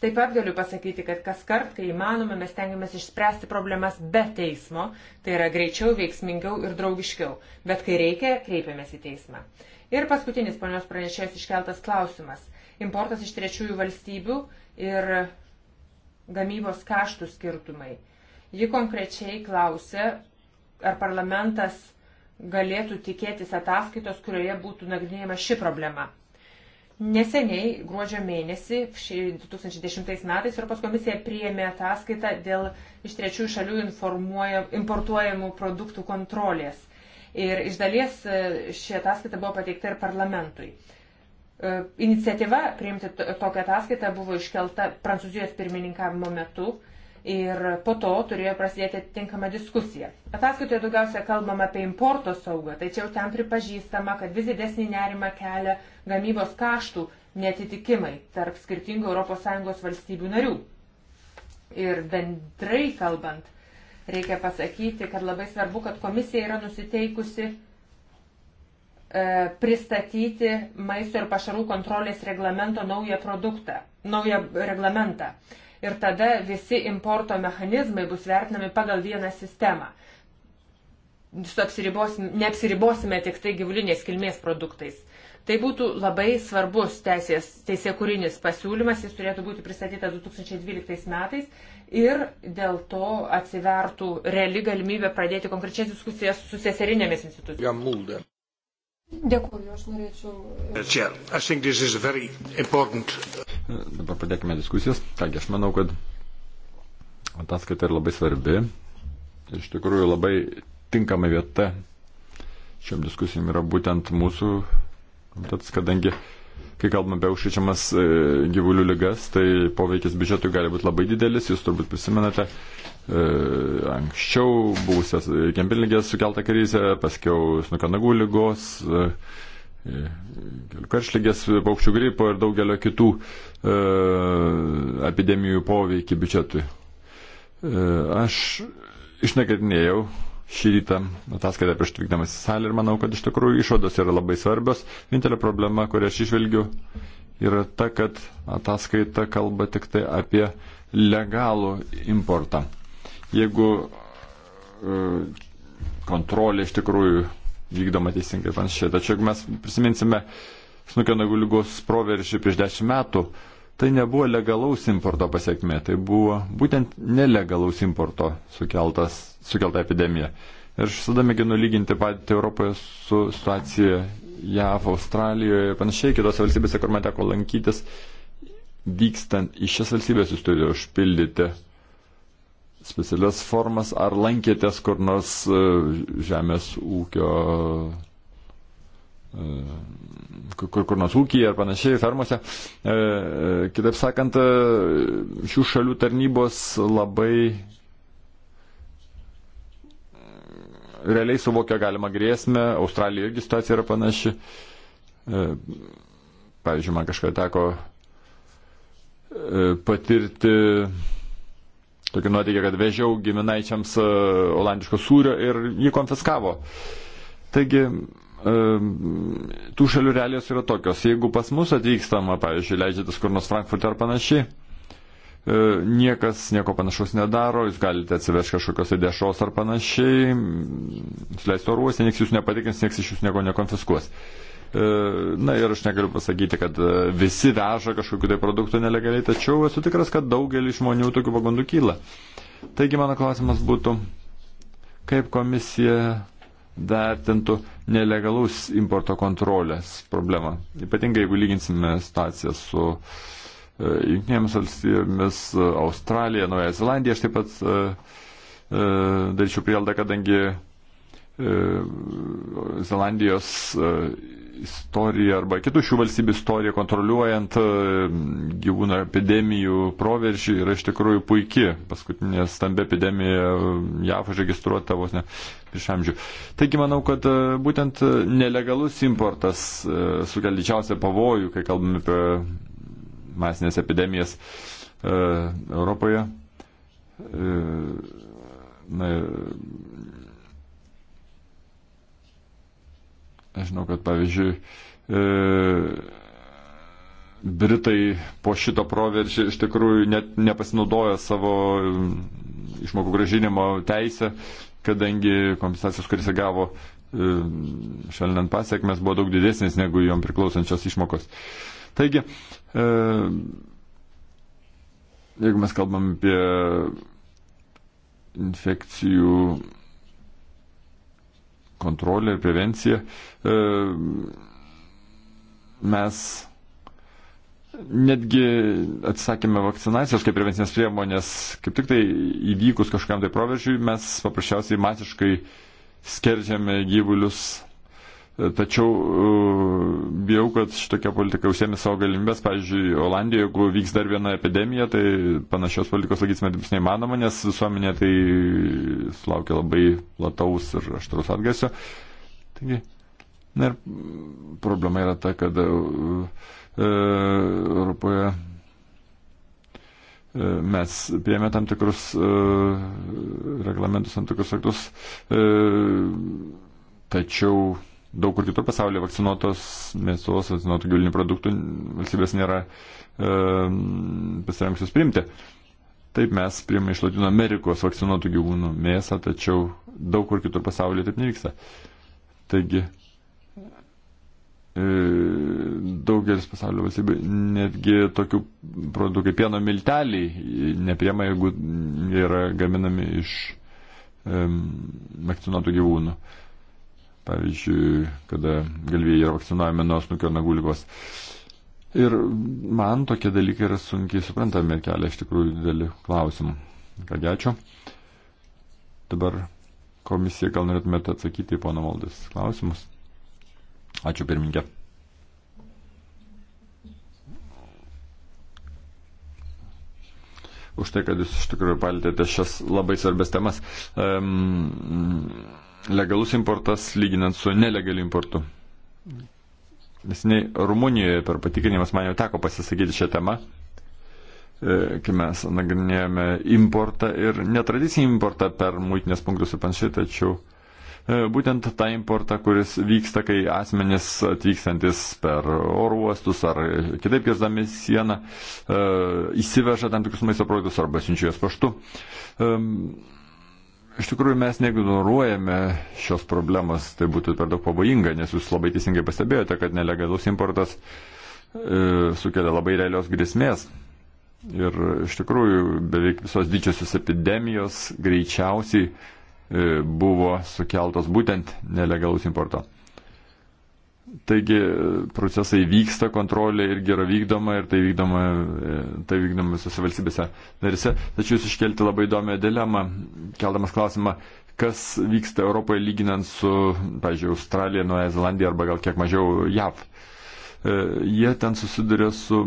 Speaker 4: Taip pat galiu pasakyti, kad kas kart, kai įmanoma, mes tengiamės išspręsti problemas be teismo, tai yra greičiau, veiksmingiau ir draugiškiau, bet kai reikia, kreipiamės į teismą. Ir paskutinis ponios pranešėjos iškeltas klausimas. Importas iš trečiųjų valstybių ir gamybos kaštų skirtumai. Ji konkrečiai klausė, ar parlamentas galėtų tikėtis ataskaitos, kurioje būtų nagrinėjama ši problema. Neseniai, gruodžio mėnesį, 2010 metais, Europos komisija priėmė ataskaitą dėl iš trečiųjų šalių importuojamų produktų kontrolės. Ir iš dalies e, ši ataskaita buvo pateikta ir parlamentui. E, iniciatyva priimti tokią ataskaitą buvo iškelta Prancūzijos pirmininkavimo metu ir po to turėjo prasidėti atitinkama diskusija. Ataskaitoje daugiausia kalbama apie importo saugą, tačiau ten pripažįstama, kad vis didesnį nerimą kelia gamybos kaštų netitikimai tarp skirtingų ES valstybių narių. Ir bendrai kalbant, reikia pasakyti, kad labai svarbu, kad komisija yra nusiteikusi e, pristatyti maisto ir pašarų kontrolės reglamento naują produktą, naują reglamentą. E, ir tada visi importo mechanizmai bus vertinami pagal vieną sistemą. Neapsiribosime tik tai gyvulinės kilmės produktais. Tai būtų labai svarbus teisės, teisė kūrinis pasiūlymas, jis turėtų būti pristatytas 2012 metais ir dėl to atsivertų reali galimybė pradėti konkrečias diskusijas su seserinėmis
Speaker 2: institucijomis.
Speaker 3: Dėkuoju, aš norėčiau.
Speaker 2: E,
Speaker 1: Dabar pradėkime diskusijas. Kągi, aš manau, kad ataskaita yra labai svarbi. Ir iš tikrųjų labai tinkama vieta šiom diskusijom yra būtent mūsų komitetas, kadangi Kai kalbame apie užkrečiamas e, gyvulių ligas, tai poveikis biudžetui gali būti labai didelis, jūs turbūt prisimenate e, anksčiau buvusias kempilnigės sukeltą krizę, paskiau snukanagų lygos, e, karšlygės paukščių gripo ir daugelio kitų epidemijų poveikį biudžetui. Aš išnagrinėjau šį rytą ataskaitą prieš atvykdamas į salę ir manau, kad iš tikrųjų išvados yra labai svarbios. Vienintelė problema, kurią aš išvelgiu, yra ta, kad ataskaita kalba tik tai apie legalų importą. Jeigu e, kontrolė iš tikrųjų vykdoma teisingai ir panašiai. Tačiau jeigu mes prisiminsime snukio nagų lygos proveržį prieš dešimt metų, tai nebuvo legalaus importo pasiekmė, tai buvo būtent nelegalaus importo sukeltas sukeltą epidemiją. Ir aš visada mėginu lyginti patį Europoje su situacija JAV, Australijoje ir panašiai, kitose valstybėse, kur man teko lankytis, vykstant į šias valstybės jūs turite užpildyti specialias formas, ar lankėtės kur nors e, žemės ūkio, e, kur, kur nors ūkiai ar panašiai, fermose. E, kitaip sakant, šių šalių tarnybos labai realiai suvokia galimą grėsmę, Australija irgi situacija yra panaši. E, pavyzdžiui, man kažką teko e, patirti tokį nuotykį, kad vežiau giminaičiams e, olandiško sūrio ir jį konfiskavo. Taigi, tų šalių realijos yra tokios. Jeigu pas mus atvykstama, pavyzdžiui, leidžiatės kur nors Frankfurte ar panašiai, E, niekas nieko panašaus nedaro, jūs galite atsivežti kažkokios tai dešos ar panašiai, mm, leisti oruose, nieks jūs nepatikins, nieks iš jūsų nieko nekonfiskuos. E, na ir aš negaliu pasakyti, kad e, visi veža kažkokiu tai produktu nelegaliai, tačiau esu tikras, kad daugelį žmonių tokių pagundų kyla. Taigi mano klausimas būtų, kaip komisija vertintų nelegalus importo kontrolės problemą, ypatingai jeigu lyginsime situaciją su uh, E, Junktinėmis valstybėmis, e, Australija, Nauja Zelandija. Aš taip pat e, daryčiau prieldą, kadangi Zelandijos istorija arba kitų šių valstybių istorija kontroliuojant gyvūnų epidemijų proveržį yra iš tikrųjų puiki. Paskutinė stambi epidemija JAF užregistruota vos ne prieš amžių. Taigi manau, kad būtent nelegalus importas sukelia didžiausią pavojų, kai kalbame apie masinės epidemijas e, Europoje. E, na, aš žinau, kad pavyzdžiui, e, Britai po šito proveržio iš tikrųjų net nepasinaudoja savo e, išmokų gražinimo teisę, kadangi kompensacijos, kuris gavo e, šalinant pasiekmes, buvo daug didesnės negu jom priklausančios išmokos. Taigi, E, jeigu mes kalbam apie infekcijų kontrolę ir prevenciją, e, mes netgi atsisakėme vakcinacijos kaip prevencinės priemonės, kaip tik tai įvykus kažkam tai proveržiui, mes paprasčiausiai masiškai skerdžiame gyvulius Tačiau e, bijau, kad šitokia politika užsiemi savo galimybės. Pavyzdžiui, Olandijoje, jeigu vyks dar viena epidemija, tai panašios politikos laikysime taip neįmanoma, nes visuomenė tai sulaukia labai plataus ir aštrus atgasio. Taigi, na ir problema yra ta, kad e, e, Europoje e, mes priėmė tam tikrus e, reglamentus, tam tikrus aktus, e, tačiau daug kur kitur pasaulyje vakcinuotos mėsos, vakcinuotų gyvulinių produktų valstybės nėra e, pasirengusios priimti. Taip mes priimame iš Latino Amerikos vakcinuotų gyvūnų mėsą, tačiau daug kur kitur pasaulyje taip nevyksta. Taigi e, daugelis pasaulio valstybių netgi tokių produktų kaip pieno milteliai nepriema, jeigu jie yra gaminami iš e, vakcinuotų gyvūnų. E, pavyzdžiui, kada galvijai yra vakcinuojami nuo snukio nagų lygos. Ir man tokie dalykai yra sunkiai suprantami ir kelia iš tikrųjų didelį klausimą. Kągi ačiū. Dabar komisija gal norėtumėte atsakyti į pono valdės klausimus. Ačiū pirmininkė. Už tai, kad jūs iš tikrųjų palėtėte šias labai svarbės temas. Um, legalus importas lyginant su nelegaliu importu. Nesiniai Rumunijoje per patikrinimas man jau teko pasisakyti šią temą, e, kai mes nagrinėjome importą ir netradicinį importą per muitinės punktus ir panašiai, tačiau e, būtent tą importą, kuris vyksta, kai asmenys atvykstantis per oro uostus ar kitaip kirsdami sieną e, įsiveža tam tikrus maisto produktus arba siunčia juos paštu. Iš tikrųjų, mes neignoruojame šios problemos, tai būtų per daug pavojinga, nes jūs labai teisingai pastebėjote, kad nelegalus importas e, sukelia labai realios grėsmės. Ir iš tikrųjų, beveik visos didžiosios epidemijos greičiausiai e, buvo sukeltos būtent nelegalus importo. Taigi e, procesai vyksta, kontrolė irgi yra vykdoma ir tai vykdoma, e, tai vykdoma visose valstybėse narise. Tačiau jūs iškelti labai įdomią dilemą, keldamas klausimą, kas vyksta Europoje lyginant su, pažiūrėjau, Australija, Nuoja Zelandija arba gal kiek mažiau JAV. E, jie ten susiduria su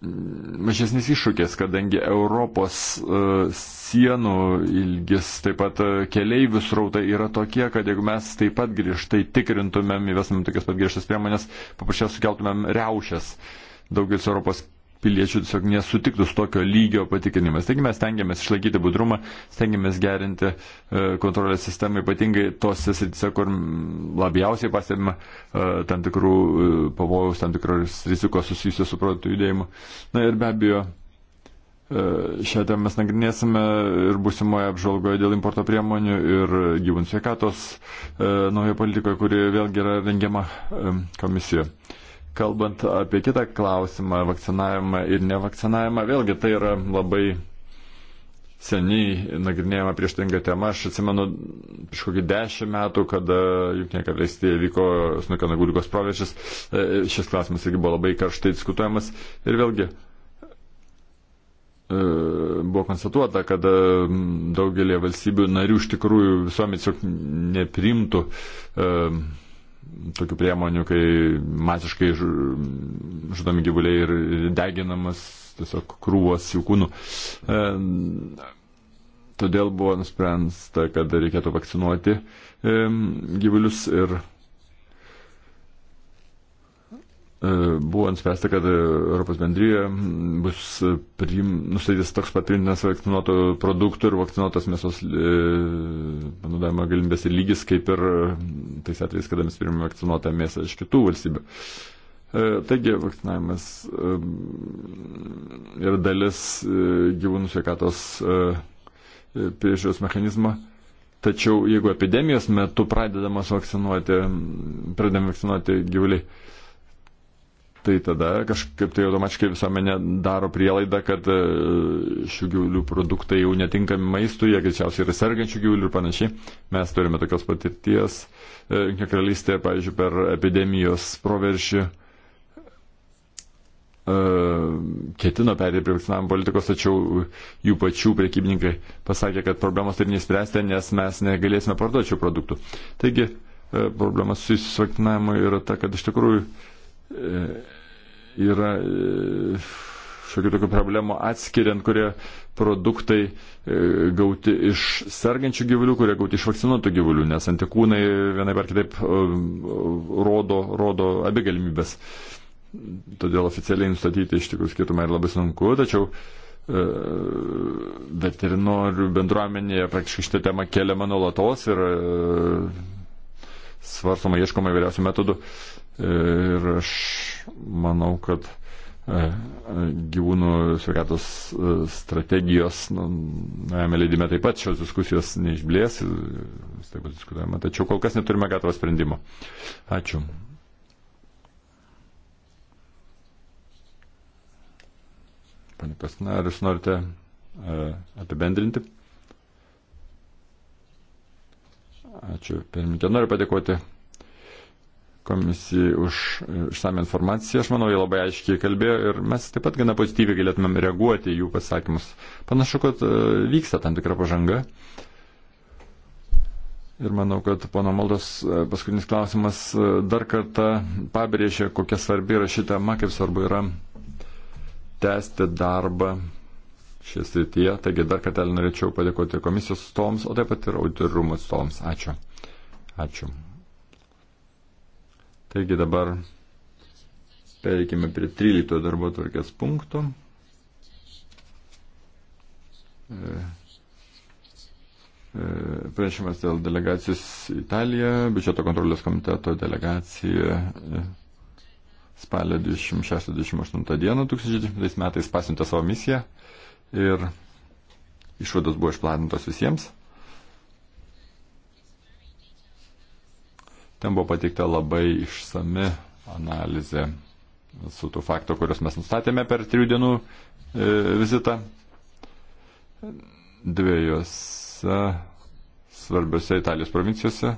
Speaker 1: mažesnis iššūkis, kadangi Europos uh, sienų ilgis, taip pat uh, keleivių srautai yra tokie, kad jeigu mes taip pat griežtai tikrintumėm, įvesimėm tokias pat griežtas priemonės, paprasčiausiai sukeltumėm reušės. Daugelis Europos piliečių tiesiog nesutiktų su tokio lygio patikinimas. Taigi mes stengiamės išlaikyti budrumą, stengiamės gerinti e, kontrolės sistemą, ypatingai tose srityse, kur labiausiai pastebima e, tam tikrų e, pavojus, tam tikros rizikos susijusios su produktų judėjimu. Na ir be abejo, šią temą mes nagrinėsime ir busimoje apžvalgoje dėl importo priemonių ir gyvūnų sveikatos naujoje politikoje, kuri vėlgi yra rengiama komisijoje. Kalbant apie kitą klausimą, vakcinavimą ir nevakcinavimą, vėlgi tai yra labai seniai nagrinėjama prieštinga tema. Aš atsimenu prieš kokį dešimt metų, kada Junktinė karalystėje vyko snukio nagų lygos proveržis. E, šis klausimas irgi buvo labai karštai diskutuojamas. Ir vėlgi e, buvo konstatuota, kad e, daugelį valstybių narių iš tikrųjų visuomet tiesiog neprimtų tokių priemonių, kai masiškai žudomi gyvuliai ir deginamas tiesiog krūvas jų kūnų. E, todėl buvo nuspręsta, kad reikėtų vakcinuoti e, gyvulius ir E, buvo nuspręsta, kad Europos bendryje bus nustatytas toks patvirtintas vakcinuotų produktų ir vakcinuotos mėsos e, panaudojimo galimybės ir lygis, kaip ir tais atvejais, kada mes pirmame vakcinuotą mėsą iš kitų valstybių. E, taigi, vakcinavimas yra dalis gyvūnų sveikatos priežiūros mechanizmo. Tačiau jeigu epidemijos metu pradedamas vakcinuoti, pradedam vakcinuoti gyvuliai, tai tada kažkaip tai automatiškai visuomenė daro prielaidą, kad e, šių gyvulių produktai jau netinkami maistui, jie greičiausiai yra sergančių gyvulių ir panašiai. Mes turime tokios patirties, e, Junkinė karalystė, pavyzdžiui, per epidemijos proveržį e, ketino perėti prie vakcinavimo politikos, tačiau jų pačių priekybininkai pasakė, kad problemos taip neįspręsti, nes mes negalėsime parduoti šių produktų. Taigi, problema susijusi su vakcinavimu yra ta, kad iš tikrųjų E, yra e, šiokių tokių problemų atskiriant, kurie produktai e, gauti iš sergančių gyvulių, kurie gauti iš vakcinuotų gyvulių, nes antikūnai vienai par kitaip rodo, rodo abi galimybės. Todėl oficialiai nustatyti iš tikrųjų skirtumą yra labai sunku, tačiau veterinorių bendruomenėje praktiškai šitą temą keliama nuolatos ir svarstoma, ieškoma įvairiausių metodų. Ir aš manau, kad e, gyvūnų sveikatos e, strategijos, nu, naujame nu, leidime taip pat šios diskusijos neišblės, taip pat diskutuojame, tačiau kol kas neturime gatavo sprendimo. Ačiū. Pane Kasna, ar jūs norite e, apibendrinti? Ačiū, pirmininkė. Noriu padėkoti komisijai už e, išsame informaciją. Aš manau, jie labai aiškiai kalbėjo ir mes taip pat gana pozityviai galėtumėm reaguoti į jų pasakymus. Panašu, kad e, vyksta tam tikra pažanga. Ir manau, kad pono Maldos e, paskutinis klausimas dar kartą pabrėžė, kokia svarbi yra šitama, kaip svarbu yra tęsti darbą šią srityje. Taigi dar kartą norėčiau padėkoti komisijos atstovams, o taip pat ir auditorumų atstovams. Ačiū. Ačiū. Taigi dabar pereikime prie 13 darbo tvarkės punkto. E, e, Prašymas dėl delegacijos Italija, biudžeto kontrolės komiteto delegacija e, spalio 26-28 dieną 2010 metais pasiuntė savo misiją ir išvados buvo išplatintos visiems. Ten buvo pateikta labai išsami analizė su tų faktų, kuriuos mes nustatėme per trijų dienų e, vizitą. Dviejose svarbiose Italijos provincijose,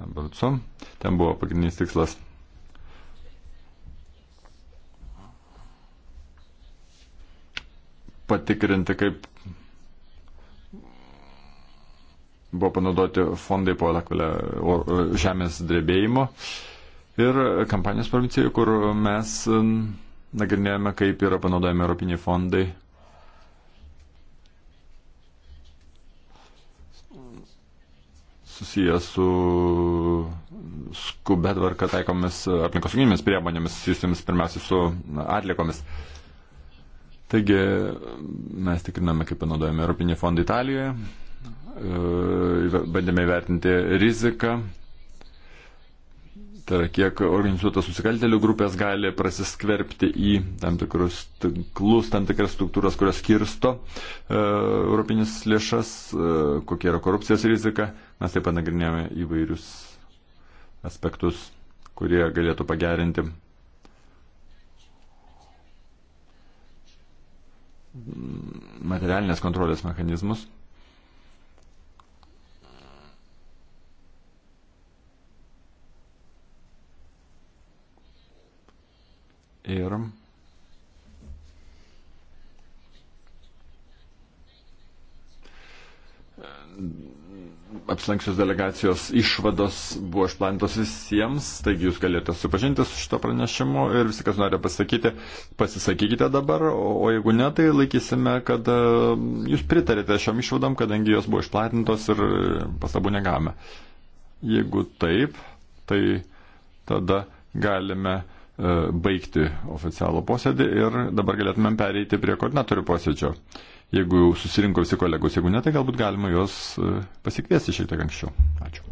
Speaker 1: Brucom, ten buvo pagrindinis tikslas patikrinti, kaip buvo panaudoti fondai po Alakvilę žemės drebėjimo. Ir kampanijos provincijoje, kur mes nagrinėjame, kaip yra panaudojami europiniai fondai. susijęs su skubetvarka taikomis aplinkosauginėmis priemonėmis, susijusiamis pirmiausia su atliekomis. Uh, Taigi mes tikriname, kaip panaudojame Europinį fondą Italijoje, e, bandėme įvertinti riziką, tai yra kiek organizuotos nusikaltelių grupės gali prasiskverbti į tam tikrus tinklus, tam tikras struktūras, kurios kirsto e, europinės lėšas, e, kokia yra korupcijos rizika. Mes taip panagrinėjome įvairius aspektus, kurie galėtų pagerinti materialinės kontrolės mechanizmus. Ir apsilankščios delegacijos išvados buvo išplantos visiems, taigi jūs galėtumėte supažinti su šito pranešimu ir visi, kas norite pasakyti, pasisakykite dabar, o jeigu ne, tai laikysime, kad e, jūs pritarėte šiom išvadom, kadangi jos buvo išplatintos ir pastabų negavome. Jeigu taip, tai tada galime e, baigti oficialų posėdį ir dabar galėtumėm pereiti prie koordinatorių posėdžio jeigu jau susirinko visi kolegos, jeigu ne, tai galbūt galima juos e, pasikviesti šiek tiek anksčiau. Ačiū.